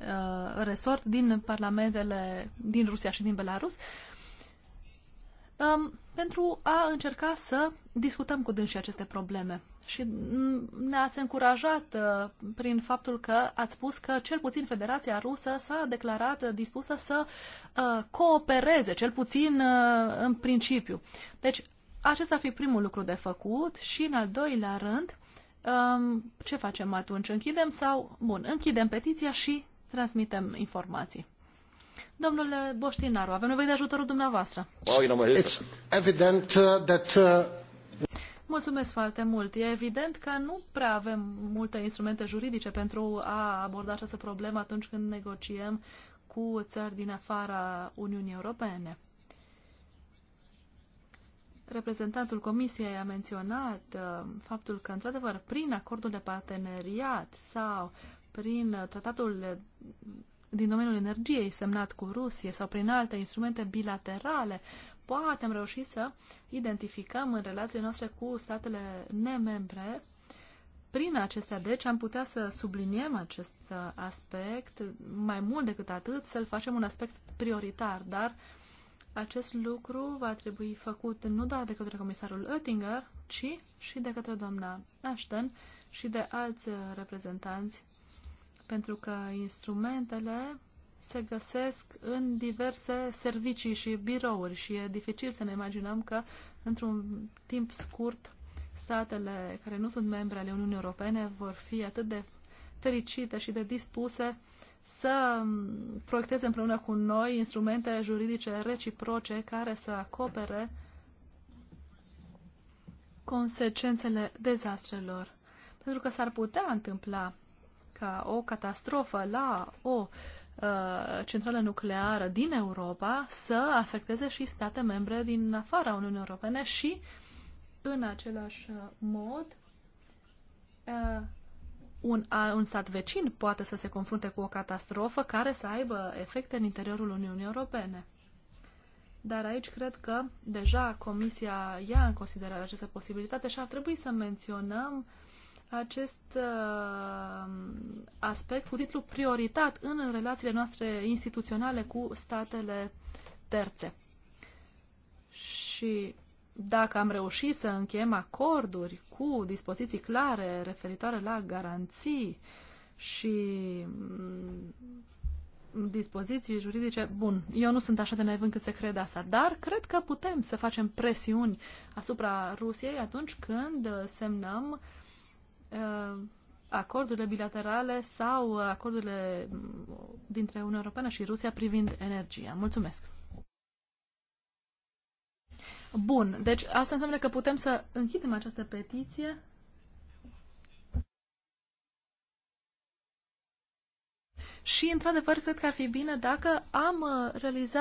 uh, resort din parlamentele din Rusia și din Belarus um, pentru a încerca să discutăm cu dânsii aceste probleme. Și mm, ne-ați încurajat uh, prin faptul că ați spus că cel puțin Federația Rusă s-a declarat dispusă să uh, coopereze, cel puțin uh, în principiu. Deci acesta ar fi primul lucru de făcut și, în al doilea rând, um, ce facem atunci? Închidem sau, bun, închidem petiția și transmitem informații. Domnule Boștinaru, avem nevoie de ajutorul dumneavoastră. It's evident uh, that uh, Mulțumesc foarte mult. E evident că nu prea avem multe instrumente juridice pentru a aborda această problemă atunci când negociem cu țări din afara Uniunii Europene. Reprezentantul Comisiei a menționat uh, faptul că, într-adevăr, prin acordul de parteneriat sau prin uh, tratatul din domeniul energiei semnat cu Rusie sau prin alte instrumente bilaterale, poate am reușit să identificăm în relațiile noastre cu statele nemembre. Prin acestea, deci, am putea să subliniem acest uh, aspect mai mult decât atât, să-l facem un aspect prioritar, dar uh, acest lucru va trebui făcut nu doar de către comisarul Oettinger, ci și de către doamna Ashton și de alți uh, reprezentanți, pentru că instrumentele se găsesc în diverse servicii și birouri și e dificil să ne imaginăm că într-un timp scurt statele care nu sunt membre ale Uniunii Europene vor fi atât de fericite și de dispuse să proiecteze împreună cu noi instrumente juridice reciproce care să acopere consecințele dezastrelor. Pentru că s-ar putea întâmpla ca o catastrofă la o uh, centrală nucleară din Europa să afecteze și state membre din afara Uniunii Europene și, în același uh, mod, uh, un, un stat vecin poate să se confrunte cu o catastrofă care să aibă efecte în interiorul Uniunii Europene. Dar aici cred că deja Comisia ia în considerare această posibilitate și ar trebui să menționăm acest uh, aspect cu titlu prioritat în relațiile noastre instituționale cu statele terțe. Și dacă am reușit să încheiem acorduri cu dispoziții clare referitoare la garanții și mm, dispoziții juridice. Bun, eu nu sunt așa de naiv încât să cred asta, dar cred că putem să facem presiuni asupra Rusiei atunci când semnăm uh, acordurile bilaterale sau acordurile mm, dintre Uniunea Europeană și Rusia privind energia. Mulțumesc! Bun, deci asta înseamnă că putem să închidem această petiție. Și, într-adevăr, cred că ar fi bine dacă am uh, realiza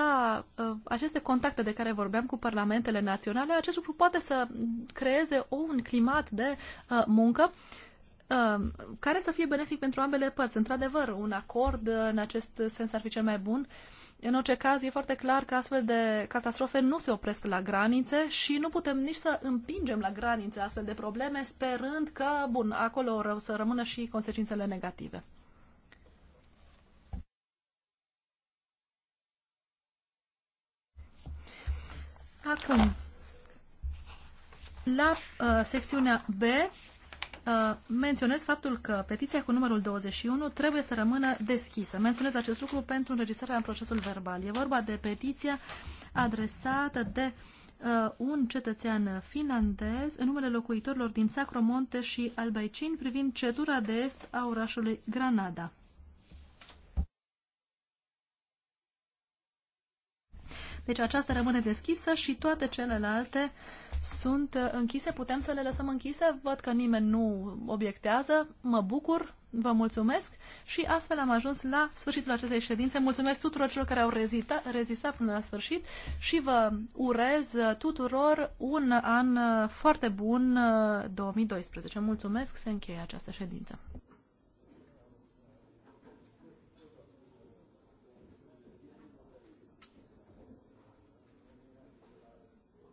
uh, aceste contacte de care vorbeam cu parlamentele naționale. Acest lucru poate să creeze un climat de uh, muncă uh, care să fie benefic pentru ambele părți. Într-adevăr, un acord uh, în acest sens ar fi cel mai bun. Uh, în orice caz, e foarte clar că astfel de catastrofe nu se opresc la granițe și nu putem nici să împingem la granițe astfel de probleme, sperând că, bun, acolo să rămână și consecințele negative. Acum, la uh, secțiunea B Uh, menționez faptul că petiția cu numărul 21 trebuie să rămână deschisă. Menționez acest lucru pentru înregistrarea în procesul verbal. E vorba de petiția adresată de uh, un cetățean finlandez în numele locuitorilor din Sacromonte și Albaicin privind cetura de est a orașului Granada. Deci aceasta rămâne deschisă și toate celelalte sunt uh, închise. Putem să le lăsăm închise? Văd că nimeni nu obiectează. Mă bucur, vă mulțumesc și astfel am ajuns la sfârșitul acestei ședințe. Mulțumesc tuturor celor care au rezita, rezistat până la sfârșit și vă urez uh, tuturor un an uh, foarte bun 2012. Mulțumesc, se încheie această ședință.